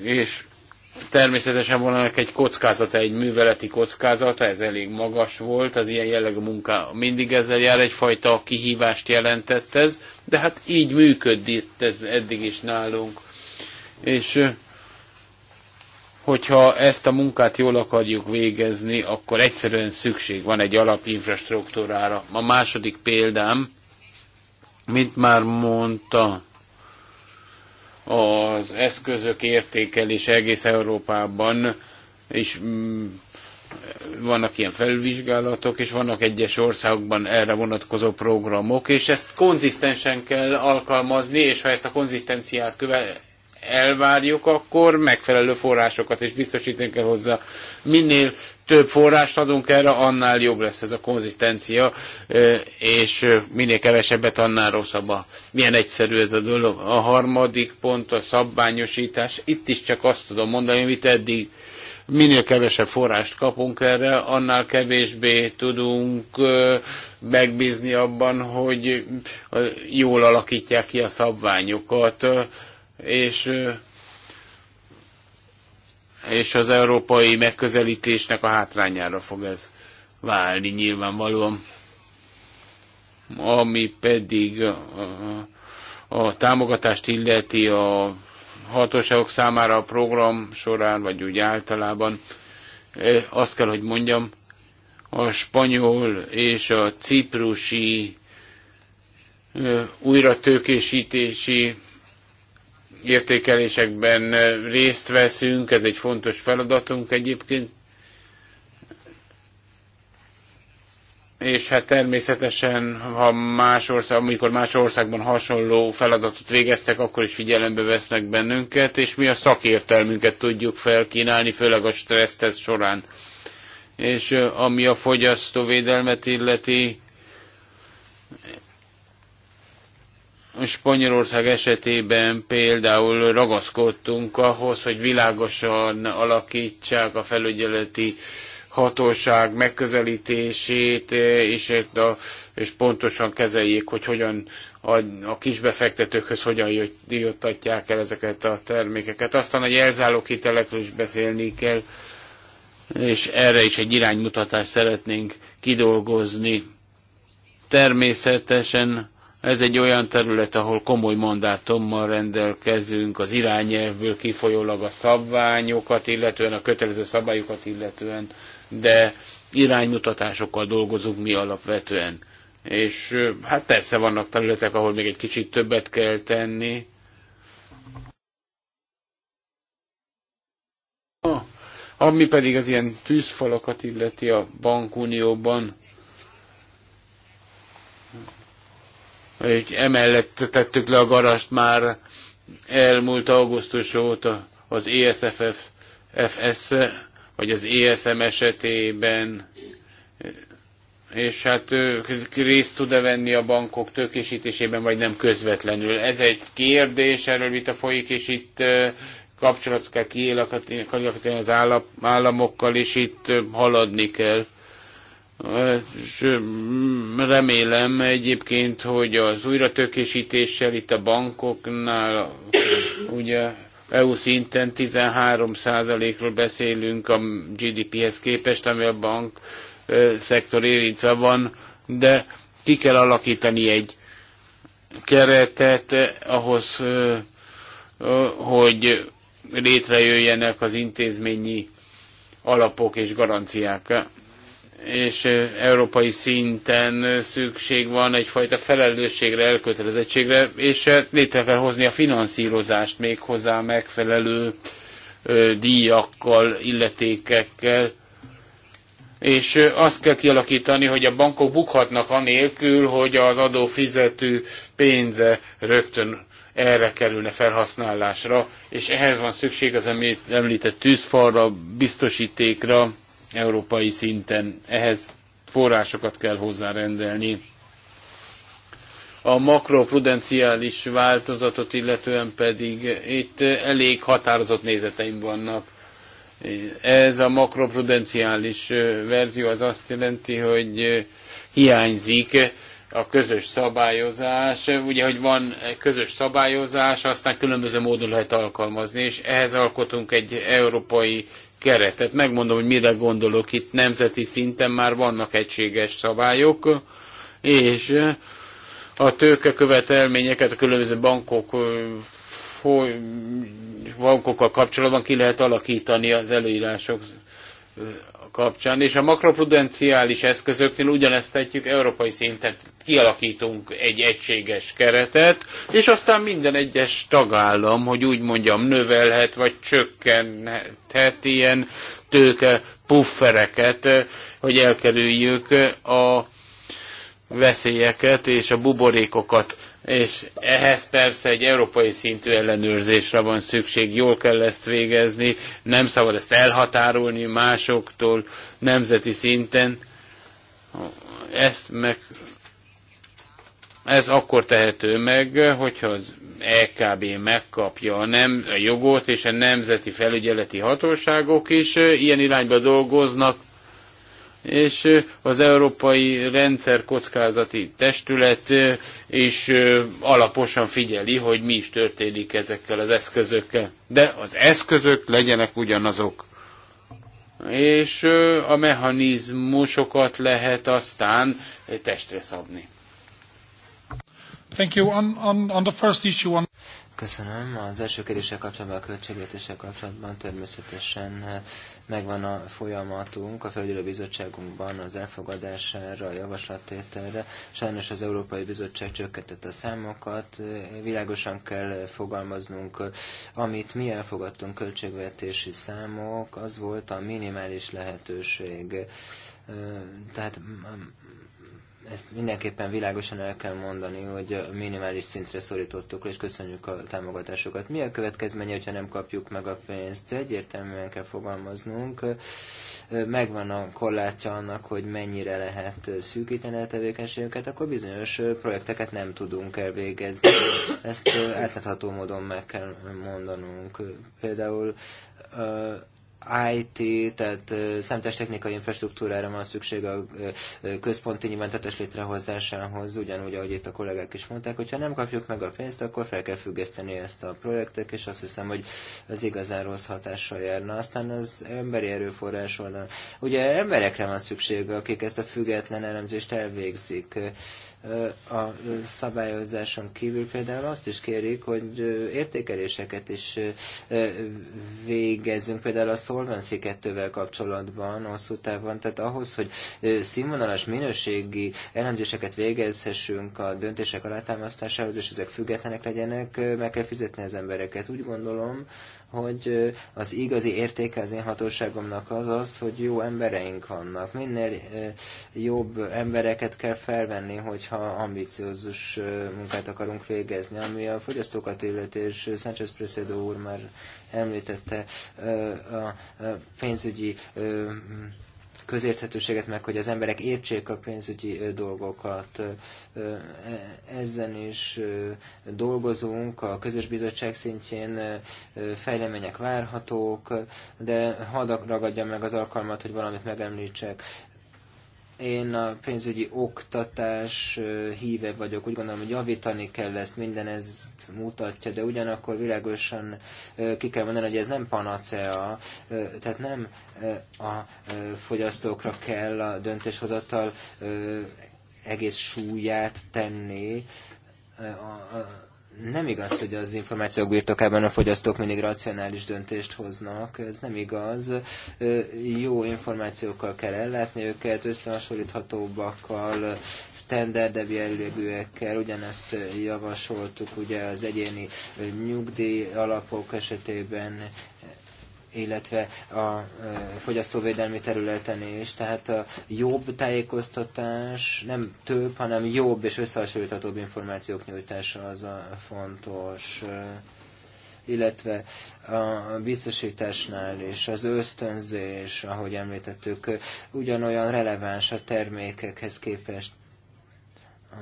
És Természetesen van ennek egy kockázata, egy műveleti kockázata, ez elég magas volt, az ilyen jellegű munka mindig ezzel jár, egyfajta kihívást jelentett ez, de hát így működött ez eddig is nálunk. És hogyha ezt a munkát jól akarjuk végezni, akkor egyszerűen szükség van egy alapinfrastruktúrára. A második példám, mint már mondta, az eszközök értékelése egész Európában is mm, vannak ilyen felvizsgálatok, és vannak egyes országokban erre vonatkozó programok, és ezt konzisztensen kell alkalmazni, és ha ezt a konzisztenciát köve, elvárjuk, akkor megfelelő forrásokat is biztosítunk kell hozzá. Minél több forrást adunk erre, annál jobb lesz ez a konzisztencia, és minél kevesebbet, annál rosszabb. A, milyen egyszerű ez a dolog. A harmadik pont a szabványosítás. Itt is csak azt tudom mondani, amit eddig minél kevesebb forrást kapunk erre, annál kevésbé tudunk megbízni abban, hogy jól alakítják ki a szabványokat és és az európai megközelítésnek a hátrányára fog ez válni nyilvánvalóan. Ami pedig a, a, támogatást illeti a hatóságok számára a program során, vagy úgy általában, azt kell, hogy mondjam, a spanyol és a ciprusi újratőkésítési értékelésekben részt veszünk, ez egy fontos feladatunk egyébként. És hát természetesen, ha más ország, amikor más országban hasonló feladatot végeztek, akkor is figyelembe vesznek bennünket, és mi a szakértelmünket tudjuk felkínálni, főleg a stressztesz során. És ami a fogyasztóvédelmet illeti, Spanyolország esetében például ragaszkodtunk ahhoz, hogy világosan alakítsák a felügyeleti hatóság megközelítését, és, a, és pontosan kezeljék, hogy hogyan a, a kisbefektetőkhöz hogyan jöttatják el ezeket a termékeket. Aztán a hitelekről is beszélni kell, és erre is egy iránymutatást szeretnénk kidolgozni. Természetesen ez egy olyan terület, ahol komoly mandátummal rendelkezünk, az irányelvből kifolyólag a szabványokat, illetően a kötelező szabályokat, illetően, de iránymutatásokkal dolgozunk mi alapvetően. És hát persze vannak területek, ahol még egy kicsit többet kell tenni. Ami pedig az ilyen tűzfalakat illeti a bankunióban, hogy emellett tettük le a garast már elmúlt augusztus óta az ESFF FS, vagy az ESM esetében, és hát ők részt tud-e venni a bankok tökésítésében vagy nem közvetlenül. Ez egy kérdés, erről vita folyik, és itt kapcsolatokat kell kiélakítani az államokkal, és itt haladni kell. És remélem egyébként, hogy az újratökésítéssel itt a bankoknál ugye EU szinten 13%-ról beszélünk a GDP-hez képest, ami a bank szektor érintve van, de ki kell alakítani egy keretet eh, ahhoz, hogy létrejöjjenek az intézményi alapok és garanciák és európai szinten szükség van egyfajta felelősségre, elkötelezettségre, és létre kell hozni a finanszírozást még hozzá megfelelő díjakkal, illetékekkel, és azt kell kialakítani, hogy a bankok bukhatnak anélkül, hogy az adófizető pénze rögtön erre kerülne felhasználásra, és ehhez van szükség az említett tűzfalra, biztosítékra, európai szinten. Ehhez forrásokat kell hozzárendelni. A makroprudenciális változatot illetően pedig itt elég határozott nézeteim vannak. Ez a makroprudenciális verzió az azt jelenti, hogy hiányzik a közös szabályozás. Ugye, hogy van közös szabályozás, aztán különböző módon lehet alkalmazni, és ehhez alkotunk egy európai keretet. Megmondom, hogy mire gondolok itt. Nemzeti szinten már vannak egységes szabályok, és a követelményeket a különböző bankok bankokkal kapcsolatban ki lehet alakítani az előírások kapcsán, és a makroprudenciális eszközöknél ugyanezt tetjük európai szinten, kialakítunk egy egységes keretet, és aztán minden egyes tagállam, hogy úgy mondjam, növelhet vagy csökkenhet ilyen tőke puffereket, hogy elkerüljük a veszélyeket és a buborékokat és ehhez persze egy európai szintű ellenőrzésre van szükség, jól kell ezt végezni, nem szabad ezt elhatárolni másoktól nemzeti szinten. Ezt meg ez akkor tehető meg, hogyha az EKB megkapja a, nem, a jogot, és a nemzeti felügyeleti hatóságok is ilyen irányba dolgoznak, és az Európai Rendszer Kockázati Testület is alaposan figyeli, hogy mi is történik ezekkel az eszközökkel. De az eszközök legyenek ugyanazok. És a mechanizmusokat lehet aztán testre szabni. Thank you. On, on, on the first issue on... Köszönöm. Az első kérdéssel kapcsolatban, a költségvetéssel kapcsolatban természetesen eh, megvan a folyamatunk a bizottságunkban az elfogadására, a javaslattételre. Sajnos az Európai Bizottság csökkentette a számokat. Eh, világosan kell fogalmaznunk, amit mi elfogadtunk költségvetési számok, az volt a minimális lehetőség. Eh, tehát mm, ezt mindenképpen világosan el kell mondani, hogy minimális szintre szorítottuk, és köszönjük a támogatásokat. Mi a következménye, hogyha nem kapjuk meg a pénzt? Egyértelműen kell fogalmaznunk. Megvan a korlátja annak, hogy mennyire lehet szűkíteni a tevékenységünket, akkor bizonyos projekteket nem tudunk elvégezni. Ezt átlátható módon meg kell mondanunk. Például IT, tehát technikai infrastruktúrára van szükség a központi nyilvántartás létrehozásához, ugyanúgy, ahogy itt a kollégák is mondták, hogyha nem kapjuk meg a pénzt, akkor fel kell függeszteni ezt a projektet, és azt hiszem, hogy az igazán rossz hatással járna. Aztán az emberi erőforrás oldal. Ugye emberekre van szükség, akik ezt a független elemzést elvégzik a szabályozáson kívül például azt is kérik, hogy értékeléseket is végezzünk, például a Solvency 2 kapcsolatban, hosszú távon, tehát ahhoz, hogy színvonalas minőségi elemzéseket végezhessünk a döntések alátámasztásához, és ezek függetlenek legyenek, meg kell fizetni az embereket. Úgy gondolom, hogy az igazi értéke az én hatóságomnak az az, hogy jó embereink vannak. Minél jobb embereket kell felvenni, hogyha ambiciózus munkát akarunk végezni, ami a fogyasztókat illeti, és Sánchez Presedo úr már említette a pénzügyi közérthetőséget, meg hogy az emberek értsék a pénzügyi dolgokat. E, ezen is dolgozunk a közös bizottság szintjén, fejlemények várhatók, de hadd ragadjam meg az alkalmat, hogy valamit megemlítsek. Én a pénzügyi oktatás híve vagyok, úgy gondolom, hogy javítani kell ezt, minden ezt mutatja, de ugyanakkor világosan ki kell mondani, hogy ez nem panacea, tehát nem a fogyasztókra kell a döntéshozatal egész súlyát tenni, nem igaz, hogy az információk birtokában a fogyasztók mindig racionális döntést hoznak, ez nem igaz. Jó információkkal kell ellátni őket, összehasonlíthatóbbakkal, standardebb jellegűekkel, ugyanezt javasoltuk ugye az egyéni nyugdíj alapok esetében, illetve a fogyasztóvédelmi területen is. Tehát a jobb tájékoztatás, nem több, hanem jobb és összehasonlíthatóbb információk nyújtása az a fontos illetve a biztosításnál és az ösztönzés, ahogy említettük, ugyanolyan releváns a termékekhez képest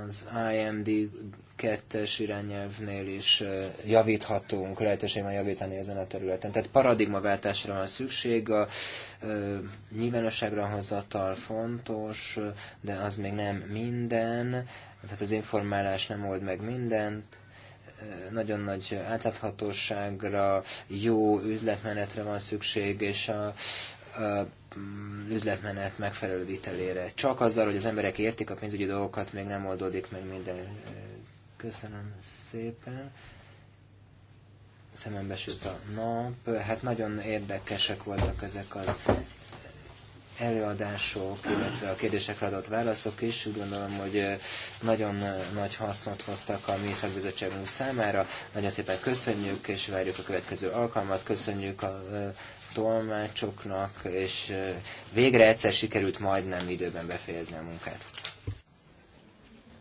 az IMD kettes irányelvnél is javíthatunk, lehetőség van javítani ezen a területen. Tehát paradigmaváltásra van szükség, a nyilvánosságra hozatal fontos, de az még nem minden, tehát az informálás nem old meg mindent, nagyon nagy átláthatóságra, jó üzletmenetre van szükség, és a, a mm, üzletmenet megfelelő vitelére. Csak azzal, hogy az emberek értik a pénzügyi dolgokat, még nem oldódik meg minden Köszönöm szépen. Szemembe süt a nap. Hát nagyon érdekesek voltak ezek az előadások, illetve a kérdésekre adott válaszok is. Úgy gondolom, hogy nagyon nagy hasznot hoztak a mi szakbizottságunk számára. Nagyon szépen köszönjük, és várjuk a következő alkalmat. Köszönjük a tolmácsoknak, és végre egyszer sikerült majdnem időben befejezni a munkát.